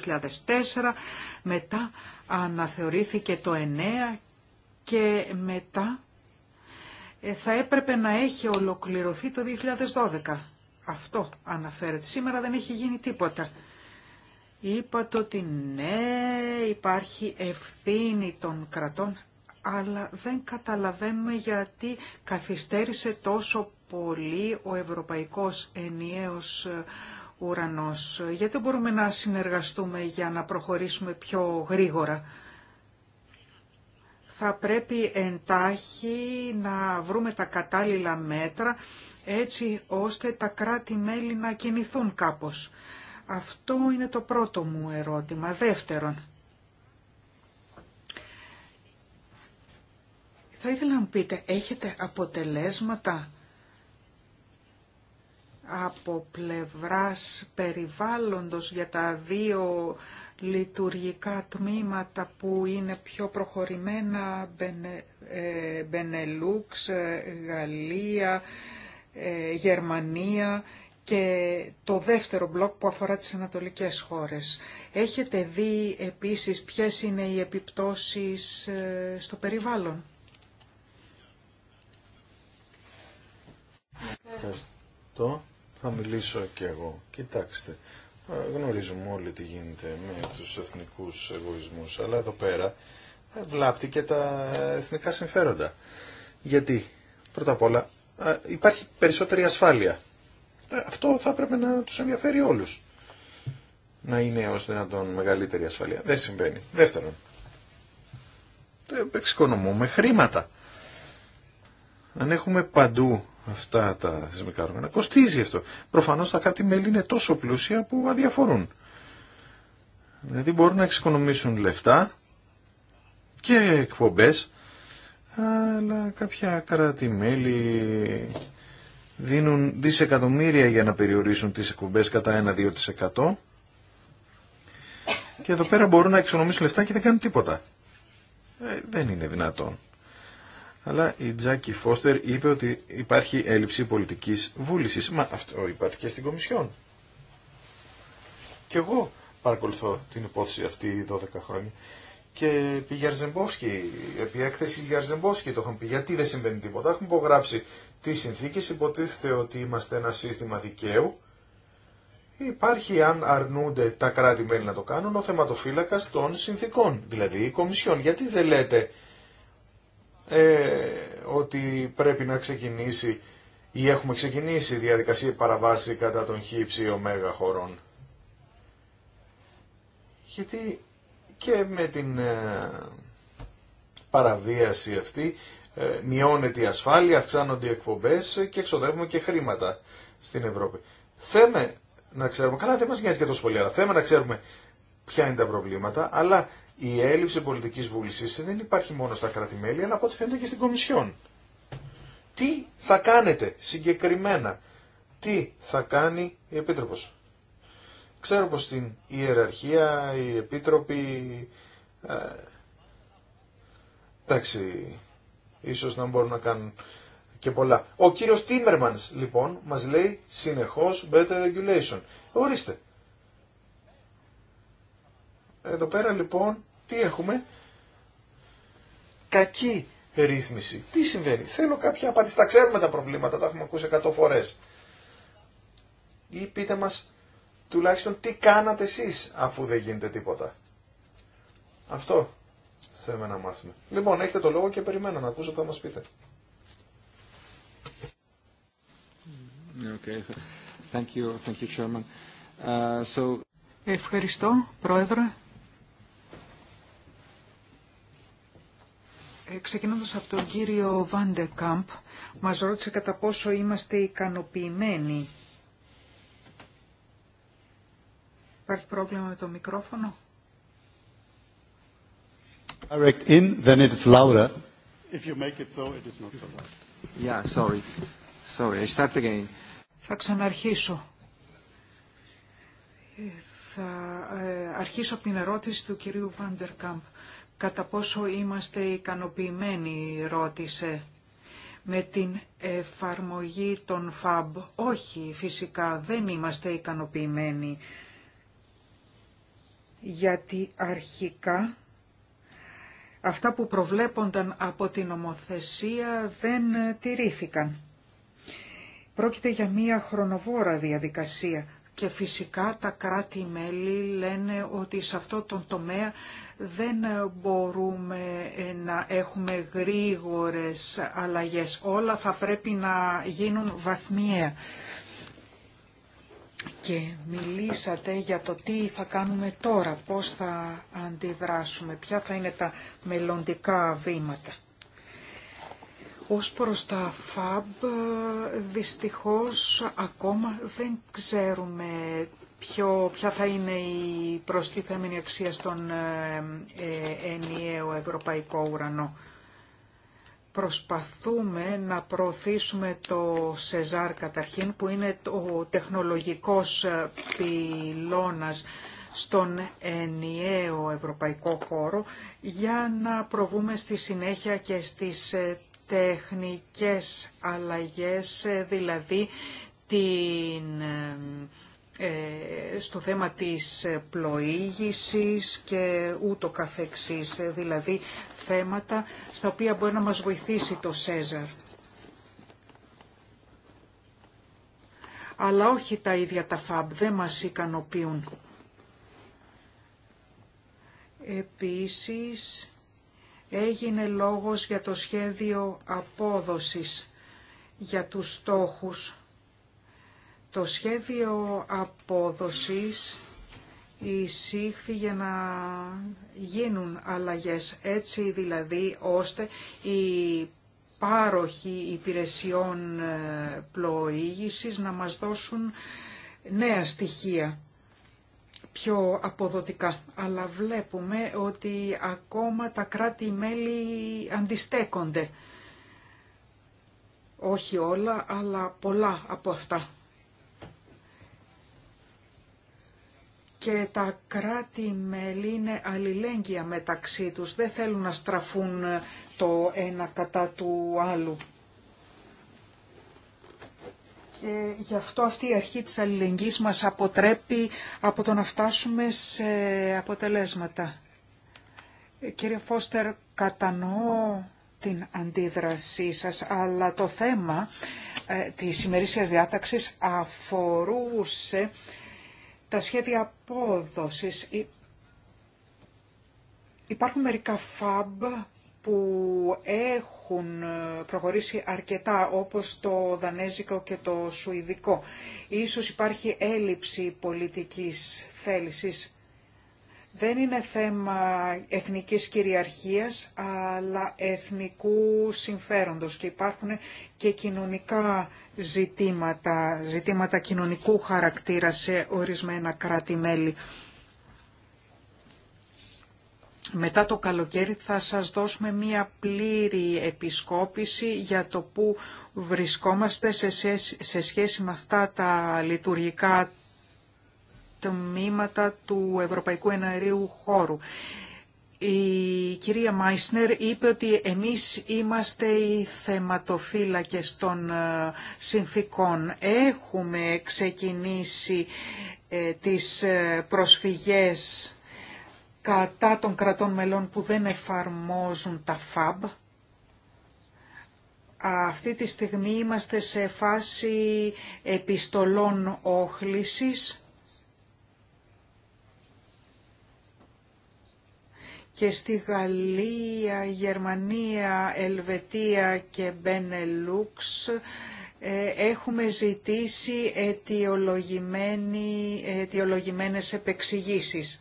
μετά αναθεωρήθηκε το 9 και μετά ε, θα έπρεπε να έχει ολοκληρωθεί το 2012. Αυτό αναφέρεται. Σήμερα δεν έχει γίνει τίποτα. Είπατε ότι ναι, υπάρχει ευθύνη των κρατών, αλλά δεν καταλαβαίνουμε γιατί καθυστέρησε τόσο πολύ ο Ευρωπαϊκός Ενιαίος ε, Ουρανός. Γιατί μπορούμε να συνεργαστούμε για να προχωρήσουμε πιο γρήγορα θα πρέπει εντάχει να βρούμε τα κατάλληλα μέτρα έτσι ώστε τα κράτη-μέλη να κινηθούν κάπως. Αυτό είναι το πρώτο μου ερώτημα. Δεύτερον, θα ήθελα να μου πείτε, έχετε αποτελέσματα από πλευράς περιβάλλοντος για τα δύο λειτουργικά τμήματα που είναι πιο προχωρημένα, ε, Μπενελούξ, ε, Γαλλία, ε, Γερμανία και το δεύτερο μπλοκ που αφορά τις ανατολικές χώρες. Έχετε δει επίσης ποιες είναι οι επιπτώσεις στο περιβάλλον. Ευχαριστώ. Θα μιλήσω και εγώ. Κοιτάξτε, ε, γνωρίζουμε όλοι τι γίνεται με τους εθνικούς εγωισμούς, αλλά εδώ πέρα βλάπτει και τα εθνικά συμφέροντα. Γιατί, πρώτα απ' όλα, ε, υπάρχει περισσότερη ασφάλεια. Ε, αυτό θα έπρεπε να τους ενδιαφέρει όλους. Να είναι ως δυνατόν μεγαλύτερη ασφαλεία. Δεν συμβαίνει. Δεύτερον, εξοικονομούμε χρήματα. Αν έχουμε παντού αυτά τα θεσμικά όργανα. Κοστίζει αυτό. Προφανώς τα κάτι μέλη είναι τόσο πλούσια που αδιαφορούν. Δηλαδή μπορούν να εξοικονομήσουν λεφτά και εκπομπέ, αλλα αλλά κάποια κράτη-μέλη δίνουν δισεκατομμύρια για να περιορίσουν τις εκπομπές κατά 1-2%. Και εδώ πέρα μπορούν να εξοικονομήσουν λεφτά και δεν κάνουν τίποτα. Ε, δεν είναι δυνατόν αλλά η Τζάκι Φώστερ είπε ότι υπάρχει έλλειψη πολιτικής βούλησης. Μα αυτό υπάρχει και στην Κομισιόν. Και εγώ παρακολουθώ την υπόθεση αυτή 12 χρόνια. Και επί Γιαρζεμπόσκη, επί έκθεση Γιαρζεμπόφσκι το έχουν πει. Γιατί δεν συμβαίνει τίποτα. Έχουν υπογράψει τι συνθήκες, υποτίθεται ότι είμαστε ένα σύστημα δικαίου. Υπάρχει αν αρνούνται τα κράτη-μέλη να το κάνουν ο θεματοφύλακας των συνθήκων, δηλαδή η Κομισιόν. Γιατί δεν λέτε ε, ότι πρέπει να ξεκινήσει ή έχουμε ξεκινήσει διαδικασία παραβάση κατά των χ ωμέγα χωρών. Γιατί και με την ε, παραβίαση αυτή ε, μειώνεται η ασφάλεια, αυξάνονται οι εκπομπές και εξοδεύουμε και χρήματα στην Ευρώπη. Θέμε να ξέρουμε, καλά δεν μας νοιάζει και τόσο πολύ, αλλά θέμε να ξέρουμε ποια είναι τα προβλήματα, αλλά η έλλειψη πολιτικής βούλησης δεν υπάρχει μόνο στα κράτη-μέλη, αλλά από ό,τι φαίνεται και στην Κομισιόν. Τι θα κάνετε συγκεκριμένα, τι θα κάνει η Επίτροπος. Ξέρω πως στην ιεραρχία, οι Επίτροποι, ε, εντάξει, ίσως να μπορούν να κάνουν και πολλά. Ο κύριος Τίμερμανς λοιπόν μας λέει συνεχώς better regulation. Ορίστε, εδώ πέρα λοιπόν τι έχουμε. Κακή ρύθμιση. Τι συμβαίνει. Θέλω κάποια απάντηση. Τα ξέρουμε τα προβλήματα, τα έχουμε ακούσει 100 φορές. Ή πείτε μας τουλάχιστον τι κάνατε εσείς αφού δεν γίνεται τίποτα. Αυτό θέλουμε να μάθουμε. Λοιπόν, έχετε το λόγο και περιμένω να ακούσω τι θα μας πείτε. Okay. Thank you. Thank you, Uh, so... Ευχαριστώ, Πρόεδρε. Ε, ξεκινώντας από τον κύριο Κάμπ, μας ρώτησε κατά πόσο είμαστε ικανοποιημένοι. Υπάρχει πρόβλημα με το μικρόφωνο. Direct in, then it is louder. If you make it so, it is not so loud. Yeah, sorry. Sorry, I start again. Θα ξαναρχίσω. Ε, θα ε, αρχίσω από την ερώτηση του κυρίου Βάντερ Κάμπ. Κατά πόσο είμαστε ικανοποιημένοι, ρώτησε, με την εφαρμογή των ΦΑΜΠ». Όχι, φυσικά δεν είμαστε ικανοποιημένοι, γιατί αρχικά αυτά που προβλέπονταν από την ομοθεσία δεν τηρήθηκαν. Πρόκειται για μία χρονοβόρα διαδικασία και φυσικά τα κράτη-μέλη λένε ότι σε αυτό το τομέα δεν μπορούμε ε, να έχουμε γρήγορες αλλαγές. Όλα θα πρέπει να γίνουν βαθμιαία. Και μιλήσατε για το τι θα κάνουμε τώρα, πώς θα αντιδράσουμε, ποια θα είναι τα μελλοντικά βήματα. Ως προς τα FAB δυστυχώς ακόμα δεν ξέρουμε ποια θα είναι η προστιθέμενη αξία στον ε, ε, ενιαίο ευρωπαϊκό ουρανό. Προσπαθούμε να προωθήσουμε το ΣΕΖΑΡ καταρχήν που είναι ο τεχνολογικός ε, πυλώνας στον ενιαίο ευρωπαϊκό χώρο για να προβούμε στη συνέχεια και στις τεχνικές αλλαγές, ε, δηλαδή την, ε, ε, στο θέμα της πλοήγησης και ούτω καθεξής, δηλαδή θέματα στα οποία μπορεί να μας βοηθήσει το ΣΕΖΑΡ. Αλλά όχι τα ίδια τα ΦΑΜ, δεν μας ικανοποιούν. Επίσης, έγινε λόγος για το σχέδιο απόδοσης για τους στόχους. Το σχέδιο απόδοσης εισήχθη για να γίνουν αλλαγές, έτσι δηλαδή ώστε οι πάροχοι υπηρεσιών ε, πλοήγησης να μας δώσουν νέα στοιχεία πιο αποδοτικά. Αλλά βλέπουμε ότι ακόμα τα κράτη-μέλη αντιστέκονται. Όχι όλα, αλλά πολλά από αυτά. Και τα κράτη-μέλη είναι αλληλέγγυα μεταξύ τους, δεν θέλουν να στραφούν το ένα κατά του άλλου και ε, γι' αυτό αυτή η αρχή της αλληλεγγύης μας αποτρέπει από το να φτάσουμε σε αποτελέσματα. Ε, κύριε Φώστερ, κατανοώ την αντίδρασή σας, αλλά το θέμα ε, της ημερήσιας διάταξης αφορούσε τα σχέδια απόδοσης. Υπάρχουν μερικά FAB που έχουν ε, προχωρήσει αρκετά όπως το δανέζικο και το σουηδικό. Ίσως υπάρχει έλλειψη πολιτικής θέλησης. Δεν είναι θέμα εθνικής κυριαρχίας, αλλά εθνικού συμφέροντος και υπάρχουν και κοινωνικά ζητήματα, ζητήματα κοινωνικού χαρακτήρα σε ορισμένα κράτη-μέλη. Μετά το καλοκαίρι θα σας δώσουμε μία πλήρη επισκόπηση για το που βρισκόμαστε σε σχέση με αυτά τα λειτουργικά τμήματα του Ευρωπαϊκού Εναερίου Χώρου. Η κυρία Μάισνερ είπε ότι εμείς είμαστε οι θεματοφύλακες των ε, συνθήκων. Έχουμε ξεκινήσει ε, τις ε, προσφυγές κατά των κρατών μελών που δεν εφαρμόζουν τα FAB. Αυτή τη στιγμή είμαστε σε φάση επιστολών όχλησης και στη Γαλλία, Γερμανία, Ελβετία και Μπενελούξ ε, έχουμε ζητήσει αιτιολογημένες επεξηγήσεις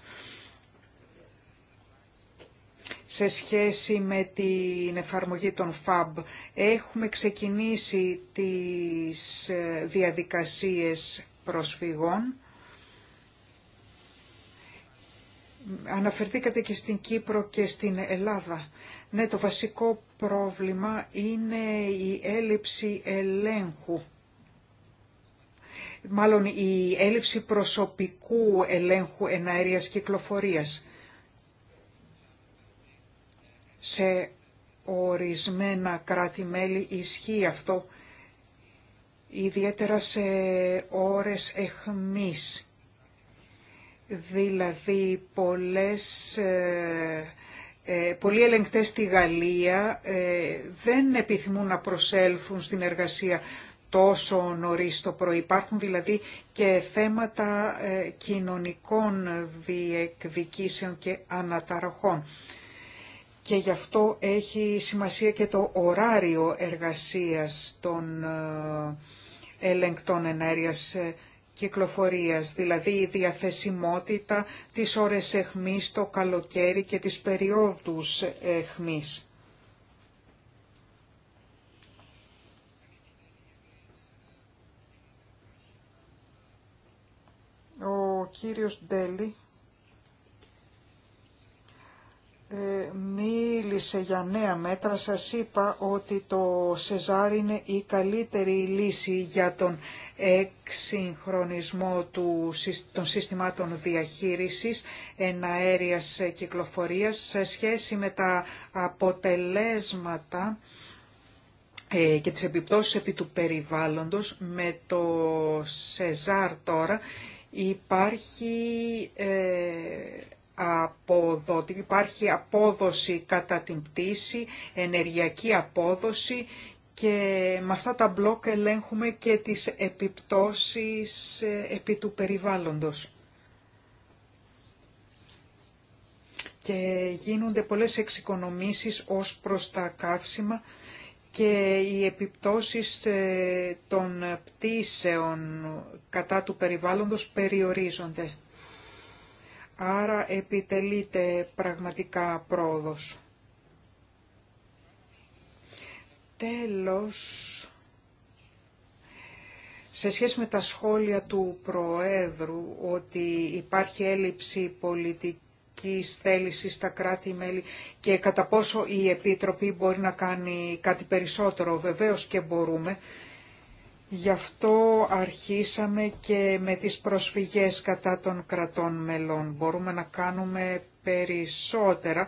σε σχέση με την εφαρμογή των FAB. Έχουμε ξεκινήσει τις ε, διαδικασίες προσφυγών. Αναφερθήκατε και στην Κύπρο και στην Ελλάδα. Ναι, το βασικό πρόβλημα είναι η έλλειψη ελέγχου. Μάλλον η έλλειψη προσωπικού ελέγχου εναέριας κυκλοφορίας. Σε ορισμένα κράτη-μέλη ισχύει αυτό, ιδιαίτερα σε ώρες εχμής. Δηλαδή, πολλές, ε, ε πολλοί ελεγκτές στη Γαλλία ε, δεν επιθυμούν να προσέλθουν στην εργασία τόσο νωρίς το πρωί. Υπάρχουν δηλαδή και θέματα ε, κοινωνικών διεκδικήσεων και αναταραχών και γι' αυτό έχει σημασία και το ωράριο εργασίας των ε, ελεγκτών ενέργειας ε, κυκλοφορίας, δηλαδή η διαθεσιμότητα της ώρες εχμής το καλοκαίρι και της περιόδους εχμής. Ο κύριος Ντέλη Ε, μίλησε για νέα μέτρα, σας είπα ότι το ΣΕΖΑΡ είναι η καλύτερη λύση για τον εξυγχρονισμό του, των συστημάτων διαχείρισης εναέριας κυκλοφορίας σε σχέση με τα αποτελέσματα ε, και τις επιπτώσεις επί του περιβάλλοντος με το ΣΕΖΑΡ τώρα υπάρχει ε, αποδότη, υπάρχει απόδοση κατά την πτήση, ενεργειακή απόδοση και με αυτά τα μπλοκ ελέγχουμε και τις επιπτώσεις ε, επί του περιβάλλοντος. Και γίνονται πολλές εξοικονομήσεις ως προς τα καύσιμα και οι επιπτώσεις ε, των πτήσεων κατά του περιβάλλοντος περιορίζονται. Άρα επιτελείται πραγματικά πρόοδος. Τέλος, σε σχέση με τα σχόλια του Προέδρου ότι υπάρχει έλλειψη πολιτικής θέλησης στα κράτη-μέλη και κατά πόσο η Επίτροπη μπορεί να κάνει κάτι περισσότερο, βεβαίως και μπορούμε, Γι' αυτό αρχίσαμε και με τις προσφυγές κατά των κρατών μελών. Μπορούμε να κάνουμε περισσότερα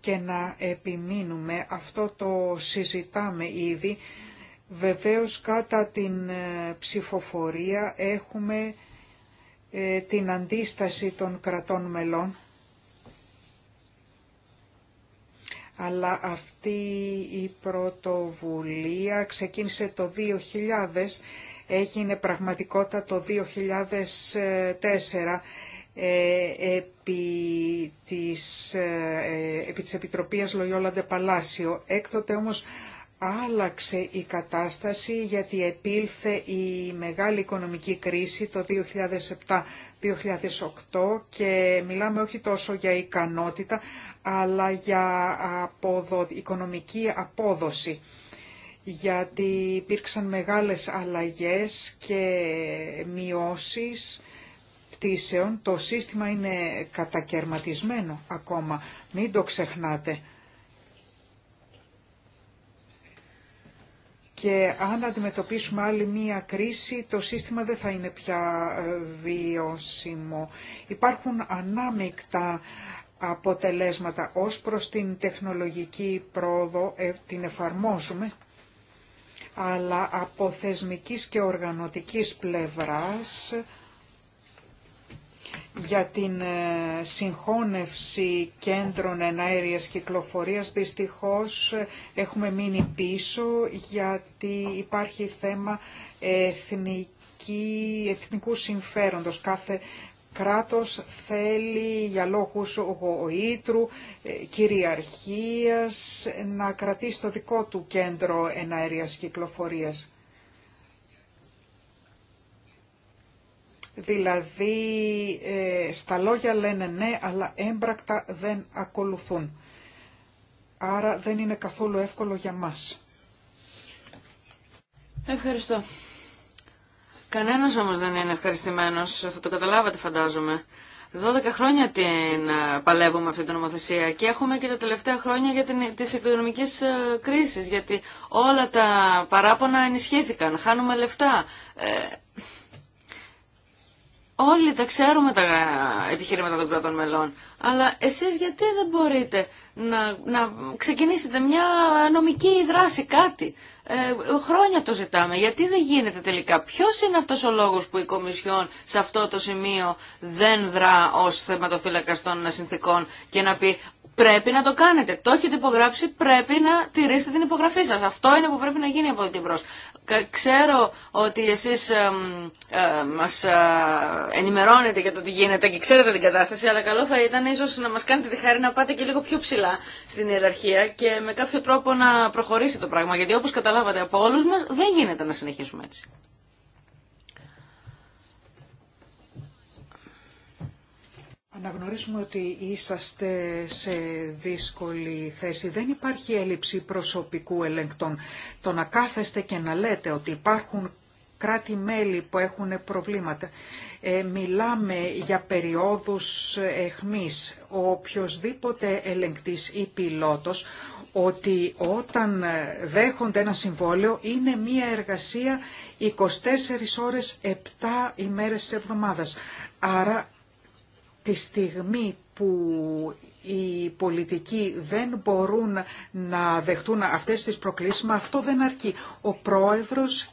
και να επιμείνουμε. Αυτό το συζητάμε ήδη. Βεβαίως κατά την ε, ψηφοφορία έχουμε ε, την αντίσταση των κρατών μελών αλλά αυτή η πρωτοβουλία ξεκίνησε το 2000, έγινε πραγματικότητα το 2004 ε, επί, της, ε, επί της Επιτροπής Λογιόλαντε Παλάσιο. Έκτοτε όμως άλλαξε η κατάσταση γιατί επήλθε η μεγάλη οικονομική κρίση το 2007 2008 και μιλάμε όχι τόσο για ικανότητα, αλλά για αποδο... οικονομική απόδοση γιατί υπήρξαν μεγάλες αλλαγές και μειώσεις πτήσεων. Το σύστημα είναι κατακαιρματισμένο ακόμα, μην το ξεχνάτε. και αν αντιμετωπίσουμε άλλη μία κρίση, το σύστημα δεν θα είναι πια ε, βιώσιμο. Υπάρχουν ανάμεικτα αποτελέσματα ως προς την τεχνολογική πρόοδο, ε, την εφαρμόζουμε, αλλά από θεσμικής και οργανωτικής πλευράς για την ε, συγχώνευση κέντρων εναέριας κυκλοφορίας. Δυστυχώς ε, έχουμε μείνει πίσω γιατί υπάρχει θέμα εθνική, εθνικού συμφέροντος. Κάθε κράτος θέλει για λόγους γοήτρου, ε, κυριαρχίας να κρατήσει το δικό του κέντρο εναέριας κυκλοφορίας. Δηλαδή, ε, στα λόγια λένε ναι, αλλά έμπρακτα δεν ακολουθούν. Άρα δεν είναι καθόλου εύκολο για μας. Ευχαριστώ. Κανένας όμως δεν είναι ευχαριστημένος, θα το καταλάβατε φαντάζομαι. Δώδεκα χρόνια την ε, παλεύουμε αυτή την νομοθεσία και έχουμε και τα τελευταία χρόνια για την, της οικονομικής ε, κρίσης, γιατί όλα τα παράπονα ενισχύθηκαν, χάνουμε λεφτά. Ε, Όλοι τα ξέρουμε τα επιχειρήματα των κρατών μελών, αλλά εσείς γιατί δεν μπορείτε να, να ξεκινήσετε μια νομική δράση, κάτι. Ε, χρόνια το ζητάμε, γιατί δεν γίνεται τελικά. Ποιος είναι αυτός ο λόγος που η Κομισιόν σε αυτό το σημείο δεν δρά ως θεματοφύλακα των συνθήκων και να πει πρέπει να το κάνετε. Το έχετε υπογράψει, πρέπει να τηρήσετε την υπογραφή σας. Αυτό είναι που πρέπει να γίνει από την προς. Ξέρω ότι εσείς ε, μας ε, ενημερώνετε για το τι γίνεται και ξέρετε την κατάσταση, αλλά καλό θα ήταν ίσως να μας κάνετε τη χάρη να πάτε και λίγο πιο ψηλά στην ιεραρχία και με κάποιο τρόπο να προχωρήσει το πράγμα, γιατί όπως καταλάβατε από όλους μας δεν γίνεται να συνεχίσουμε έτσι. Να γνωρίζουμε ότι είσαστε σε δύσκολη θέση. Δεν υπάρχει έλλειψη προσωπικού ελεγκτών. Το να κάθεστε και να λέτε ότι υπάρχουν κράτη-μέλη που έχουν προβλήματα. Ε, μιλάμε για περιόδους εχμής. Ο οποιοδήποτε ελεγκτής ή πιλότος ότι όταν δέχονται ένα συμβόλαιο είναι μία εργασία 24 ώρες 7 ημέρες της εβδομάδας. Άρα τη στιγμή που οι πολιτικοί δεν μπορούν να δεχτούν αυτές τις προκλήσεις, μα αυτό δεν αρκεί. Ο πρόεδρος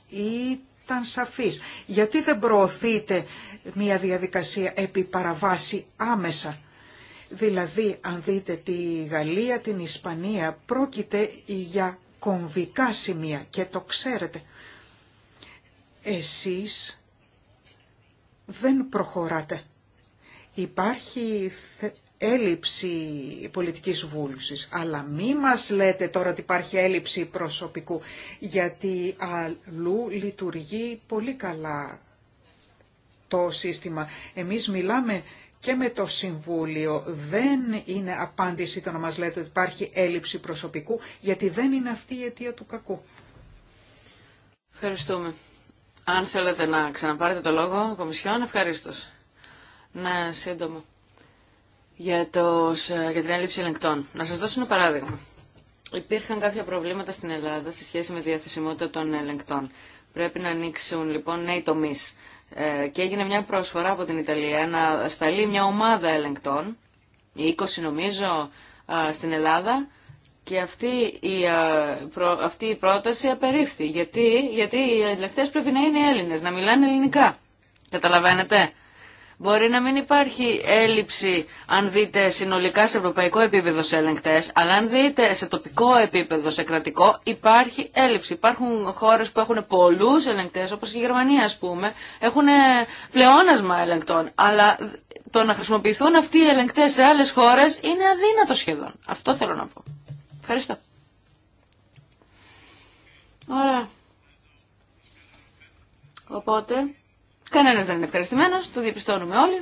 ήταν σαφής. Γιατί δεν προωθείτε μια διαδικασία επί παραβάση άμεσα. Δηλαδή, αν δείτε τη Γαλλία, την Ισπανία, πρόκειται για κομβικά σημεία και το ξέρετε. Εσείς δεν προχωράτε Υπάρχει έλλειψη πολιτικής βούλησης, αλλά μη μας λέτε τώρα ότι υπάρχει έλλειψη προσωπικού, γιατί αλλού λειτουργεί πολύ καλά το σύστημα. Εμείς μιλάμε και με το Συμβούλιο δεν είναι απάντηση το να μας λέτε ότι υπάρχει έλλειψη προσωπικού, γιατί δεν είναι αυτή η αιτία του κακού. Ευχαριστούμε. Αν θέλετε να ξαναπάρετε το λόγο, Κομισιόν, ευχαριστώ. Ναι, σύντομα. Για, το, ε, για την έλλειψη ελεγκτών. Να σας δώσω ένα παράδειγμα. Υπήρχαν κάποια προβλήματα στην Ελλάδα σε σχέση με τη διαθεσιμότητα των ελεγκτών. Πρέπει να ανοίξουν λοιπόν νέοι τομεί. Ε, και έγινε μια προσφορά από την Ιταλία να σταλεί μια ομάδα ελεγκτών, 20 νομίζω, στην Ελλάδα, και αυτή η, αυτή η πρόταση απερίφθη. Γιατί, γιατί οι ελεγκτέ πρέπει να είναι Έλληνε, να μιλάνε ελληνικά. Καταλαβαίνετε. Μπορεί να μην υπάρχει έλλειψη αν δείτε συνολικά σε ευρωπαϊκό επίπεδο σε ελεγκτέ, αλλά αν δείτε σε τοπικό επίπεδο, σε κρατικό, υπάρχει έλλειψη. Υπάρχουν χώρε που έχουν πολλού ελεγκτέ, όπω η Γερμανία α πούμε, έχουν ε, πλεόνασμα ελεγκτών. Αλλά το να χρησιμοποιηθούν αυτοί οι ελεγκτέ σε άλλε χώρε είναι αδύνατο σχεδόν. Αυτό θέλω να πω. Ευχαριστώ. Ωραία. Οπότε. Κανένα δεν είναι ευχαριστημένο, το διαπιστώνουμε όλοι,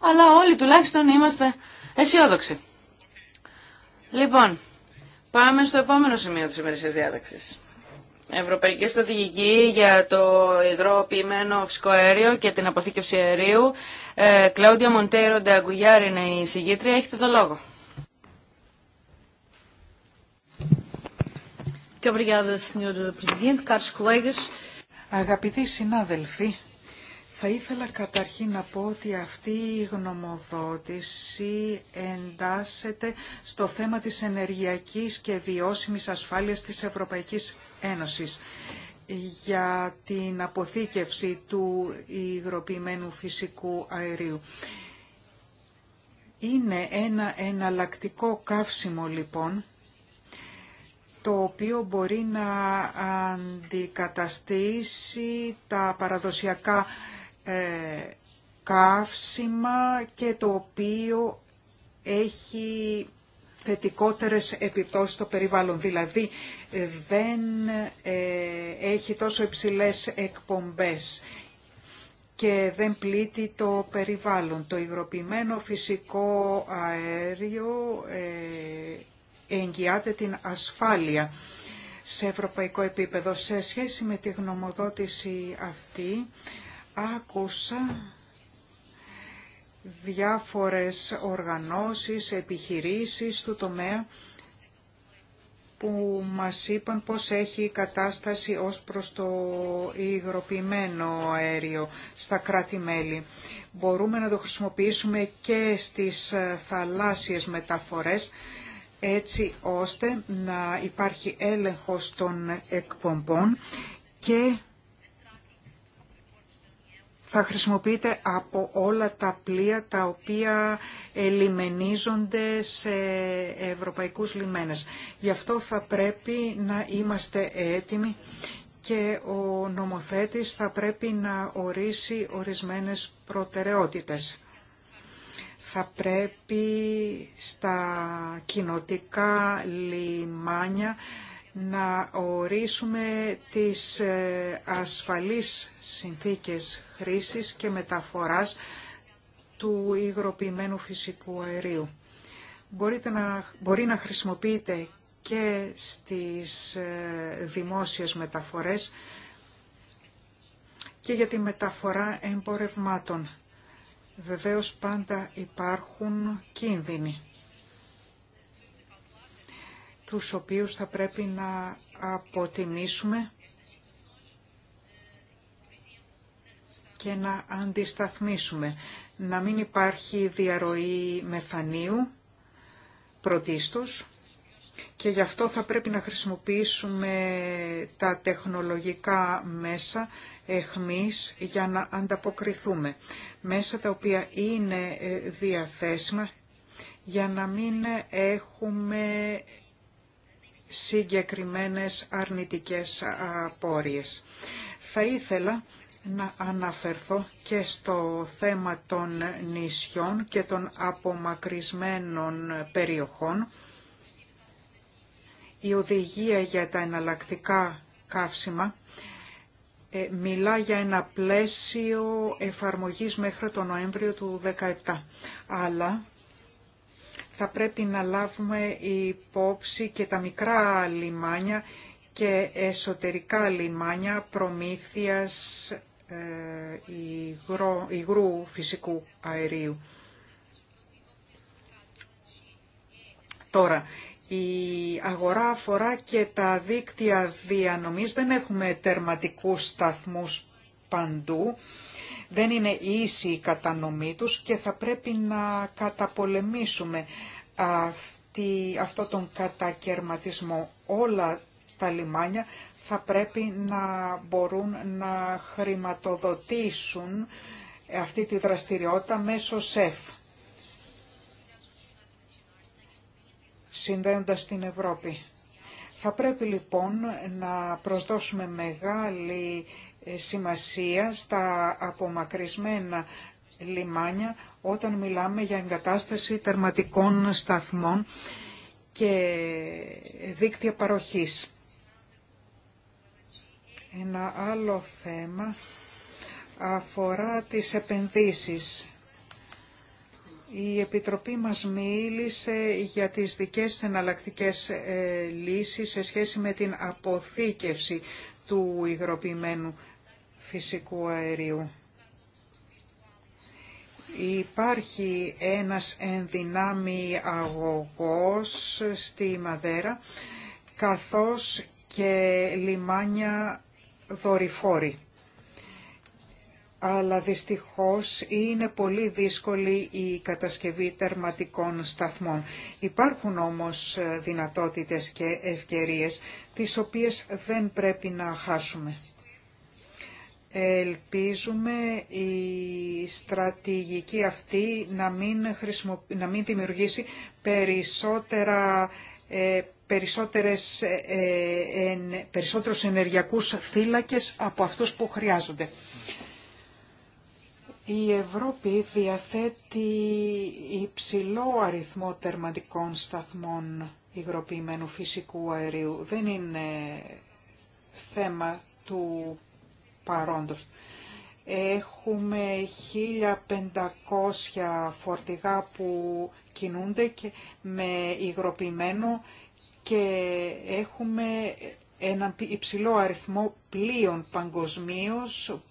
αλλά όλοι τουλάχιστον είμαστε αισιόδοξοι. Λοιπόν, πάμε στο επόμενο σημείο τη ημερησία διάταξη. Ευρωπαϊκή Στρατηγική για το υγρό ποιημένο φυσικό αέριο και την αποθήκευση αερίου. Ε, Κλάουντια Μοντέιρο είναι η συγγήτρια. Έχετε το λόγο. Αγαπητοί συνάδελφοι, θα ήθελα καταρχήν να πω ότι αυτή η γνωμοδότηση εντάσσεται στο θέμα της ενεργειακής και βιώσιμης ασφάλειας της Ευρωπαϊκής Ένωσης για την αποθήκευση του υγροποιημένου φυσικού αερίου. Είναι ένα εναλλακτικό καύσιμο λοιπόν το οποίο μπορεί να αντικαταστήσει τα παραδοσιακά ε, καύσιμα και το οποίο έχει θετικότερες επιπτώσεις στο περιβάλλον. Δηλαδή ε, δεν ε, έχει τόσο υψηλές εκπομπές και δεν πλήττει το περιβάλλον. Το υγροποιημένο φυσικό αέριο εγγυάται την ασφάλεια σε ευρωπαϊκό επίπεδο. Σε σχέση με τη γνωμοδότηση αυτή άκουσα διάφορες οργανώσεις, επιχειρήσεις του τομέα που μας είπαν πώς έχει κατάσταση ως προς το υγροποιημένο αέριο στα κράτη-μέλη. Μπορούμε να το χρησιμοποιήσουμε και στις ε, θαλάσσιες μεταφορές έτσι ώστε να υπάρχει έλεγχος των εκπομπών και θα χρησιμοποιείται από όλα τα πλοία τα οποία ελιμενίζονται σε ευρωπαϊκούς λιμένες. Γι' αυτό θα πρέπει να είμαστε έτοιμοι και ο νομοθέτης θα πρέπει να ορίσει ορισμένες προτεραιότητες. Θα πρέπει στα κοινοτικά λιμάνια να ορίσουμε τις ε, ασφαλείς συνθήκες χρήσης και μεταφοράς του υγροποιημένου φυσικού αερίου. Μπορείτε να, μπορεί να χρησιμοποιείτε και στις ε, δημόσιες μεταφορές και για τη μεταφορά εμπορευμάτων. Βεβαίως πάντα υπάρχουν κίνδυνοι τους οποίους θα πρέπει να αποτιμήσουμε και να αντισταθμίσουμε. Να μην υπάρχει διαρροή μεθανίου πρωτίστως και γι' αυτό θα πρέπει να χρησιμοποιήσουμε τα τεχνολογικά μέσα εχμής για να ανταποκριθούμε. Μέσα τα οποία είναι ε, διαθέσιμα για να μην έχουμε συγκεκριμένες αρνητικές απόρριες. Θα ήθελα να αναφερθώ και στο θέμα των νησιών και των απομακρυσμένων περιοχών. Η οδηγία για τα εναλλακτικά καύσιμα ε, μιλά για ένα πλαίσιο εφαρμογής μέχρι τον Νοέμβριο του 2017. Αλλά θα πρέπει να λάβουμε υπόψη και τα μικρά λιμάνια και εσωτερικά λιμάνια προμήθειας ε, υγρού φυσικού αερίου. Τώρα, η αγορά αφορά και τα δίκτυα διανομής. Δεν έχουμε τερματικούς σταθμούς παντού δεν είναι ίση η κατανομή τους και θα πρέπει να καταπολεμήσουμε αυτή, αυτό τον κατακαιρματισμό. Όλα τα λιμάνια θα πρέπει να μπορούν να χρηματοδοτήσουν αυτή τη δραστηριότητα μέσω ΣΕΦ. συνδέοντας την Ευρώπη. Θα πρέπει λοιπόν να προσδώσουμε μεγάλη ε, σημασία στα απομακρυσμένα λιμάνια όταν μιλάμε για εγκατάσταση τερματικών σταθμών και δίκτυα παροχής. Ένα άλλο θέμα αφορά τις επενδύσεις. Η Επιτροπή μας μίλησε για τις δικές εναλλακτικές ε, λύσεις σε σχέση με την αποθήκευση του υγροποιημένου φυσικού αερίου. Υπάρχει ένας ενδυνάμει αγωγός στη Μαδέρα, καθώς και λιμάνια δορυφόρη. Αλλά δυστυχώς είναι πολύ δύσκολη η κατασκευή τερματικών σταθμών. Υπάρχουν όμως δυνατότητες και ευκαιρίες, τις οποίες δεν πρέπει να χάσουμε. Ελπίζουμε η στρατηγική αυτή να μην, να μην δημιουργήσει περισσότερα, ε, περισσότερες, ε, ε, περισσότερους ενεργειακούς θύλακες από αυτούς που χρειάζονται. Η Ευρώπη διαθέτει υψηλό αριθμό τερματικών σταθμών υγροποιημένου φυσικού αερίου. Δεν είναι θέμα του παρόντος. Έχουμε 1.500 φορτηγά που κινούνται και με υγροποιημένο και έχουμε ένα υψηλό αριθμό πλοίων παγκοσμίω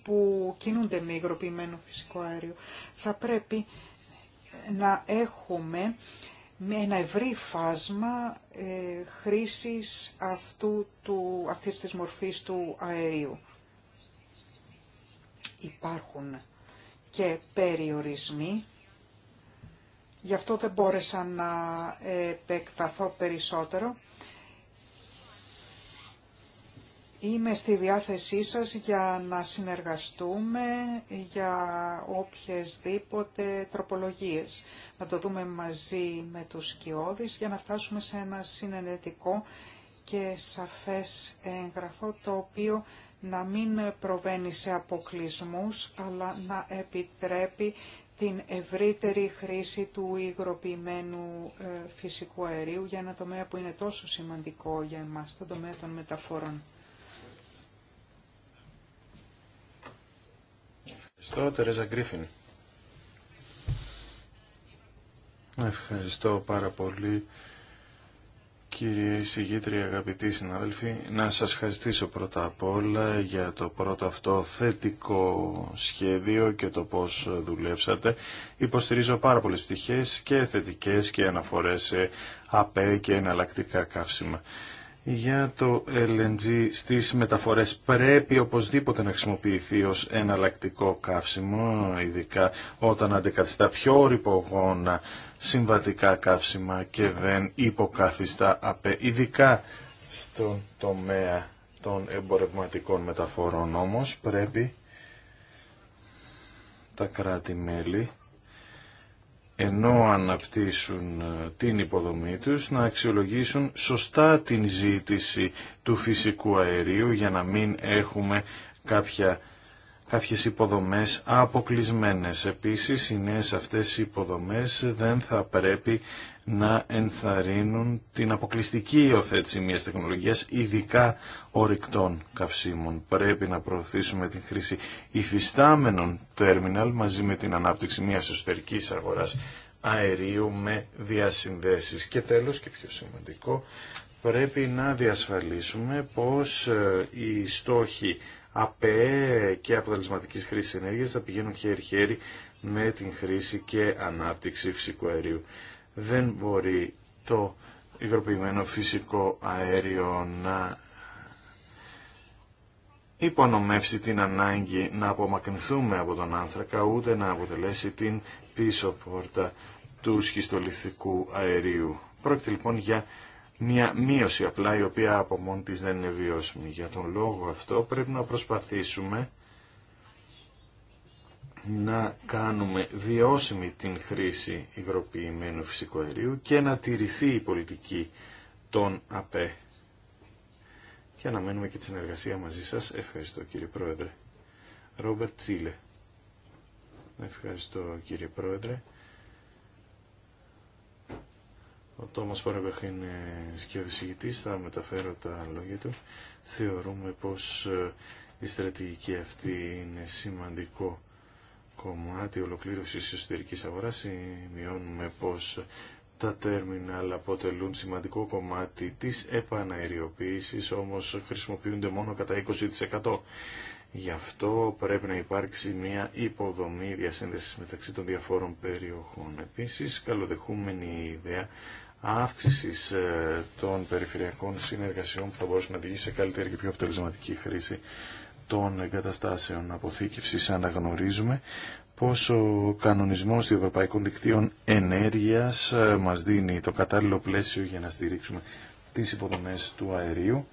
που κινούνται με υγροποιημένο φυσικό αέριο. Θα πρέπει να έχουμε με ένα ευρύ φάσμα ε, χρήσης αυτού του, αυτής της μορφής του αερίου υπάρχουν και περιορισμοί. Γι' αυτό δεν μπόρεσα να επεκταθώ περισσότερο. Είμαι στη διάθεσή σας για να συνεργαστούμε για οποιασδήποτε τροπολογίες. Να το δούμε μαζί με τους σκιώδεις για να φτάσουμε σε ένα συνενετικό και σαφές έγγραφο το οποίο να μην προβαίνει σε αποκλισμούς, αλλά να επιτρέπει την ευρύτερη χρήση του υγροποιημένου ε, φυσικού αερίου για ένα τομέα που είναι τόσο σημαντικό για εμάς, το τομέα των μεταφορών. Ευχαριστώ, Τερέζα Γκρίφιν. Ευχαριστώ πάρα πολύ Κύριε εισηγήτρια, αγαπητοί συνάδελφοι, να σας ευχαριστήσω πρώτα απ' όλα για το πρώτο αυτό θετικό σχέδιο και το πώς δουλέψατε. Υποστηρίζω πάρα πολλές πτυχές και θετικές και αναφορές σε ΑΠΕ και εναλλακτικά καύσιμα για το LNG στις μεταφορές πρέπει οπωσδήποτε να χρησιμοποιηθεί ως εναλλακτικό καύσιμο, ειδικά όταν αντικαθιστά πιο ρηπογόνα συμβατικά καύσιμα και δεν υποκαθιστά απε, ειδικά στον τομέα των εμπορευματικών μεταφορών όμως πρέπει τα κράτη-μέλη ενώ αναπτύσσουν ε, την υποδομή τους, να αξιολογήσουν σωστά την ζήτηση του φυσικού αερίου για να μην έχουμε κάποια κάποιες υποδομές αποκλεισμένες. Επίσης, οι νέες αυτές οι υποδομές δεν θα πρέπει να ενθαρρύνουν την αποκλειστική υιοθέτηση μιας τεχνολογίας, ειδικά ορυκτών καυσίμων. Πρέπει να προωθήσουμε την χρήση υφιστάμενων τέρμιναλ μαζί με την ανάπτυξη μιας εσωτερικής αγοράς αερίου με διασυνδέσεις. Και τέλος και πιο σημαντικό, πρέπει να διασφαλίσουμε πως ε, οι στόχοι ΑΠΕ και αποτελεσματική χρήση ενέργεια θα πηγαίνουν χέρι-χέρι με την χρήση και ανάπτυξη φυσικού αερίου. Δεν μπορεί το υγροποιημένο φυσικό αέριο να υπονομεύσει την ανάγκη να απομακρυνθούμε από τον άνθρακα ούτε να αποτελέσει την πίσω πόρτα του σχιστολιθικού αερίου. Πρόκειται λοιπόν για μια μείωση απλά η οποία από μόνη της δεν είναι βιώσιμη. Για τον λόγο αυτό πρέπει να προσπαθήσουμε να κάνουμε βιώσιμη την χρήση υγροποιημένου φυσικού αερίου και να τηρηθεί η πολιτική των ΑΠΕ. Και αναμένουμε και τη συνεργασία μαζί σας. Ευχαριστώ κύριε Πρόεδρε. Ρόμπερτ Τσίλε. Ευχαριστώ κύριε Πρόεδρε. Ο Τόμας Παραγκαχ είναι σκιοδησηγητής, θα μεταφέρω τα λόγια του. Θεωρούμε πως ε, η στρατηγική αυτή είναι σημαντικό κομμάτι ολοκλήρωσης της εσωτερικής αγοράς. Σημειώνουμε πως ε, τα τέρμιναλ αποτελούν σημαντικό κομμάτι της επαναεριοποίησης, όμως χρησιμοποιούνται μόνο κατά 20%. Γι' αυτό πρέπει να υπάρξει μια υποδομή διασύνδεσης μεταξύ των διαφόρων περιοχών. Επίσης, καλοδεχούμενη ιδέα Αύξηση ε, των περιφερειακών συνεργασιών που θα μπορούσαν να οδηγήσει σε καλύτερη και πιο αποτελεσματική χρήση των εγκαταστάσεων αποθήκευσης αναγνωρίζουμε πως ο κανονισμός των Ευρωπαϊκών Δικτύων Ενέργειας ε, μας δίνει το κατάλληλο πλαίσιο για να στηρίξουμε τις υποδομές του αερίου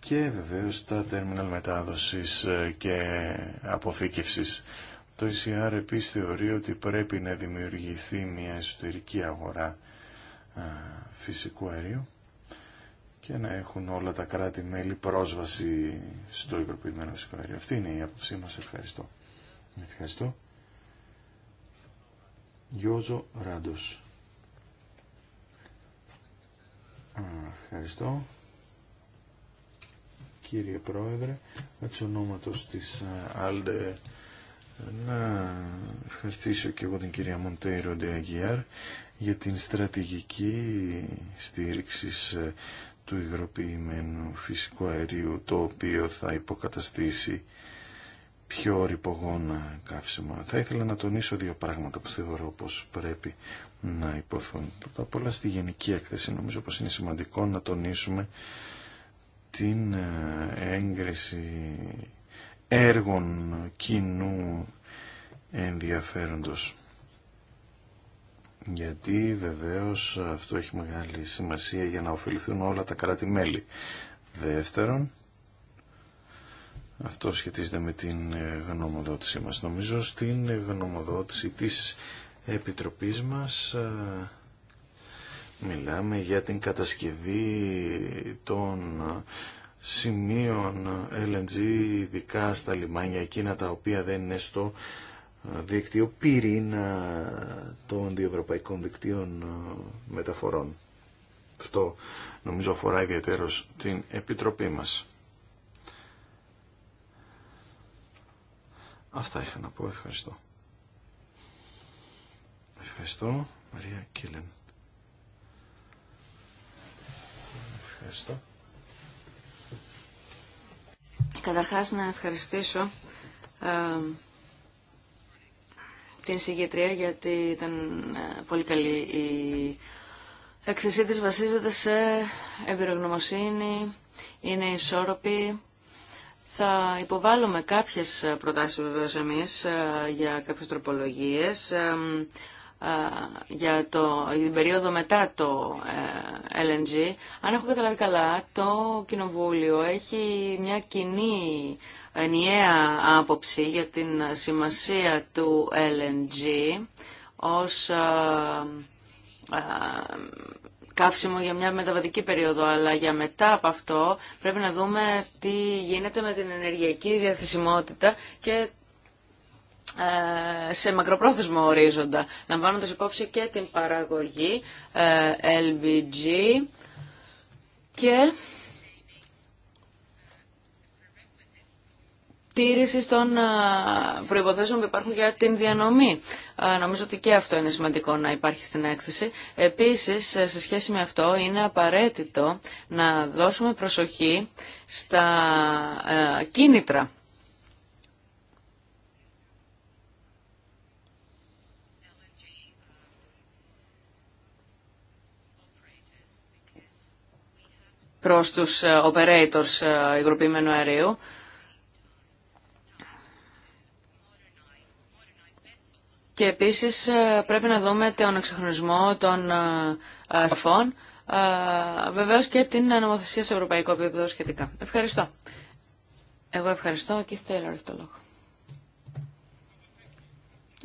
και βεβαίως τα τέρμιναλ μετάδοσης ε, και αποθήκευσης. Το ECR επίσης θεωρεί ότι πρέπει να δημιουργηθεί μια εσωτερική αγορά φυσικού αερίου και να έχουν όλα τα κράτη-μέλη πρόσβαση στο υγροποιημένο φυσικό αέριο. Αυτή είναι η άποψή μας. Ευχαριστώ. Ευχαριστώ. Γιώζο Ράντος. Ευχαριστώ. Κύριε Πρόεδρε, εξ ονόματος της Άλντε να ευχαριστήσω και εγώ την κυρία Μοντέιρο Ντεαγιάρ για την στρατηγική στήριξη του υγροποιημένου φυσικού αερίου το οποίο θα υποκαταστήσει πιο ρηπογόνα καύσιμα. Θα ήθελα να τονίσω δύο πράγματα που θεωρώ πως πρέπει να υποθούν. Πρώτα απ' όλα στη γενική έκθεση νομίζω πως είναι σημαντικό να τονίσουμε την ε, έγκριση έργων κοινού ενδιαφέροντος γιατί βεβαίως αυτό έχει μεγάλη σημασία για να ωφεληθούν όλα τα κράτη-μέλη. Δεύτερον, αυτό σχετίζεται με την γνωμοδότησή μας. Νομίζω στην γνωμοδότηση της Επιτροπής μας μιλάμε για την κατασκευή των σημείων LNG ειδικά στα λιμάνια εκείνα τα οποία δεν είναι στο δίκτυο πυρήνα των διευρωπαϊκών δικτύων ε, μεταφορών. Αυτό νομίζω αφορά ιδιαίτερως την Επιτροπή μας. Αυτά είχα να πω. Ευχαριστώ. Ευχαριστώ, Μαρία Κίλεν. Ευχαριστώ. Καταρχάς να ευχαριστήσω ε, την συγγετρία γιατί ήταν ε, πολύ καλή η έκθεσή της βασίζεται σε εμπειρογνωμοσύνη, είναι ισόρροπη. Θα υποβάλουμε κάποιες προτάσεις βεβαίως εμείς ε, για κάποιες τροπολογίες. Ε, για, το, την περίοδο μετά το ε, LNG. Αν έχω καταλάβει καλά, το Κοινοβούλιο έχει μια κοινή ενιαία άποψη για την σημασία του LNG ως α, καύσιμο για μια μεταβατική περίοδο, αλλά για μετά από αυτό πρέπει να δούμε τι γίνεται με την ενεργειακή διαθεσιμότητα και ε, σε μακροπρόθεσμο ορίζοντα, λαμβάνοντας υπόψη και την παραγωγή ε, LBG και τήρηση των ε, προϋποθέσεων που υπάρχουν για την διανομή. Νομίζω ότι και αυτό είναι σημαντικό να υπάρχει στην έκθεση. Επίσης, σε σχέση με αυτό, είναι απαραίτητο να δώσουμε προσοχή στα κίνητρα προς τους ε, operators ε, υγροποιημένου αερίου. Και επίσης ε, πρέπει να δούμε τον εξοχρονισμό των σαφών, βεβαίως και την νομοθεσία σε ευρωπαϊκό επίπεδο σχετικά. Ευχαριστώ. Εγώ ευχαριστώ και θέλω έχει το λόγο.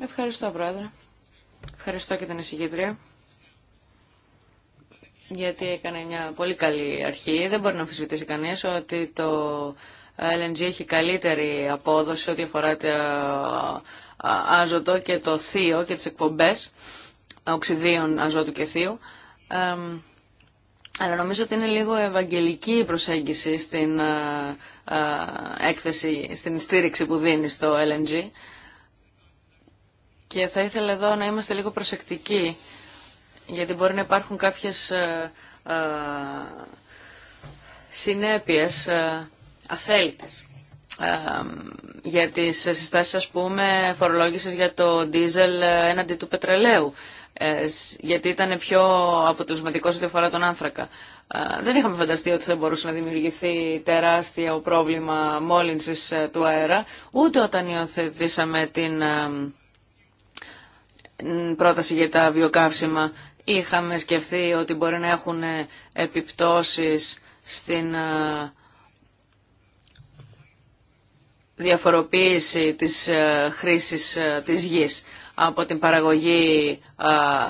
Ευχαριστώ, Πρόεδρε. Ευχαριστώ και την εισηγήτρια γιατί έκανε μια πολύ καλή αρχή. Δεν μπορεί να αμφισβητήσει κανεί, ότι το LNG έχει καλύτερη απόδοση ό,τι αφορά το άζωτο και το θείο και τις εκπομπές οξυδίων αζώτου και θείου. αλλά νομίζω ότι είναι λίγο ευαγγελική η προσέγγιση στην έκθεση, στην στήριξη που δίνει στο LNG. Και θα ήθελα εδώ να είμαστε λίγο προσεκτικοί γιατί μπορεί να υπάρχουν κάποιες ε, ε, συνέπειες ε, αθέλητες για τις συστάσεις ας πούμε φορολόγησης για το ντίζελ έναντι του πετρελαίου γιατί ήταν πιο αποτελεσματικό ό,τι αφορά τον άνθρακα. Δεν είχαμε φανταστεί ότι θα μπορούσε να δημιουργηθεί τεράστιο πρόβλημα μόλυνσης του αέρα, ούτε όταν υιοθετήσαμε την πρόταση για τα βιοκαύσιμα είχαμε σκεφτεί ότι μπορεί να έχουν ε, επιπτώσεις στην ε, διαφοροποίηση της ε, χρήσης της γης από την παραγωγή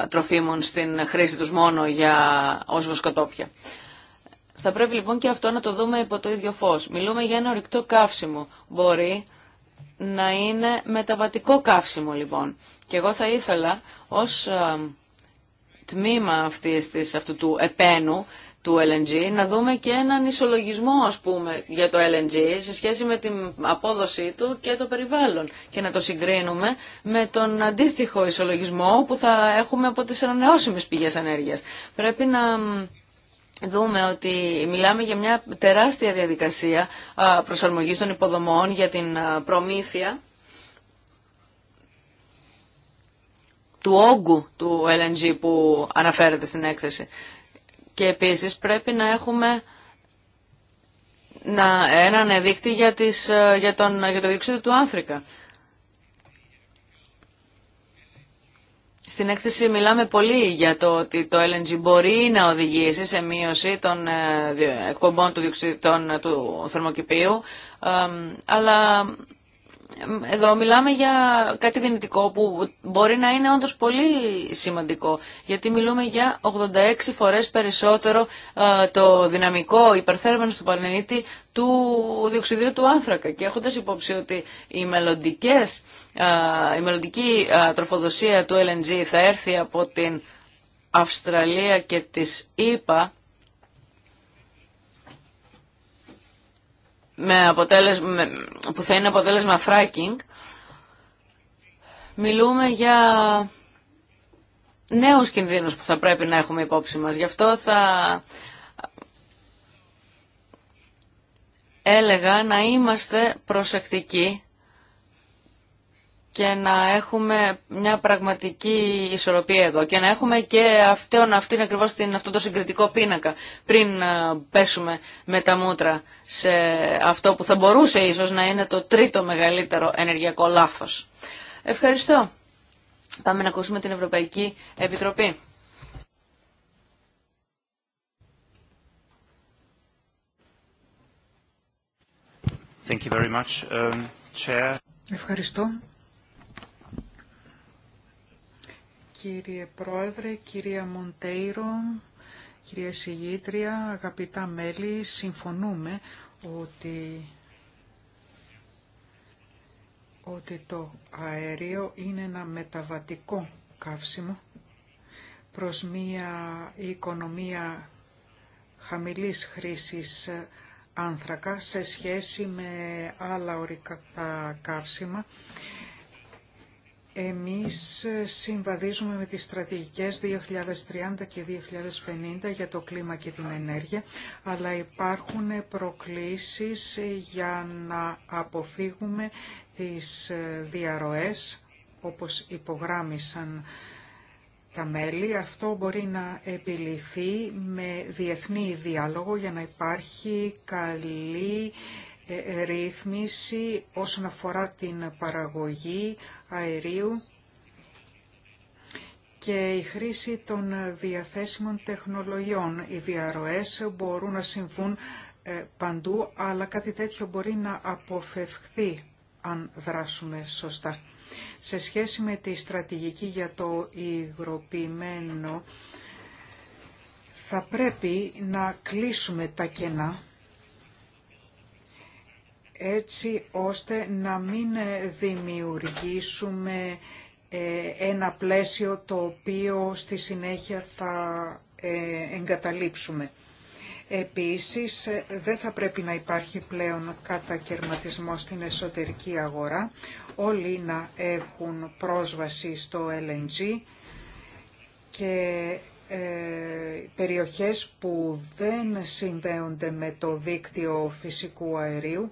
τροφίμων στην χρήση τους μόνο για ως βοσκοτόπια. Θα πρέπει λοιπόν και αυτό να το δούμε υπό το ίδιο φως. Μιλούμε για ένα ορυκτό καύσιμο. Μπορεί να είναι μεταβατικό καύσιμο λοιπόν. Και εγώ θα ήθελα ως τμήμα αυτής της, αυτού του επένου του LNG, να δούμε και έναν ισολογισμό ας πούμε για το LNG σε σχέση με την απόδοσή του και το περιβάλλον και να το συγκρίνουμε με τον αντίστοιχο ισολογισμό που θα έχουμε από τις ανανεώσιμες πηγές ενέργειας. Πρέπει να δούμε ότι μιλάμε για μια τεράστια διαδικασία προσαρμογής των υποδομών για την προμήθεια του όγκου του LNG που αναφέρεται στην έκθεση. Και επίσης πρέπει να έχουμε να, έναν δείκτη για, τις, ε, για, τον, για το διοξείδιο του άφρικα. Στην έκθεση μιλάμε πολύ για το ότι το LNG μπορεί να οδηγήσει σε μείωση των ε, εκπομπών του, ε, του θερμοκηπίου, αλλά εδώ μιλάμε για κάτι δυνητικό που μπορεί να είναι όντως πολύ σημαντικό γιατί μιλούμε για 86 φορές περισσότερο ε, το δυναμικό υπερθέρμανση του πλανήτη του διοξιδίου του άνθρακα και έχοντας υπόψη ότι οι ε, η μελλοντική ε, τροφοδοσία του LNG θα έρθει από την Αυστραλία και τις ΗΠΑ. με αποτέλεσμα, που θα είναι αποτέλεσμα fracking, μιλούμε για νέους κινδύνους που θα πρέπει να έχουμε υπόψη μας. Γι' αυτό θα έλεγα να είμαστε προσεκτικοί και να έχουμε μια πραγματική ισορροπία εδώ και να έχουμε και αυτόν, αυτήν ακριβώς την, αυτόν το συγκριτικό πίνακα πριν πέσουμε με τα μούτρα σε αυτό που θα μπορούσε ίσως να είναι το τρίτο μεγαλύτερο ενεργειακό λάθος. Ευχαριστώ. Πάμε να ακούσουμε την Ευρωπαϊκή Επιτροπή. Thank you very much, um, Ευχαριστώ Κύριε Πρόεδρε, κυρία Μοντέιρο, κυρία Συγήτρια, αγαπητά μέλη, συμφωνούμε ότι ότι το αέριο είναι ένα μεταβατικό καύσιμο προς μία οικονομία χαμηλής χρήσης άνθρακα σε σχέση με άλλα ορικά καύσιμα εμείς συμβαδίζουμε με τις στρατηγικές 2030 και 2050 για το κλίμα και την ενέργεια, αλλά υπάρχουν προκλήσεις για να αποφύγουμε τις διαρροές, όπως υπογράμμισαν τα μέλη. Αυτό μπορεί να επιληθεί με διεθνή διάλογο για να υπάρχει καλή ρύθμιση όσον αφορά την παραγωγή αερίου και η χρήση των διαθέσιμων τεχνολογιών. Οι διαρροές μπορούν να συμβούν ε, παντού, αλλά κάτι τέτοιο μπορεί να αποφευχθεί αν δράσουμε σωστά. Σε σχέση με τη στρατηγική για το υγροποιημένο, θα πρέπει να κλείσουμε τα κενά έτσι ώστε να μην δημιουργήσουμε ε, ένα πλαίσιο το οποίο στη συνέχεια θα ε, εγκαταλείψουμε. Επίσης, δεν θα πρέπει να υπάρχει πλέον κατακαιρματισμό στην εσωτερική αγορά, όλοι να έχουν πρόσβαση στο LNG και ε, περιοχές που δεν συνδέονται με το δίκτυο φυσικού αερίου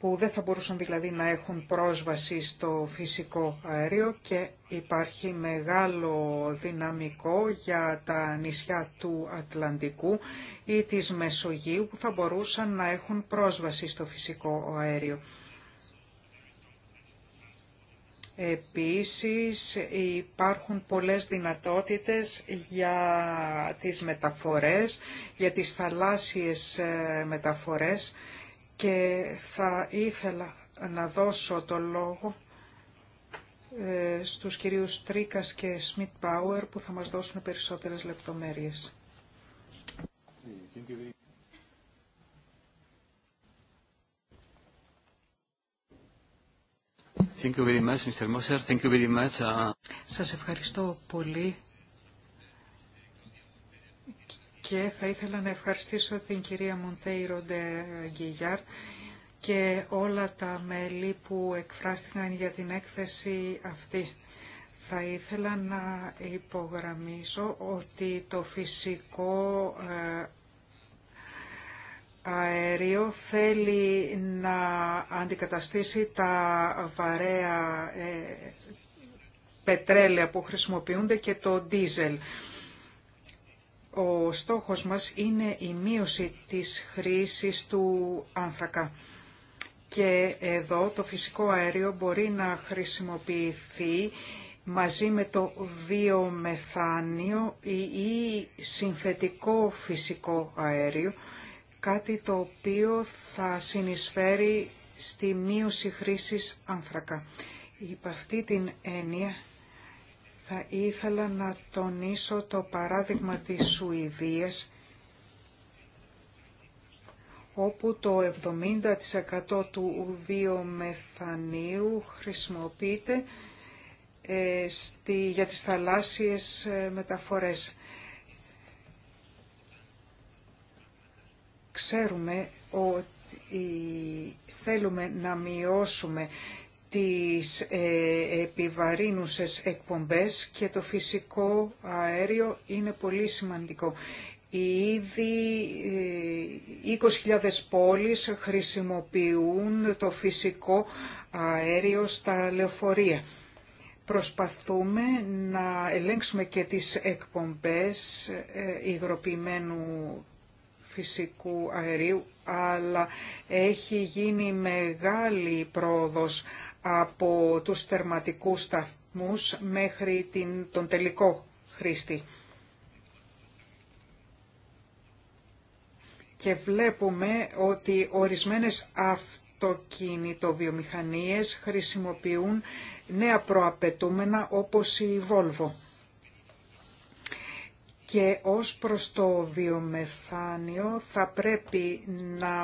που δεν θα μπορούσαν δηλαδή να έχουν πρόσβαση στο φυσικό αέριο και υπάρχει μεγάλο δυναμικό για τα νησιά του Ατλαντικού ή της Μεσογείου που θα μπορούσαν να έχουν πρόσβαση στο φυσικό αέριο. Επίσης υπάρχουν πολλές δυνατότητες για τις μεταφορές, για τις θαλάσσιες ε, μεταφορές και θα ήθελα να δώσω το λόγο ε, στους κυρίους Τρίκας και Σμιτ Πάουερ που θα μας δώσουν περισσότερες λεπτομέρειες. Thank you very much, Mr. Moser. Thank you very much. Uh, Σας ευχαριστώ πολύ και θα ήθελα να ευχαριστήσω την κυρία Μοντέιρο Ντε Γκιγιάρ και όλα τα μέλη που εκφράστηκαν για την έκθεση αυτή. Θα ήθελα να υπογραμμίσω ότι το φυσικό ε, αέριο θέλει να αντικαταστήσει τα βαρέα ε, πετρέλαια που χρησιμοποιούνται και το ντίζελ. Ο στόχος μας είναι η μείωση της χρήσης του άνθρακα. Και εδώ το φυσικό αέριο μπορεί να χρησιμοποιηθεί μαζί με το βιομεθάνιο ή συνθετικό φυσικό αέριο, κάτι το οποίο θα συνεισφέρει στη μείωση χρήσης άνθρακα. Υπ' αυτή την έννοια θα ήθελα να τονίσω το παράδειγμα της Σουηδίας, όπου το 70% του βιομεθανίου χρησιμοποιείται ε, στη, για τις θαλάσσιες ε, μεταφορές. Ξέρουμε ότι θέλουμε να μειώσουμε τις ε, επιβαρύνουσες εκπομπές και το φυσικό αέριο είναι πολύ σημαντικό. Ήδη 20.000 ε, πόλεις χρησιμοποιούν το φυσικό αέριο στα λεωφορεία. Προσπαθούμε να ελέγξουμε και τις εκπομπές ε, υγροποιημένου φυσικού αερίου, αλλά έχει γίνει μεγάλη πρόοδος από τους θερματικούς σταθμούς μέχρι την, τον τελικό χρήστη. Και βλέπουμε ότι ορισμένες αυτοκίνητοβιομηχανίες χρησιμοποιούν νέα προαπαιτούμενα όπως η Volvo και ως προς το βιομεθάνιο θα πρέπει να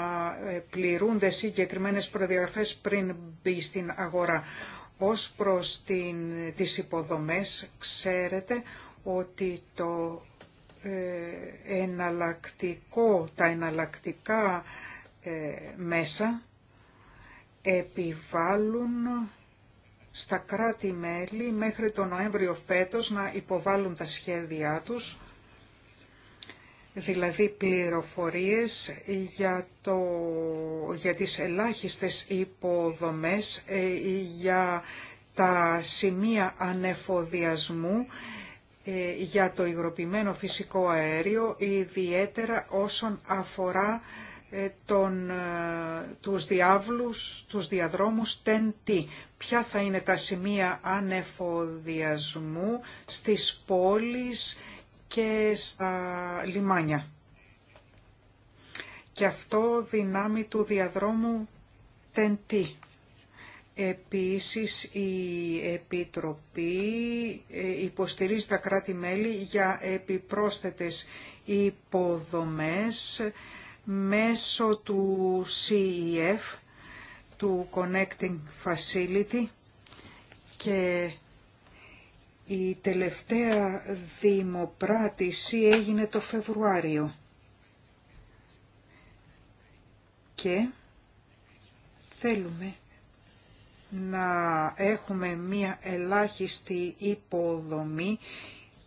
ε, πληρούνται συγκεκριμένες προδιαγραφές πριν μπει στην αγορά. Ως προς την, τις υποδομές ξέρετε ότι το ε, εναλλακτικό, τα εναλλακτικά ε, μέσα επιβάλλουν στα κράτη-μέλη μέχρι τον Νοέμβριο φέτος να υποβάλουν τα σχέδιά τους δηλαδή πληροφορίες για, το, για τις ελάχιστες υποδομές, ε, για τα σημεία ανεφοδιασμού, ε, για το υγροποιημένο φυσικό αέριο, ιδιαίτερα όσον αφορά ε, τον, τους διάβλους, τους διαδρόμους TEN-T. Ποια θα είναι τα σημεία ανεφοδιασμού στις πόλεις και στα λιμάνια. Και αυτό δυνάμει του διαδρόμου τεντή. Επίσης, η Επιτροπή ε, υποστηρίζει τα κράτη-μέλη για επιπρόσθετες υποδομές μέσω του CEF, του Connecting Facility και η τελευταία δημοπράτηση έγινε το Φεβρουάριο και θέλουμε να έχουμε μία ελάχιστη υποδομή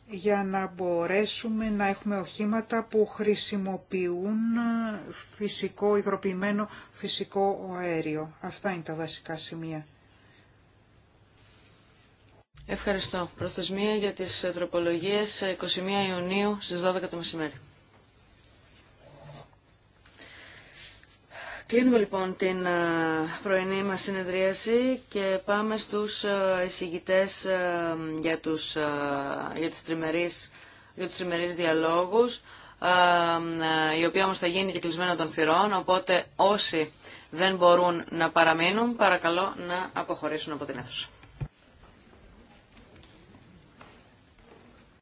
για να μπορέσουμε να έχουμε οχήματα που χρησιμοποιούν φυσικό υγροποιημένο φυσικό αέριο. Αυτά είναι τα βασικά σημεία. Ευχαριστώ. Προθεσμία για τις ε, τροπολογίες 21 ε, Ιουνίου στις 12 το μεσημέρι. Κλείνουμε λοιπόν την ε, πρωινή μας συνεδρίαση και πάμε στους εισηγητές για τους, για τις τριμερείς, για τους τριμερείς διαλόγους η οποία όμως θα γίνει και κλεισμένο των θυρών, οπότε όσοι δεν μπορούν να παραμείνουν, παρακαλώ να αποχωρήσουν από την αίθουσα.